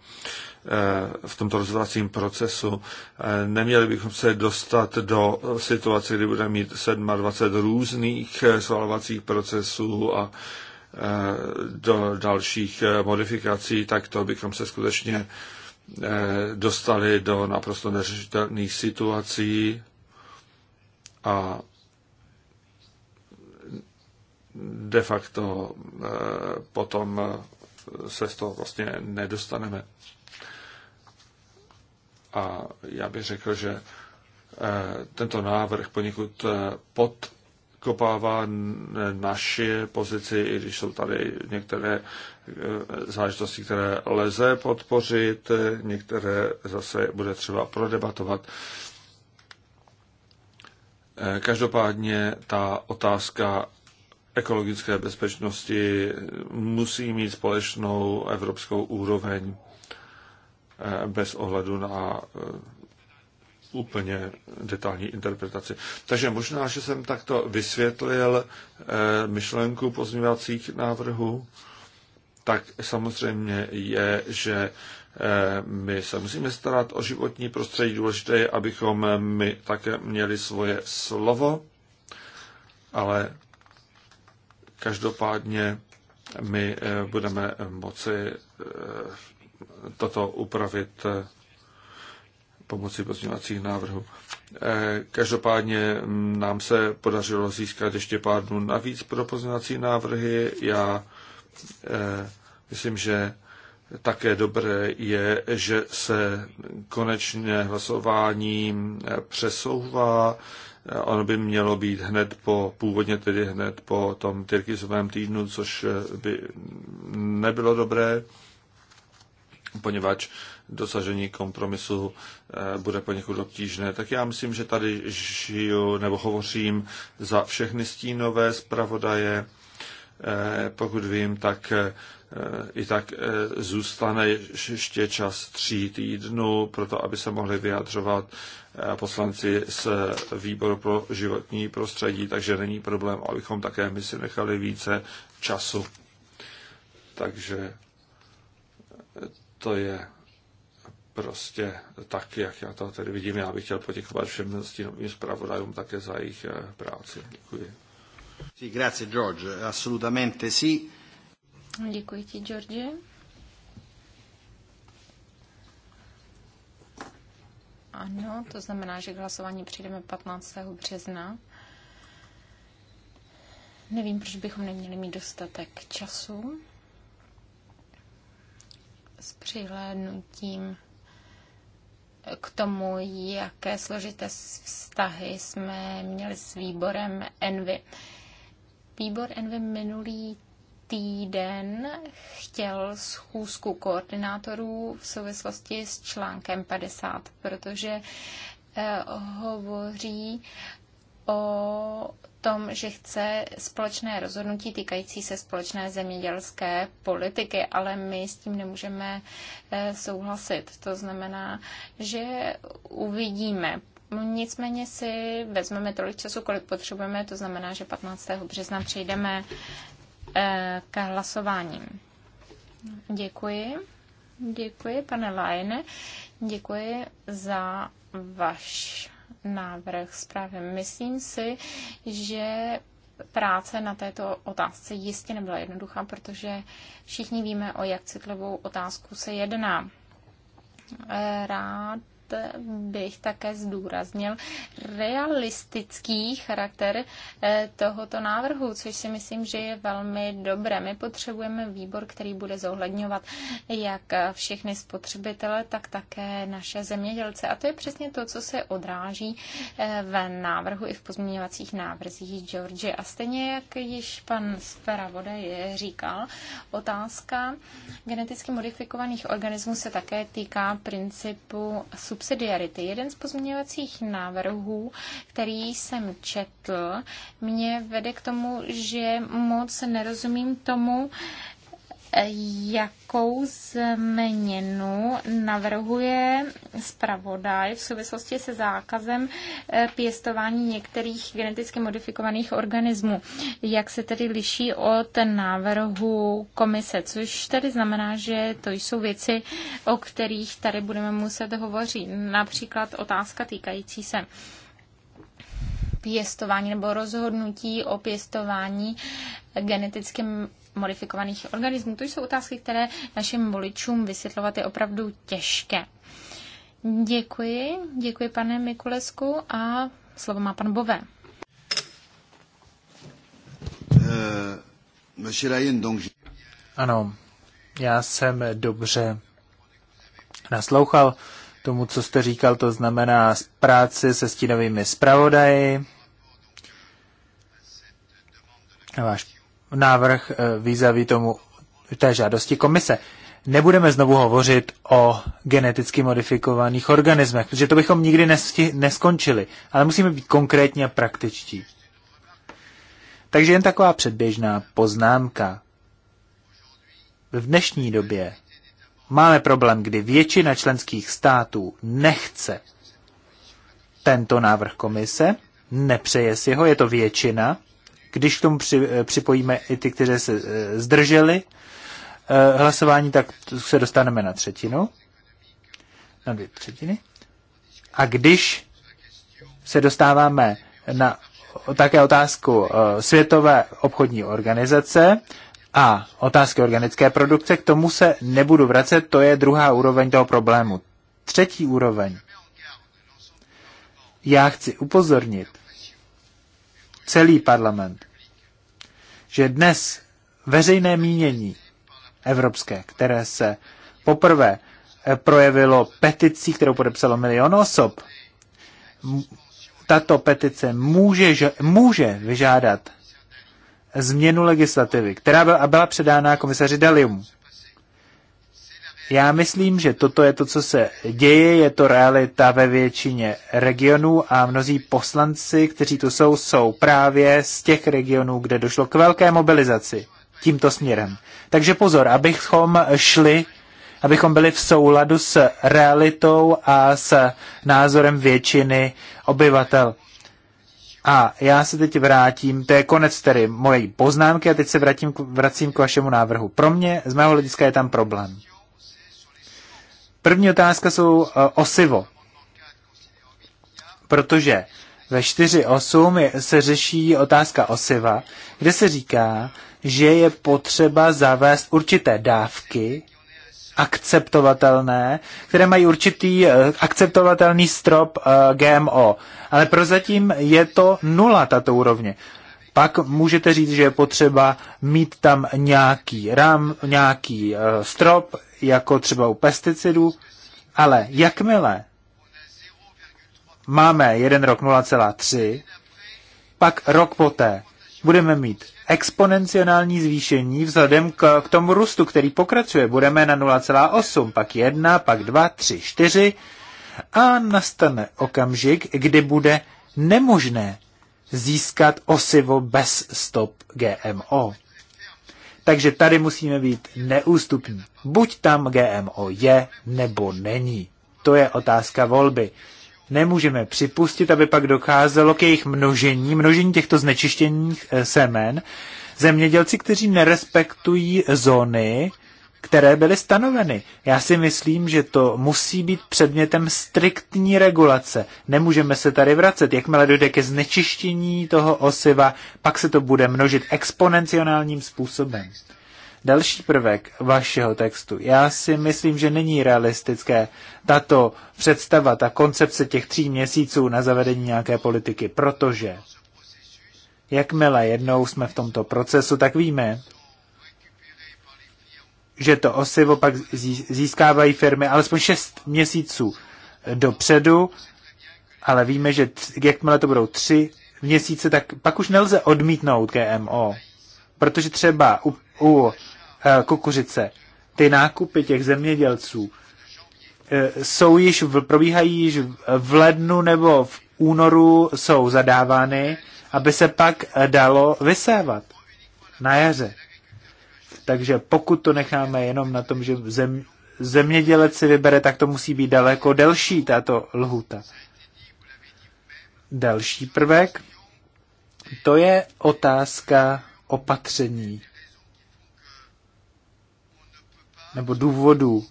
Eh, v tomto rozhodovacím procesu. Eh, neměli bychom se dostat do situace, kdy budeme mít 27 různých eh, svalovacích procesů a do dalších modifikací, tak to bychom se skutečně dostali do naprosto neřešitelných situací a de facto potom se z toho vlastně nedostaneme. A já bych řekl, že eh, tento návrh poněkud eh, podkopává naši pozici, i když jsou tady některé eh, záležitosti, které lze podpořit, některé zase bude třeba prodebatovat. Každopádně ta otázka ekologické bezpečnosti musí mít společnou evropskou úroveň. Eh, bez ohledu na eh, úplně detailní interpretaci. Takže možná, že jsem takto vysvětlil eh, myšlenku pozměňovacích návrhů, tak samozřejmě je, že my se musíme starat o životní prostředí. Důležité je, abychom my také měli svoje slovo, ale každopádně my budeme moci toto upravit eh, pomocí pozměňovacích návrhů. Eh, každopádně mm, nám se podařilo získat ještě pár dnů navíc pro pozměňovací návrhy. Já eh, myslím, že také dobré je, že se konečně hlasování přesouvá. Ono by mělo být hned po, původně tedy hned po tom Tyrkizovém týdnu, což by nebylo dobré poněvadž dosažení kompromisu eh, bude poněkud obtížné. Tak já myslím, že tady žiju nebo hovořím za všechny stínové zpravodaje. Eh, pokud vím, tak eh, i tak zůstane ještě čas tří týdnů, proto aby se mohli vyjadřovat poslanci z výboru pro životní prostředí, takže není problém, abychom také my si nechali více času. Takže to je prostě tak, jak já to tady vidím. Já bych chtěl poděkovat všem stínovým zpravodajům také za jejich eh, práci. Děkuji. Sì, grazie George, assolutamente sì. Děkuji ti, George. Ano, to znamená, že k hlasování přijdeme 15. března. Nevím, proč bychom neměli mít dostatek času s přihlédnutím k tomu, jaké složité vztahy jsme měli s výborem Envy. Výbor Envy minulý týden chtěl schůzku koordinátorů v souvislosti s článkem 50, protože eh, hovoří o tom, že chce společné rozhodnutí týkající se společné zemědělské politiky, ale my s tím nemůžeme eh, souhlasit. To znamená, že uvidíme. Nicméně si vezmeme tolik času, kolik potřebujeme, to znamená, že 15. března přejdeme eh, k hlasováním. Děkuji. Děkuji, pane Lajne. Děkuji za váš návrh zprávy. Myslím si, že práce na této otázce jistě nebyla jednoduchá, protože všichni víme, o jak citlivou otázku se jedná. Rád bych také zdůraznil realistický charakter eh, tohoto návrhu, což si myslím, že je velmi dobré. My potřebujeme výbor, který bude zohledňovat jak všechny spotřebitele, tak také naše zemědělce. A to je přesně to, co se odráží eh, v návrhu i v pozměňovacích návrzích George. A stejně, jak již pan Speravodaj eh, říkal, otázka geneticky modifikovaných organismů se také týká principu subsidiarity. Jeden z pozměňovacích návrhů, který jsem četl, mě vede k tomu, že moc nerozumím tomu, jakou změnu navrhuje zpravodaj v souvislosti se zákazem eh, pěstování některých geneticky modifikovaných organismů. Jak se tedy liší od návrhu komise, což tedy znamená, že to jsou věci, o kterých tady budeme muset hovořit. Například otázka týkající se pěstování nebo rozhodnutí o pěstování geneticky modifikovaných organismů. To jsou otázky, které našim voličům vysvětlovat je opravdu těžké. Děkuji, děkuji pane Mikulesku a slovo má pan Bové. Eh, ano, já jsem dobře naslouchal tomu, co jste říkal, to znamená práci se stínovými zpravodaji. Váš návrh eh, výzavy tomu té žádosti komise. Nebudeme znovu hovořit o geneticky modifikovaných organismech, protože to bychom nikdy nesti- neskončili, ale musíme být konkrétně a praktičtí. Takže jen taková předběžná poznámka. V dnešní době máme problém, kdy většina členských států nechce tento návrh komise, nepřeje si ho, je to většina, když k tomu eh, připojíme i ty, kteří se eh, zdrželi eh, hlasování, tak se dostaneme na třetinu, na dvě třetiny. A když se dostáváme na také otázku Světové obchodní organizace a otázky organické produkce, k tomu se nebudu vracet, to je druhá úroveň toho problému. Třetí úroveň. Já chci upozornit celý parlament, že dnes veřejné mínění evropské, které se poprvé eh, projevilo peticí, kterou podepsalo milion osob, tato petice může, může vyžádat změnu legislativy, která byla, byla předána komisaři Dalium. Já myslím, že toto je to, co se děje, je to realita ve většině regionů a mnozí poslanci, kteří tu jsou, jsou právě z těch regionů, kde došlo k velké mobilizaci tímto směrem. Takže pozor, abychom šli, abychom byli v souladu s realitou a s názorem většiny obyvatel. A já se teď vrátím, to je konec tedy mojej poznámky a teď se vrátím, vracím k vašemu návrhu. Pro mě, z mého hlediska, je tam problém. První otázka jsou eh, osivo. Protože ve 4.8 se řeší otázka osiva, kde se říká, že je potřeba zavést určité dávky akceptovatelné, které mají určitý eh, akceptovatelný strop eh, GMO. Ale prozatím je to nula tato úrovně. Pak můžete říct, že je potřeba mít tam nějaký rám, nějaký strop, jako třeba u pesticidů, ale jakmile máme jeden rok 0,3, pak rok poté budeme mít exponenciální zvýšení vzhledem k, k tomu růstu, který pokračuje. Budeme na 0,8, pak 1, pak 2, 3, 4 a nastane okamžik, kdy bude nemožné získat osivo bez stop GMO. Takže tady musíme být neústupní. Buď tam GMO je, nebo není. To je otázka volby. Nemůžeme připustit, aby pak docházelo k jejich množení, množení těchto znečištěných eh, semen. Zemědělci, kteří nerespektují zóny, které byly stanoveny. Já si myslím, že to musí být předmětem striktní regulace. Nemůžeme se tady vracet. Jakmile dojde ke znečištění toho osiva, pak se to bude množit exponenciálním způsobem. Další prvek vašeho textu. Já si myslím, že není realistické tato představa, ta koncepce těch tří měsíců na zavedení nějaké politiky, protože jakmile jednou jsme v tomto procesu, tak víme, že to osivo pak získávají firmy alespoň 6 měsíců dopředu, ale víme, že jakmile to budou 3 měsíce, tak pak už nelze odmítnout GMO. Protože třeba u, u eh, kukuřice ty nákupy těch zemědělců eh, jsou již, probíhají již v lednu nebo v únoru jsou zadávány, aby se pak dalo vysévat na jaře. Takže pokud to necháme jenom na tom, že zem, zemědělec si vybere, tak to musí být daleko delší tato lhuta. Další prvek, to je otázka opatření nebo důvodů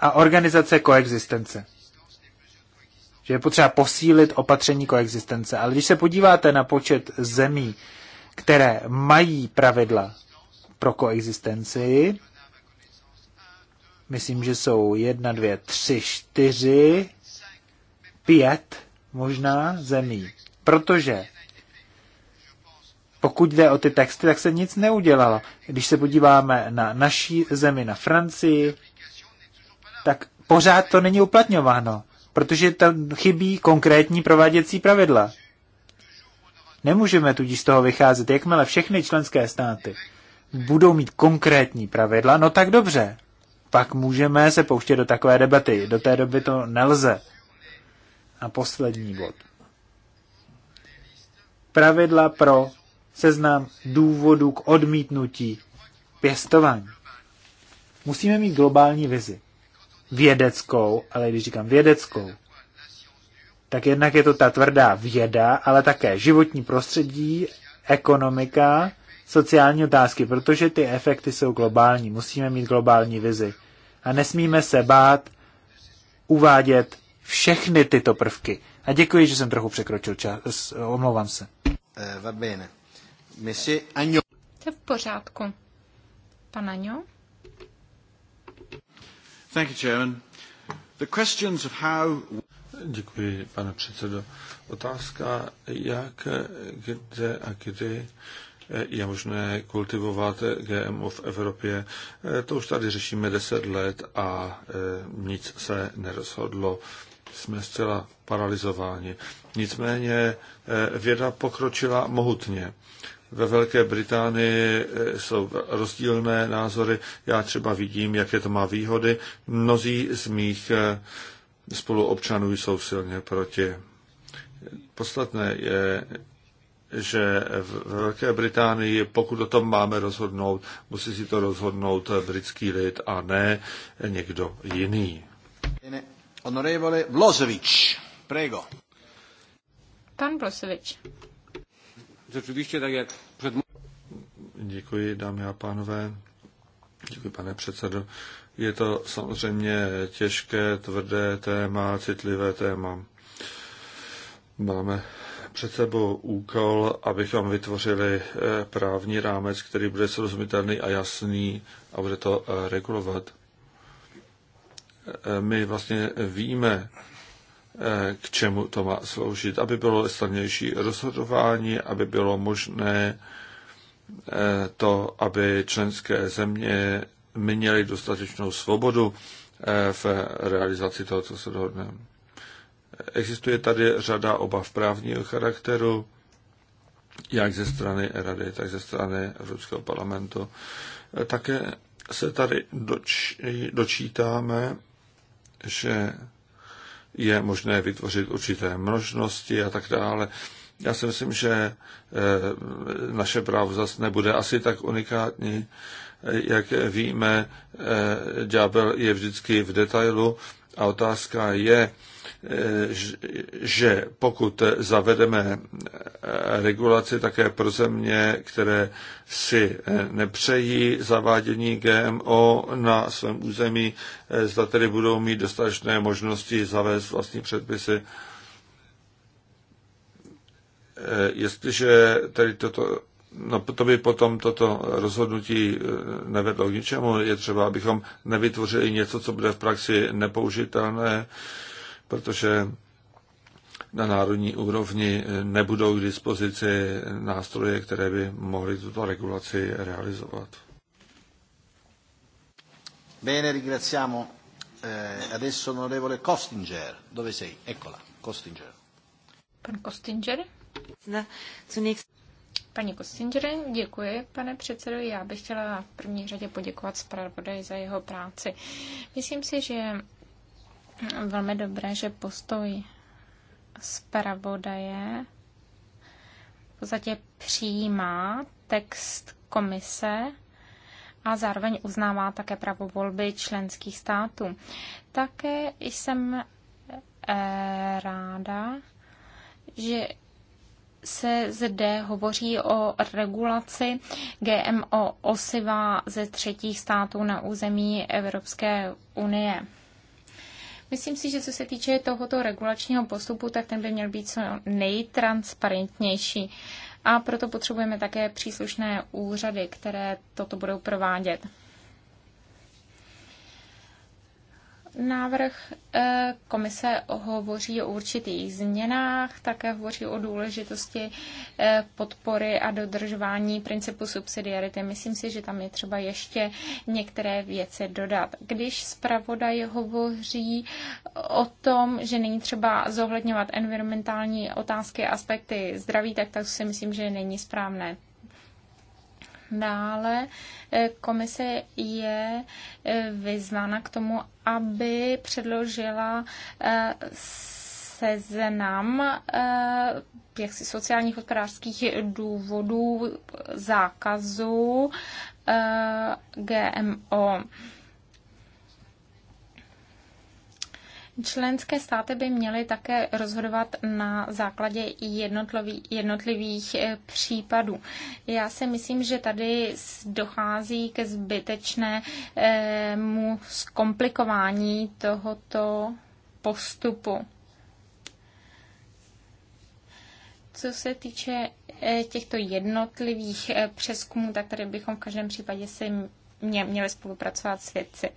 a organizace koexistence. Že je potřeba posílit opatření koexistence. Ale když se podíváte na počet zemí, které mají pravidla pro koexistenci. Myslím, že jsou jedna, dvě, tři, čtyři, pět možná zemí. Protože pokud jde o ty texty, tak se nic neudělalo. Když se podíváme na naší zemi, na Francii, tak pořád to není uplatňováno, protože tam chybí konkrétní prováděcí pravidla. Nemůžeme tudíž z toho vycházet, jakmile všechny členské státy budou mít konkrétní pravidla, no tak dobře, pak můžeme se pouštět do takové debaty. Do té doby to nelze. A poslední bod. Pravidla pro seznam důvodů k odmítnutí pěstování. Musíme mít globální vizi. Vědeckou, ale když říkám vědeckou, tak jednak je to ta tvrdá věda, ale také životní prostředí, ekonomika, sociální otázky, protože ty efekty jsou globální. Musíme mít globální vizi. A nesmíme se bát uvádět všechny tyto prvky. A děkuji, že jsem trochu překročil čas. Omlouvám se. Eh, to je v pořádku. Pan Aňo? Thank you, Chairman. The questions of how... Děkuji, pane předsedo. Otázka, jak, kde a kdy je možné kultivovat GMO v Evropě. To už tady řešíme deset let a eh, nic se nerozhodlo. Jsme zcela paralizováni. Nicméně eh, věda pokročila mohutně. Ve Velké Británii eh, jsou rozdílné názory. Já třeba vidím, jaké to má výhody. Mnozí z mých spoluobčanů jsou silně proti. Podstatné je, že v Velké Británii, pokud o tom máme rozhodnout, musí si to rozhodnout britský lid a ne někdo jiný. Honorevole Vlosevič, prego. Pan Vlosevič. tak jak przed... Děkuji, dámy a pánové. Děkuji, pane předsedo. Je to samozřejmě těžké, tvrdé téma, citlivé téma. Máme před sebou úkol, abychom vytvořili eh, právní rámec, který bude srozumitelný a jasný a bude to eh, regulovat. Eh, my vlastně víme, k čemu to má sloužit, aby bylo snadnější rozhodování, aby bylo možné to, aby členské země měli dostatečnou svobodu eh, v realizaci toho, co se dohodne. Existuje tady řada obav právního charakteru, jak ze strany Rady, tak ze strany Evropského parlamentu. Eh, také se tady doč, dočítáme, že je možné vytvořit určité množnosti a tak dále. Já si myslím, že eh, naše právo zase nebude asi tak unikátní. Jak víme, eh, ďábel je vždycky v detailu a otázka je, eh, že pokud zavedeme eh, regulaci také pro země, které si nepřejí zavádění GMO na svém území, zda tedy budou mít dostatečné možnosti zavést vlastní předpisy. Jestliže tedy toto No, to by potom toto rozhodnutí e, nevedlo k ničemu. Je třeba, abychom nevytvořili něco, co bude v praxi nepoužitelné, protože na národní úrovni e, nebudou k dispozici nástroje, které by mohly tuto regulaci realizovat. Bene, ringraziamo eh, adesso onorevole Costinger. Dove sei? Eccola, Costinger. Pan Costinger? Paní Kostingery, děkuji, pane předsedo. Já bych chtěla v první řadě poděkovat zpravodaji za jeho práci. Myslím si, že je velmi dobré, že postoj zpravodaje v podstatě přijímá text komise a zároveň uznává také právo volby členských států. Také jsem eh, ráda, že se zde hovoří o regulaci GMO osiva ze třetích států na území Evropské unie. Myslím si, že co se týče tohoto regulačního postupu, tak ten by měl být co nejtransparentnější. A proto potřebujeme také příslušné úřady, které toto budou provádět. Návrh eh, komise hovoří o určitých změnách, také hovoří o důležitosti eh, podpory a dodržování principu subsidiarity. Myslím si, že tam je třeba ještě některé věci dodat. Když zpravodaj hovoří o tom, že není třeba zohledňovat environmentální otázky, aspekty zdraví, tak to si myslím, že není správné. Dále eh, komise je eh, vyzvána k tomu, aby předložila eh, seznam jaksi sociálních hospodářských důvodů zákazu GMO. Členské státy by měly také rozhodovat na základě jednotlivých eh, případů. Já si myslím, že tady dochází ke zbytečnému eh, zkomplikování tohoto postupu. Co se týče eh, těchto jednotlivých přeskumů, tak tady bychom v každém případě si měli spolupracovat s vědci.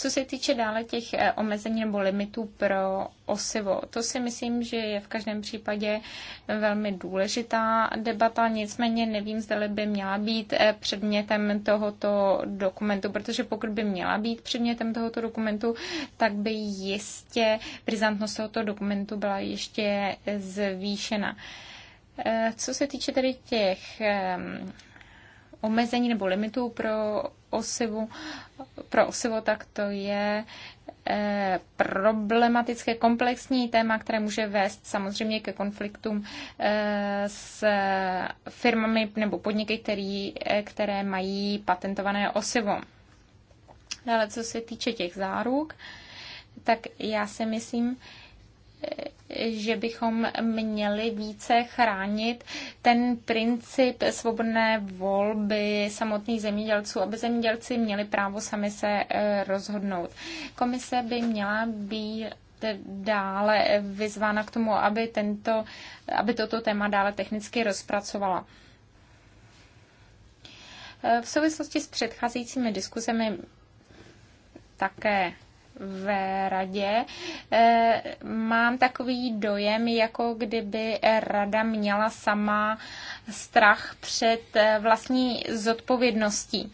Co se týče dále těch eh, omezení nebo limitů pro osivo, to si myslím, že je v každém případě velmi důležitá debata, nicméně nevím, zda by měla být eh, předmětem tohoto dokumentu, protože pokud by měla být předmětem tohoto dokumentu, tak by jistě prizantnost tohoto dokumentu byla ještě zvýšena. Eh, co se týče tedy těch omezení nebo limitů pro osivu, pro osivo, tak to je eh, problematické komplexní téma, které může vést samozřejmě ke konfliktům eh, s firmami nebo podniky, který, eh, které mají patentované osivo. Dále, co se týče těch záruk, tak já si myslím, že bychom měli více chránit ten princip svobodné volby samotných zemědělců, aby zemědělci měli právo sami se eh, rozhodnout. Komise by měla být dále vyzvána k tomu, aby, tento, aby toto téma dále technicky rozpracovala. Eh, v souvislosti s předcházejícími diskuzemi také v radě, eh, mám takový dojem, jako kdyby rada měla sama strach před eh, vlastní zodpovědností.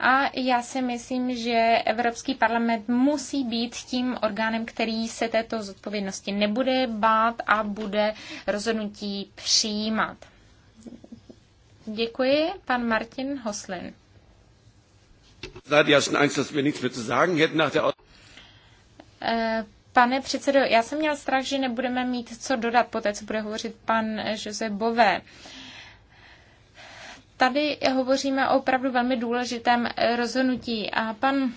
A já si myslím, že Evropský parlament musí být tím orgánem, který se této zodpovědnosti nebude bát a bude rozhodnutí přijímat. Děkuji, pan Martin Hoslin. Seid ihr schon Angst, dass wir nichts mehr zu sagen hätten nach der Eh, pane předsedo, já jsem měl strach, že nebudeme mít co dodat po té, co bude hovořit pan Jose Bové. Tady hovoříme o opravdu velmi důležitém eh, rozhodnutí a pan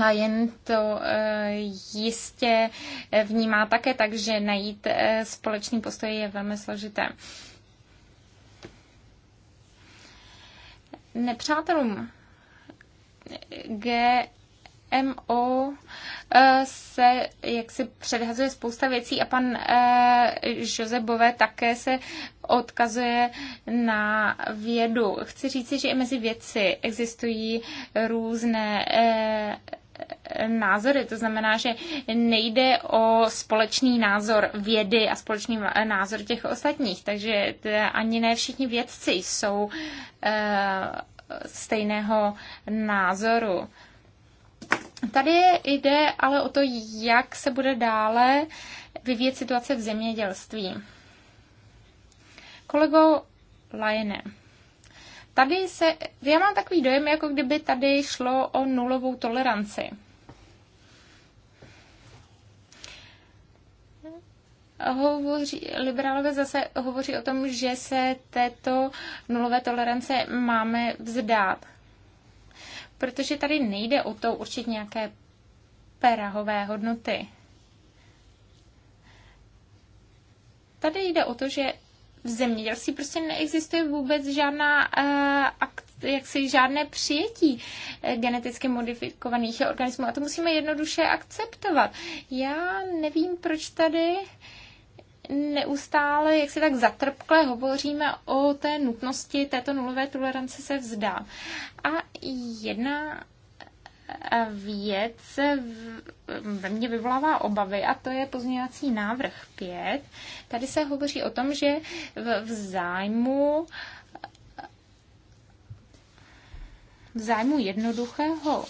Lajen to eh, jistě vnímá také, takže najít společný postoj je velmi složité. Nepřátelům G MO eh, se jak se předhazuje spousta věcí a pan eh, Bové také se odkazuje na vědu. Chci říci, že i mezi věci existují různé eh, názory. To znamená, že nejde o společný názor vědy a společný názor těch ostatních. Takže ani ne všichni vědci jsou stejného názoru. Tady jde ale o to, jak se bude dále vyvíjet situace v zemědělství. Kolego Lajene, tady se, já mám takový dojem, jako kdyby tady šlo o nulovou toleranci. hovoří, liberálové zase hovoří o tom, že se této nulové tolerance máme vzdát protože tady nejde o to určit nějaké perahové hodnoty. Tady jde o to, že v zemědělství prostě neexistuje vůbec žádná uh, jaksi žádné přijetí eh, geneticky modifikovaných organismů a to musíme jednoduše akceptovat. Já nevím, proč tady uh, neustále, jak si tak zatrpkle hovoříme o té nutnosti této nulové tolerance se vzdát. A jedna e, věc ve mně vyvolává obavy a to je pozměňovací návrh 5. Tady se hovoří o tom, že v, v zájmu v zájmu jednoduchého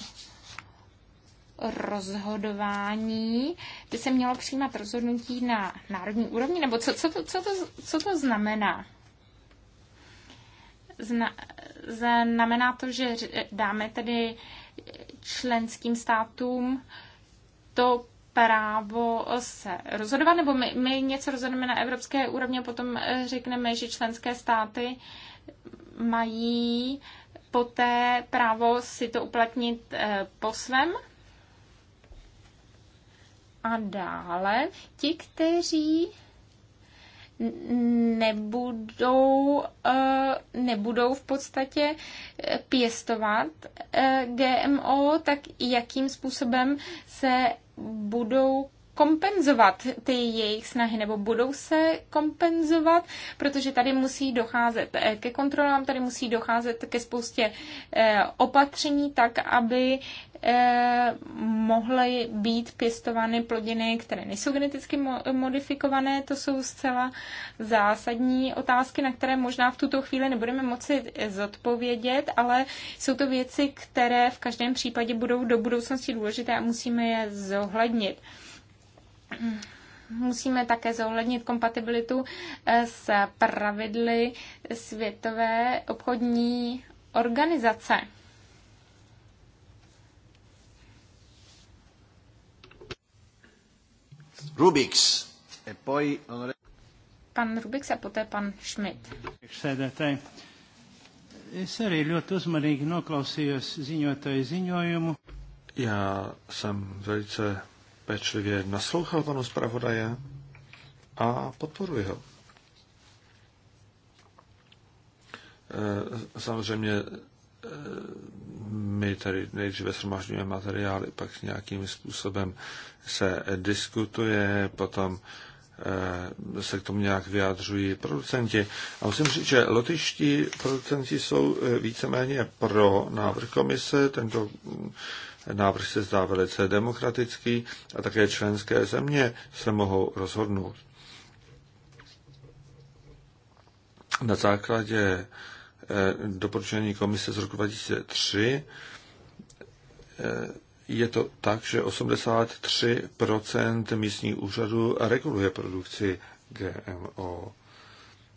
rozhodování by se mělo přijímat rozhodnutí na národní úrovni? Nebo co, co, to, co, to, co to znamená? Zna, znamená to, že dáme tedy členským státům to právo se rozhodovat, nebo my, my něco rozhodneme na evropské úrovni a potom řekneme, že členské státy mají poté právo si to uplatnit eh, po svém? a dále ti, kteří nebudou, eh, nebudou v podstatě eh, pěstovat eh, GMO, tak jakým způsobem se budou kompenzovat ty jejich snahy, nebo budou se kompenzovat, protože tady musí docházet eh, ke kontrolám, tady musí docházet ke spoustě eh, opatření, tak aby eh, mohly být pěstovány plodiny, které nejsou geneticky modifikované. To jsou zcela zásadní otázky, na které možná v tuto chvíli nebudeme moci zodpovědět, ale jsou to věci, které v každém případě budou do budoucnosti důležité a musíme je zohlednit musíme také zohlednit kompatibilitu eh, s pravidly Světové obchodní organizace. Rubiks. E pan Rubix a poté pan Schmidt. Já jsem velice pečlivě naslouchal panu zpravodaje a podporuji ho. Eh, samozřejmě eh, my tady nejdříve shromažďujeme materiály, pak nějakým způsobem se diskutuje, potom eh, se k tomu nějak vyjádřují producenti. A musím říct, že lotiští producenti jsou víceméně pro návrh komise, tento Návrh se zdá velice demokratický a také členské země se mohou rozhodnout. Na základě eh, doporučení komise z roku 2003 eh, je to tak, že 83% místních úřadů reguluje produkci GMO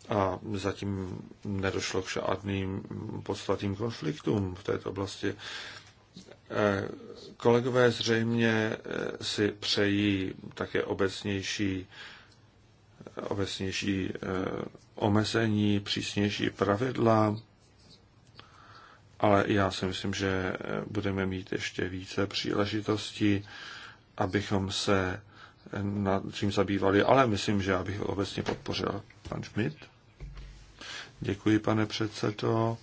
a zatím nedošlo k žádným podstatným konfliktům v této oblasti. Kolegové zřejmě eh, si přejí také obecnější, obecnější eh, omezení, přísnější pravidla, ale já si myslím, že eh, budeme mít ještě více příležitostí, abychom se nad tím zabývali, ale myslím, že já bych obecně podpořil pan Schmidt. Děkuji, pane předsedo.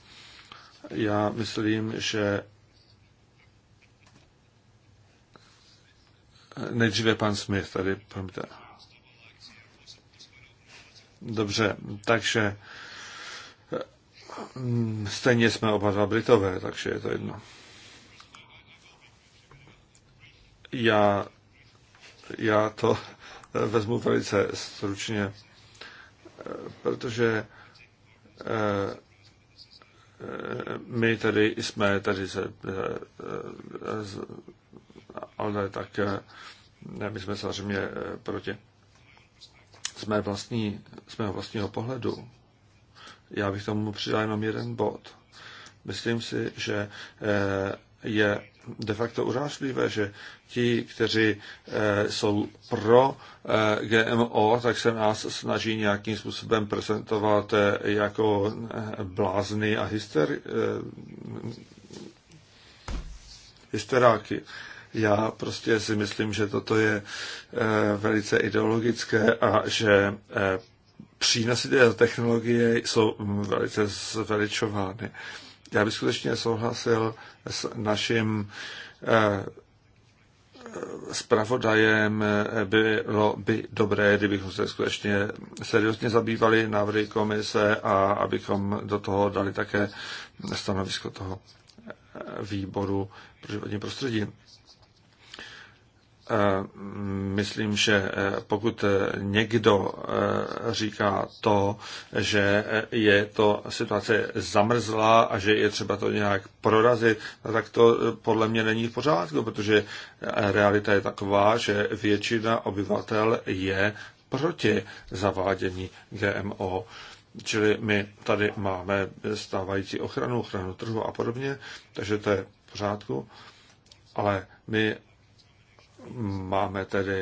Já myslím, že Nejdříve pan Smith, tady promiňte. Dobře, takže mm, stejně jsme oba dva Britové, takže je to jedno. Já, já to vezmu velice stručně, protože eh, eh, my tady jsme tady se, eh, ale tak eh, my jsme samozřejmě eh, proti. Z, mé vlastní, z mého vlastního pohledu já bych tomu přidal jenom jeden bod. Myslím si, že eh, je de facto urážlivé, že ti, kteří jsou pro GMO, tak se nás snaží nějakým způsobem prezentovat jako blázny a hyster, hysteráky. Já prostě si myslím, že toto je eh, velice ideologické a že eh, přínosy té technologie jsou mm, velice zveličovány. Já bych skutečně souhlasil s naším eh, zpravodajem bylo by dobré, kdybychom se skutečně seriózně zabývali návrhy komise a abychom do toho dali také stanovisko toho výboru pro životní prostředí. Eh, myslím, že eh, pokud eh, někdo říká to, že je to situace zamrzlá a že je třeba to nějak prorazit, no tak to podle mě není v pořádku, protože realita je taková, že většina obyvatel je proti zavádění GMO. Čili my tady máme stávající ochranu, ochranu trhu a podobně, takže to je v pořádku. Ale my Máme tedy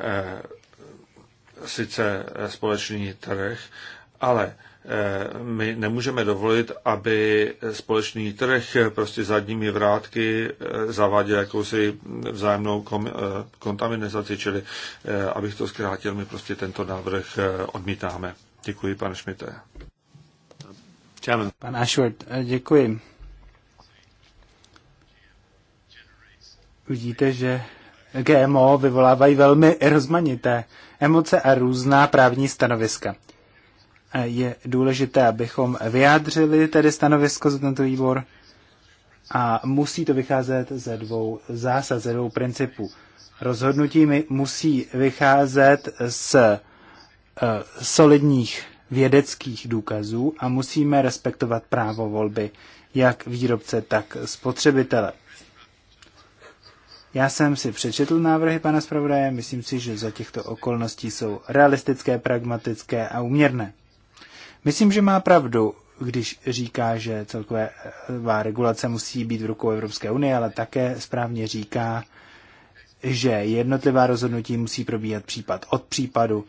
eh, sice společný trh, ale eh, my nemůžeme dovolit, aby společný trh prostě zadními vrátky eh, zaváděl jakousi vzájemnou eh, kontaminaci, čili abych to zkrátil, my prostě tento návrh odmítáme. Děkuji, pane Šmité. Pane Ashford, děkuji. vidíte, že GMO vyvolávají velmi rozmanité emoce a různá právní stanoviska. Je důležité, abychom vyjádřili tedy stanovisko za tento výbor a musí to vycházet ze dvou zásad, ze dvou principů. Rozhodnutí musí vycházet z eh, solidních vědeckých důkazů a musíme respektovat právo volby jak výrobce, tak spotřebitele. Já jsem si přečetl návrhy pana zpravodaje, myslím si, že za těchto okolností jsou realistické, pragmatické a uměrné. Myslím, že má pravdu, když říká, že celková eh, regulace musí být v rukou Evropské unie, ale také správně říká, že jednotlivá rozhodnutí musí probíhat případ od případu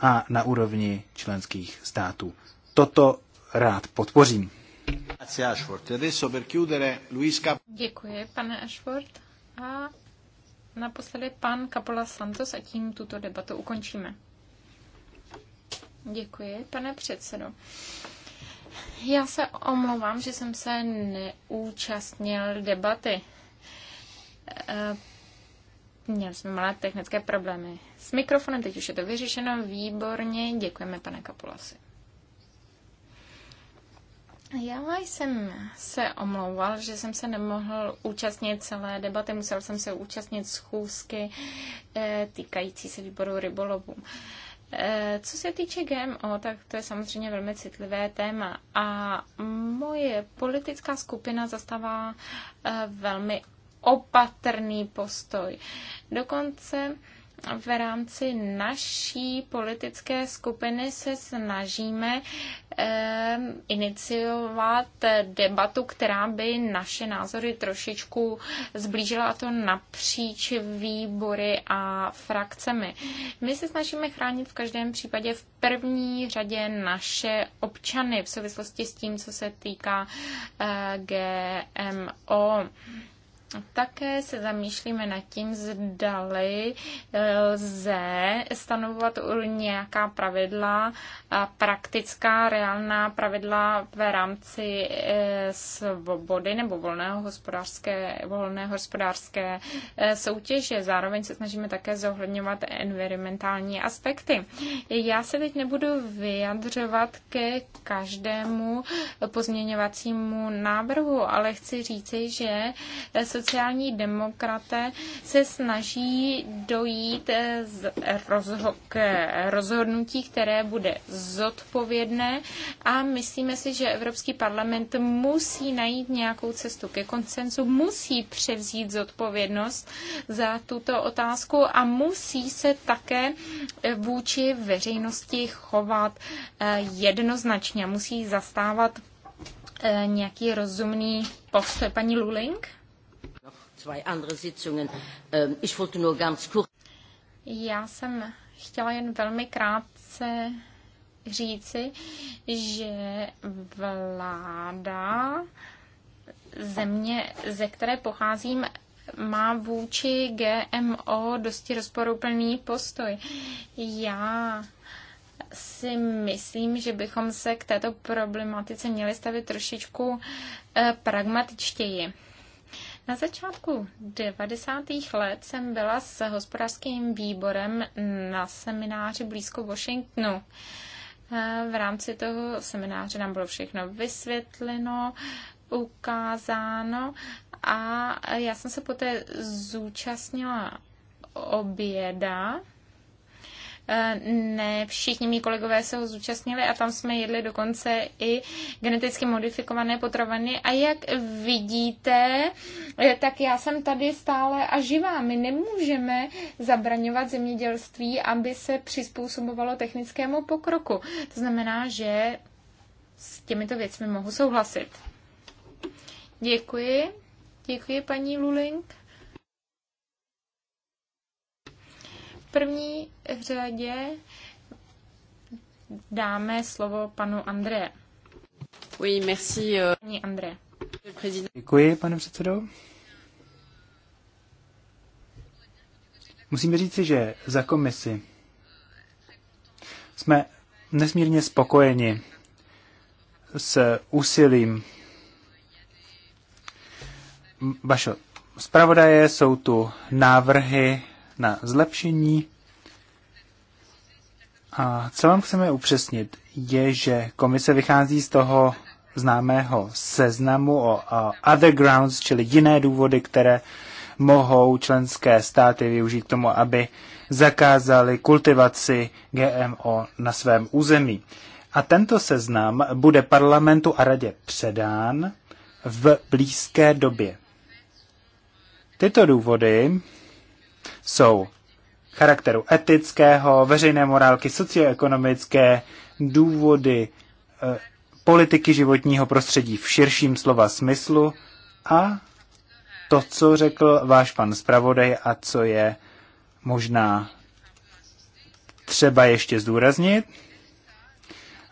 a na úrovni členských států. Toto rád podpořím. Děkuji, pane Ashford. A naposledy pan Kapola Santos a tím tuto debatu ukončíme. Děkuji, pane předsedo. Já se omlouvám, že jsem se neúčastnil debaty. Eh, měli jsme malé technické problémy s mikrofonem, teď už je to vyřešeno, výborně, děkujeme pane Kapulasi. Já jsem se omlouval, že jsem se nemohl účastnit celé debaty, musel jsem se účastnit schůzky eh, týkající se výboru E, Co se týče GMO, tak to je samozřejmě velmi citlivé téma a moje politická skupina zastává eh, velmi opatrný postoj. Dokonce v rámci naší politické skupiny se snažíme iniciovat debatu, která by naše názory trošičku zblížila a to napříč výbory a frakcemi. My se snažíme chránit v každém případě v první řadě naše občany v souvislosti s tím, co se týká eh, GMO. Také se zamýšlíme nad tím, zdali eh, lze stanovovat nějaká pravidla, eh, praktická, reálná pravidla v rámci eh, svobody nebo volného hospodářské, volné hospodářské soutěže. Zároveň se snažíme také zohledňovat environmentální aspekty. Já se teď nebudu vyjadřovat ke každému pozměňovacímu návrhu, ale chci říci, že se sociální demokraté se snaží dojít eh, z rozho- k rozhodnutí, které bude zodpovědné a myslíme si, že Evropský parlament musí najít nějakou cestu ke koncenzu, musí převzít zodpovědnost za tuto otázku a musí se také eh, vůči veřejnosti chovat eh, jednoznačně, musí zastávat nějaký rozumný postoj. Paní Luling? zwei andere Sitzungen. Ähm, ich wollte nur ganz kurz. Já jsem chtěla jen velmi krátce říci, že vláda země, ze které pocházím, má vůči GMO dosti rozporuplný postoj. Já si myslím, že bychom se k této problematice měli stavit trošičku eh, pragmatičtěji. Na začátku 90. let jsem byla s hospodářským výborem na semináři blízko Washingtonu. Eh, v rámci toho semináře nám bylo všechno vysvětleno, ukázáno a já jsem se poté zúčastnila oběda ne všichni mý kolegové se ho zúčastnili a tam jsme jedli dokonce i geneticky modifikované potraviny. A jak vidíte, eh, tak já jsem tady stále a živá. My nemůžeme zabraňovat zemědělství, aby se přizpůsobovalo technickému pokroku. To znamená, že s těmito věcmi mohu souhlasit. Děkuji. Děkuji, paní Luling. první řadě dáme slovo panu André. Oui, merci. Euh, Pani André. Děkuji, pane předsedo. Musíme říci, že za komisi jsme nesmírně spokojeni s úsilím vašeho zpravodaje. Jsou tu návrhy na zlepšení. A co vám chceme upřesnit, je, že komise vychází z toho známého seznamu o, o other grounds, čili jiné důvody, které mohou členské státy využít k tomu, aby zakázali kultivaci GMO na svém území. A tento seznam bude parlamentu a radě předán v blízké době. Tyto důvody jsou charakteru etického, veřejné morálky, socioekonomické, důvody e, politiky životního prostředí v širším slova smyslu a to, co řekl váš pan zpravodaj a co je možná třeba ještě zdůraznit,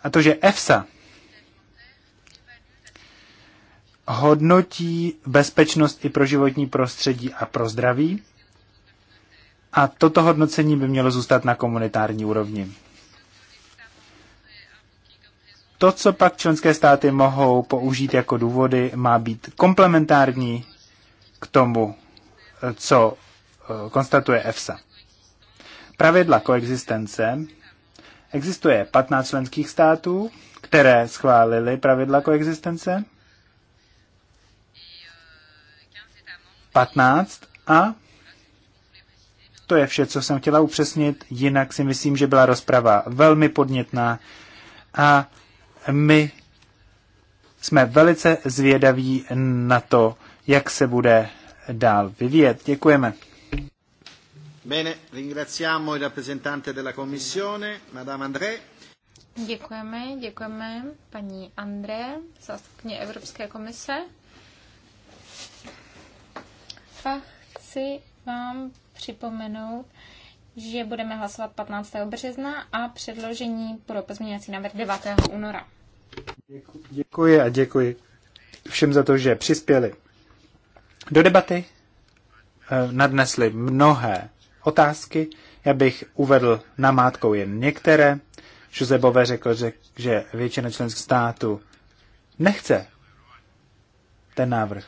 a to, že EFSA hodnotí bezpečnost i pro životní prostředí a pro zdraví, a toto hodnocení by mělo zůstat na komunitární úrovni. To, co pak členské státy mohou použít jako důvody, má být komplementární k tomu, co eh, konstatuje EFSA. Pravidla koexistence. Existuje 15 členských států, které schválily pravidla koexistence. 15 a to je vše, co jsem chtěla upřesnit, jinak si myslím, že byla rozprava velmi podnětná a my jsme velice zvědaví na to, jak se bude dál vyvíjet. Děkujeme. Bene, ringraziamo il rappresentante della Commissione, Madame André. Děkujeme, děkujeme paní André, zástupně Evropské komise. A chci vám připomenout, že budeme hlasovat 15. března a předložení pro pozměňovací návrh 9. února. Děkuji a děkuji všem za to, že přispěli do debaty. Eh, nadnesli mnohé otázky. Já bych uvedl namátkou jen některé. Bové řekl, že, že většina členských států nechce ten návrh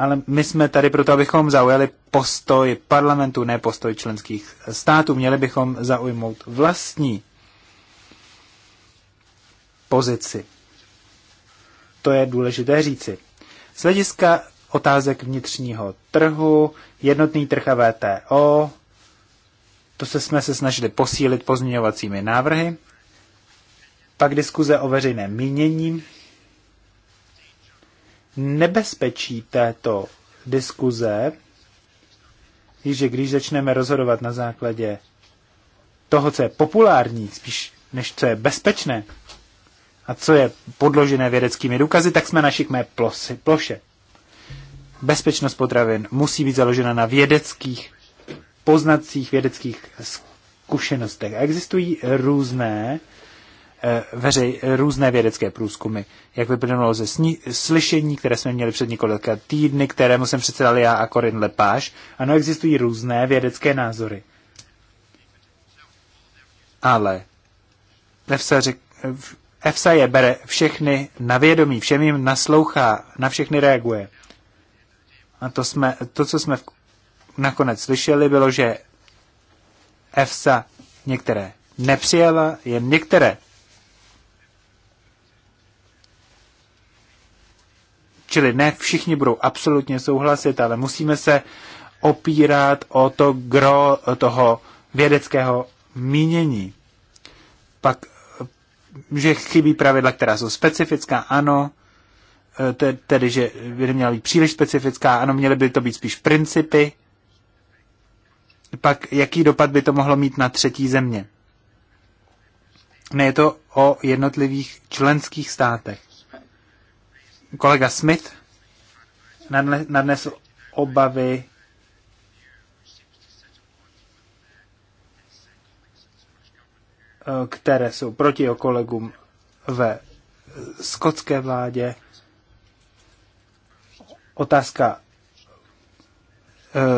ale my jsme tady proto, abychom zaujali postoj parlamentu, ne postoj členských států. Měli bychom zaujmout vlastní pozici. To je důležité říci. Z hlediska otázek vnitřního trhu, jednotný trh a VTO, to se jsme se snažili posílit pozměňovacími návrhy, pak diskuze o veřejném mínění, nebezpečí této diskuze že když začneme rozhodovat na základě toho, co je populární, spíš než co je bezpečné a co je podložené vědeckými důkazy, tak jsme na šikmé plosy, ploše. Bezpečnost potravin musí být založena na vědeckých poznacích, vědeckých zkušenostech. Existují různé Eh, veřej, eh, různé vědecké průzkumy, jak vyplynulo ze slyšení, které jsme měli před několika týdny, kterému jsem předsedal já a Korin Lepáš. Ano, existují různé vědecké názory. Ale EFSA, řek, EFSA je bere všechny na vědomí, všem jim naslouchá, na všechny reaguje. A to, jsme, to co jsme v, nakonec slyšeli, bylo, že EFSA některé nepřijala, jen některé Čili ne všichni budou absolutně souhlasit, ale musíme se opírat o to gro toho vědeckého mínění. Pak, že chybí pravidla, která jsou specifická, ano, eh, tedy, že by měla být příliš specifická, ano, měly by to být spíš principy, pak jaký dopad by to mohlo mít na třetí země. Ne je to o jednotlivých členských státech kolega Smith nadnesl obavy eh, které jsou proti jeho kolegům ve skotské vládě. Otázka eh,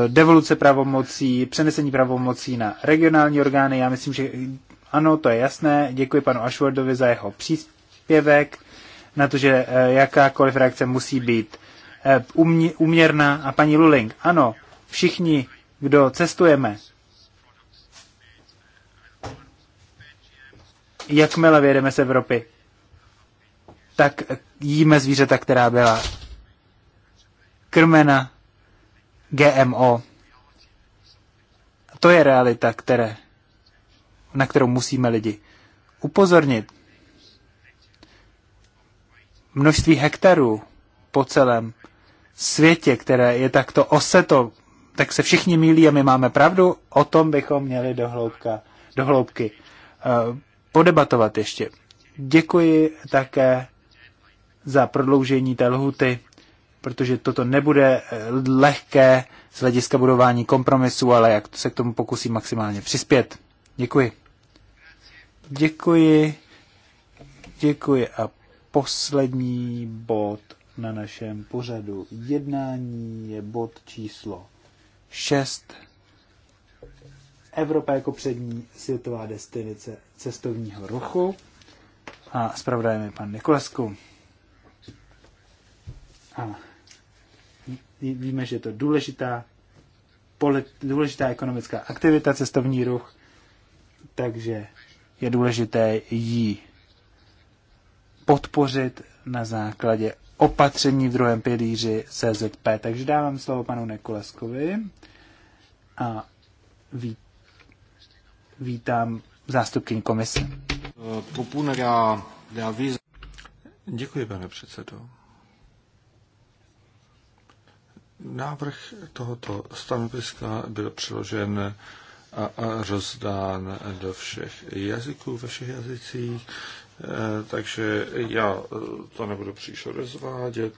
devoluce pravomocí, přenesení pravomocí na regionální orgány. Já myslím, že ano, to je jasné. Děkuji panu Ashwardovi za jeho příspěvek na to, že eh, jakákoliv reakce musí být eh, uměrná. A paní Luling, ano, všichni, kdo cestujeme, jakmile vědeme z Evropy, tak jíme zvířata, která byla krmena GMO. To je realita, které, na kterou musíme lidi upozornit množství hektarů po celém světě, které je takto oseto, tak se všichni mílí a my máme pravdu, o tom bychom měli do hloubky eh, podebatovat ještě. Děkuji také za prodloužení té lhuty, protože toto nebude eh, lehké z hlediska budování kompromisu, ale jak se k tomu pokusí maximálně přispět. Děkuji. Děkuji. Děkuji a poslední bod na našem pořadu jednání je bod číslo 6. Evropa jako přední světová destinace cestovního ruchu. A zpravodajeme pan Nikolesku. A víme, že je to důležitá, důležitá ekonomická aktivita, cestovní ruch, takže je důležité ji podpořit na základě opatření v druhém pilíři CZP. Takže dávám slovo panu Nekoleskovi a ví, vítám zástupkyň komise. Děkuji, pane předsedo. Návrh tohoto stanoviska byl přiložen a rozdán do všech jazyků, ve všech jazycích Eh, takže já eh, to nebudu příště rozvádět.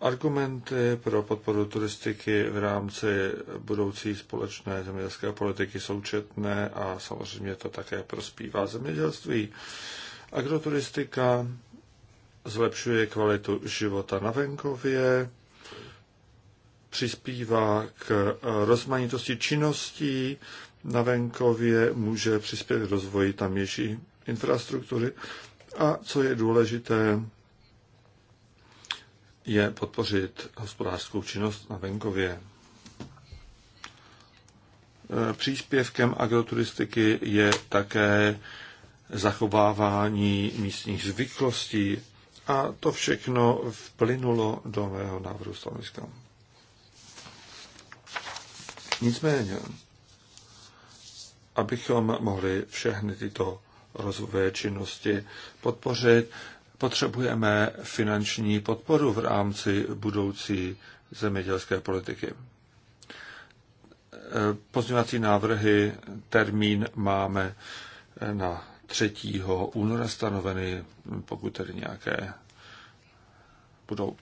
Argumenty pro podporu turistiky v rámci budoucí společné zemědělské politiky jsou četné a samozřejmě to také prospívá zemědělství. Agroturistika zlepšuje kvalitu života na venkově, přispívá k rozmanitosti činností, na venkově může přispět k rozvoji tamější infrastruktury a co je důležité, je podpořit hospodářskou činnost na venkově. E, příspěvkem agroturistiky je také zachovávání místních zvyklostí a to všechno vplynulo do mého návrhu stanoviska. Nicméně, abychom mohli všechny tyto rozvojové činnosti podpořit, potřebujeme finanční podporu v rámci budoucí zemědělské politiky. Pozměňovací návrhy, termín máme na 3. února stanoveny, pokud tedy nějaké budou.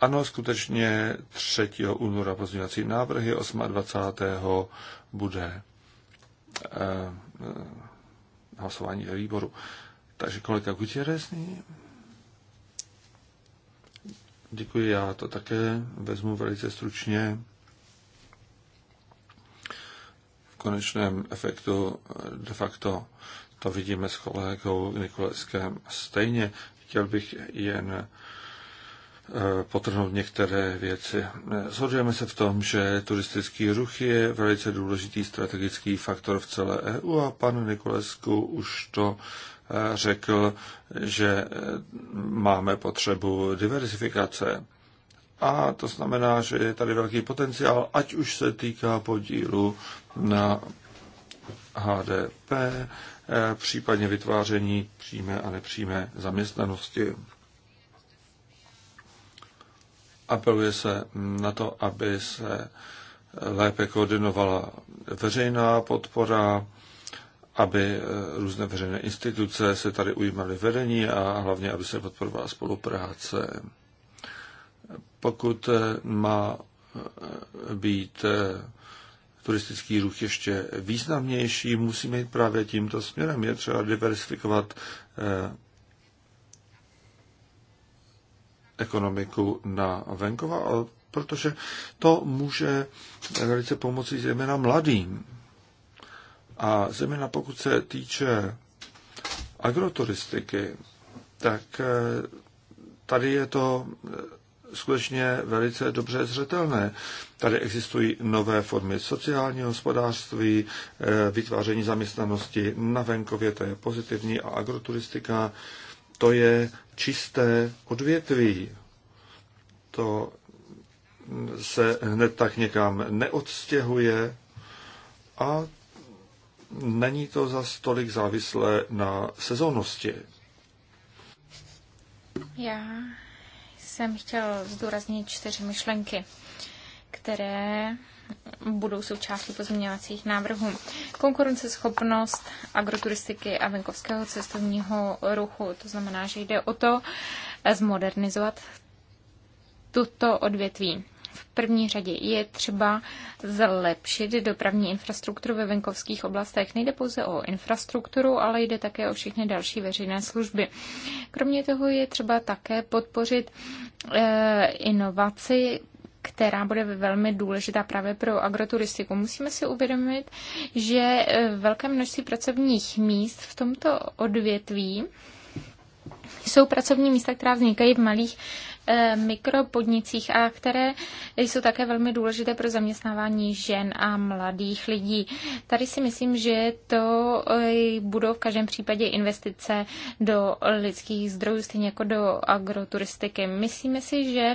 Ano, skutečně 3. února pozměňovací návrhy, 28. bude Eh, hlasování ve výboru. Takže kolega Gutierrez Děkuji, já to také vezmu velice stručně. V konečném efektu de facto to vidíme s kolegou Nikoleskem stejně. Chtěl bych jen Eh, potrhnout některé věci. Shodujeme se v tom, že turistický ruch je velice důležitý strategický faktor v celé EU a pan Nikolesku už to eh, řekl, že eh, máme potřebu diversifikace. A to znamená, že je tady velký potenciál, ať už se týká podílu na HDP, případně vytváření přímé a nepřímé zaměstnanosti apeluje se na to, aby se lépe koordinovala veřejná podpora, aby e, různé veřejné instituce se tady ujímaly vedení a hlavně, aby se podporovala spolupráce. Pokud e, má e, být turistický ruch ještě významnější, musíme jít právě tímto směrem. Je třeba diversifikovat ekonomiku na venkova, protože to může velice pomoci zejména mladým. A zejména pokud se týče agroturistiky, tak eh, tady je to eh, skutečně velice dobře zřetelné. Tady existují nové formy sociálního hospodářství, eh, vytváření zaměstnanosti na venkově, to je pozitivní, a agroturistika to je čisté odvětví. To se hned tak někam neodstěhuje a není to za tolik závislé na sezónnosti. Já jsem chtěl zdůraznit čtyři myšlenky, které budou součástí pozměňovacích návrhů. Konkurenceschopnost agroturistiky a venkovského cestovního ruchu, to znamená, že jde o to zmodernizovat tuto odvětví. V první řadě je třeba zlepšit dopravní infrastrukturu ve venkovských oblastech. Nejde pouze o infrastrukturu, ale jde také o všechny další veřejné služby. Kromě toho je třeba také podpořit eh, inovaci která bude velmi důležitá právě pro agroturistiku. Musíme si uvědomit, že e, velké množství pracovních míst v tomto odvětví jsou pracovní místa, která vznikají v malých Eh, mikropodnicích a které jsou také velmi důležité pro zaměstnávání žen a mladých lidí. Tady si myslím, že to eh, budou v každém případě investice do lidských zdrojů, stejně jako do agroturistiky. Myslíme si, že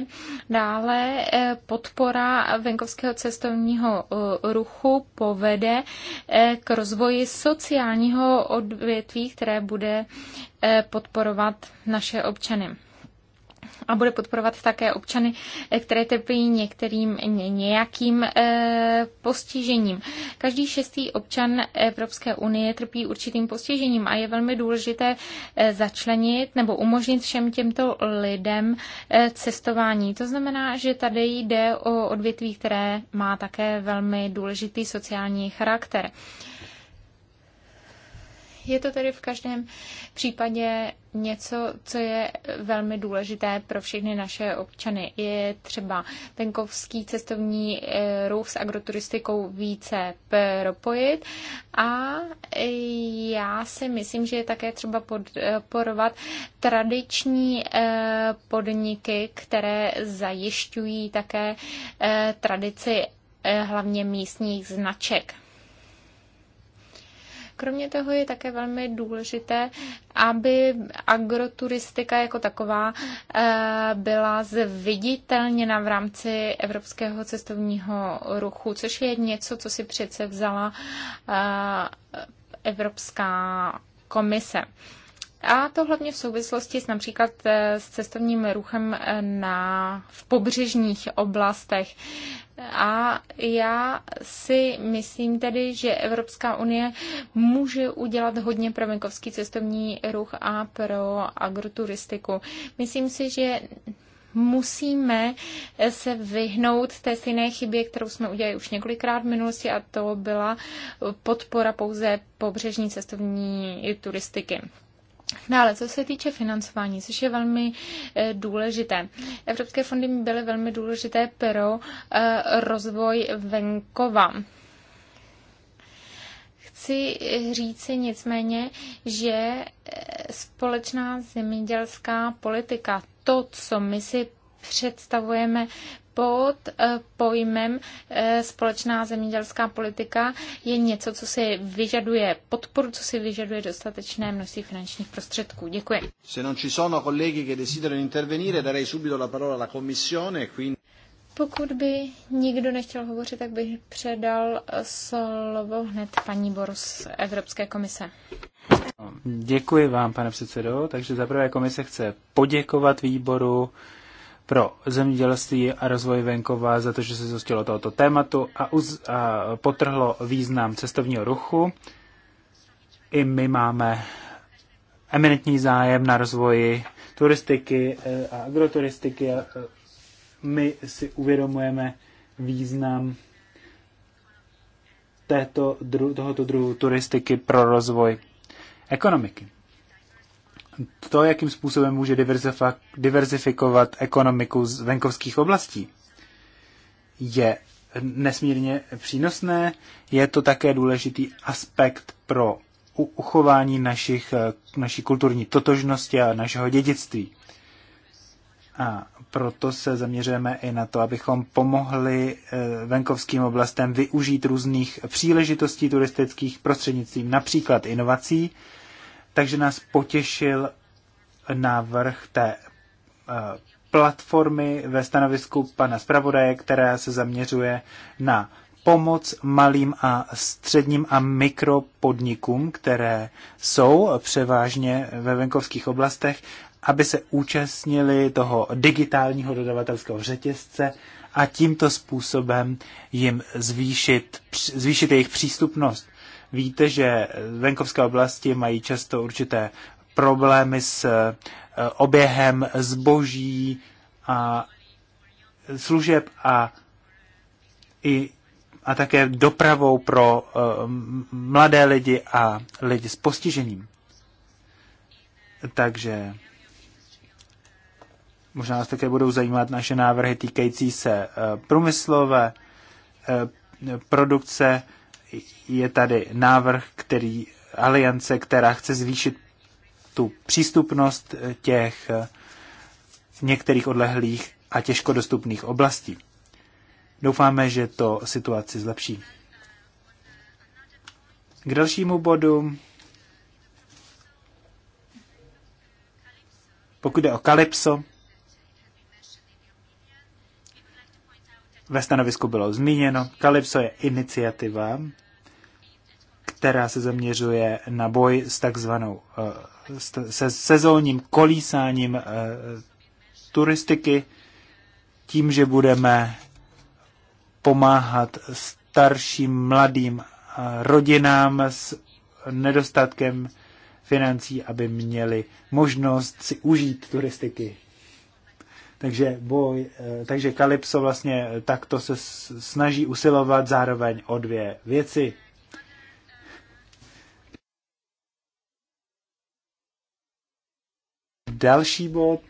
dále eh, podpora venkovského cestovního ruchu povede k rozvoji sociálního odvětví, které bude podporovat naše občany a bude podporovat také občany, eh, které trpí některým nějakým eh, postižením. Každý šestý občan Evropské unie trpí určitým postižením a je velmi důležité eh, začlenit nebo umožnit všem těmto lidem cestování. To znamená, že tady jde o odvětví, které má také velmi důležitý sociální charakter. Je to tedy v každém případě něco, co je velmi důležité pro všechny naše občany. Je třeba venkovský cestovní eh, ruch s agroturistikou více propojit a já si myslím, že je také třeba podporovat tradiční eh, podniky, které zajišťují také eh, tradici hlavně místních značek. Kromě toho je také velmi důležité, aby agroturistika jako taková eh, byla zviditelněna v rámci evropského cestovního ruchu, což je něco, co si přece vzala eh, Evropská komise. A to hlavně v souvislosti s například eh, s cestovním ruchem na, v pobřežních oblastech. A já si myslím tedy, že Evropská unie může udělat hodně pro venkovský cestovní ruch a pro agroturistiku. Myslím si, že musíme se vyhnout té stejné chybě, kterou jsme udělali už několikrát v minulosti a to byla podpora pouze pobřežní cestovní turistiky. Dále, co se týče financování, což je velmi eh, důležité. Evropské fondy byly velmi důležité pro eh, rozvoj venkova chci eh, říci nicméně, že společná zemědělská politika, to, co my si představujeme pod eh, pojmem eh, společná zemědělská politika je něco, co si vyžaduje podporu, co si vyžaduje dostatečné množství finančních prostředků. Děkuji. Se non ci sono colleghi che desiderano intervenire, darei subito la parola alla commissione, quindi pokud by nikdo nechtěl hovořit, tak bych předal eh, slovo hned paní Borus z Evropské komise. Děkuji vám, pane předsedo. Takže zaprvé komise chce poděkovat výboru pro zemědělství a rozvoj venkova za to, že se zostilo tohoto tématu a, uz, a potrhlo význam cestovního ruchu. I my máme eminentní zájem na rozvoji turistiky e, a agroturistiky. A e, my si uvědomujeme význam této, tohoto druhu turistiky pro rozvoj ekonomiky to, jakým způsobem může diverzifikovat ekonomiku z venkovských oblastí, je nesmírně přínosné. Je to také důležitý aspekt pro uchování našich, eh, naší kulturní totožnosti a našeho dědictví. A proto se zaměřujeme i na to, abychom pomohli eh, venkovským oblastem využít různých příležitostí turistických prostřednictvím, například inovací, takže nás potěšil návrh té eh, platformy ve stanovisku pana zpravodaje, která se zaměřuje na pomoc malým a středním a mikropodnikům, které jsou převážně ve venkovských oblastech, aby se účastnili toho digitálního dodavatelského řetězce a tímto způsobem jim zvýšit, zvýšit jejich přístupnost Víte, že venkovské oblasti mají často určité problémy s eh, oběhem zboží a služeb a i a také dopravou pro uh, mladé lidi a lidi s postižením. Takže možná nás také budou zajímat naše návrhy týkající se uh, průmyslové uh, produkce je tady návrh, který aliance, která chce zvýšit tu přístupnost eh, těch eh, některých odlehlých a těžko dostupných oblastí. Doufáme, že to situaci zlepší. K dalšímu bodu. Pokud jde o Kalypso, ve stanovisku bylo zmíněno. Kalypso je iniciativa, která se zaměřuje na boj s takzvanou eh, se sezónním kolísáním eh, turistiky, tím, že budeme pomáhat starším mladým eh, rodinám s nedostatkem financí, aby měli možnost si užít turistiky. Takže, boj, eh, takže Kalypso vlastně takto se snaží usilovat zároveň o dvě věci. Další bod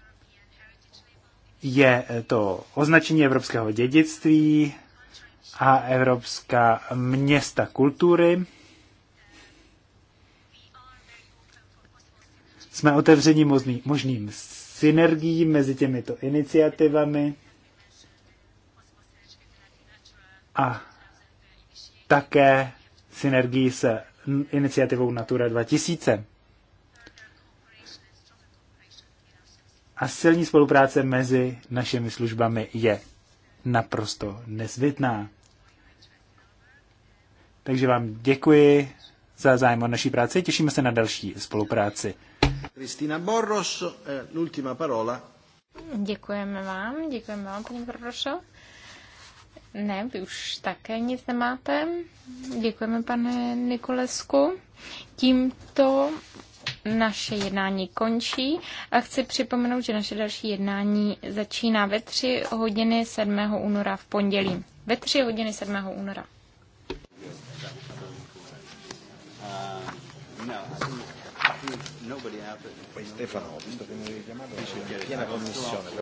je to označení evropského dědictví a evropská města kultury. Jsme otevření možným synergií mezi těmito iniciativami a také synergii se iniciativou Natura 2000. A silní spolupráce mezi našimi službami je naprosto nezbytná. Takže vám děkuji za zájem o naší práci, těšíme se na další spolupráci. Kristina Borros, eh, l'ultima parola. Děkujeme vám, děkujeme vám, paní Borroso. Ne, vy už také nic nemáte. Děkujeme, pane Nikolesku. Tímto naše jednání končí a chci připomenout, že naše další jednání začíná ve 3 hodiny 7. února v pondělí. Ve 3 hodiny 7. února. Uh, no. Poi Stefano, visto che mi avevi chiamato, c'è piena commissione.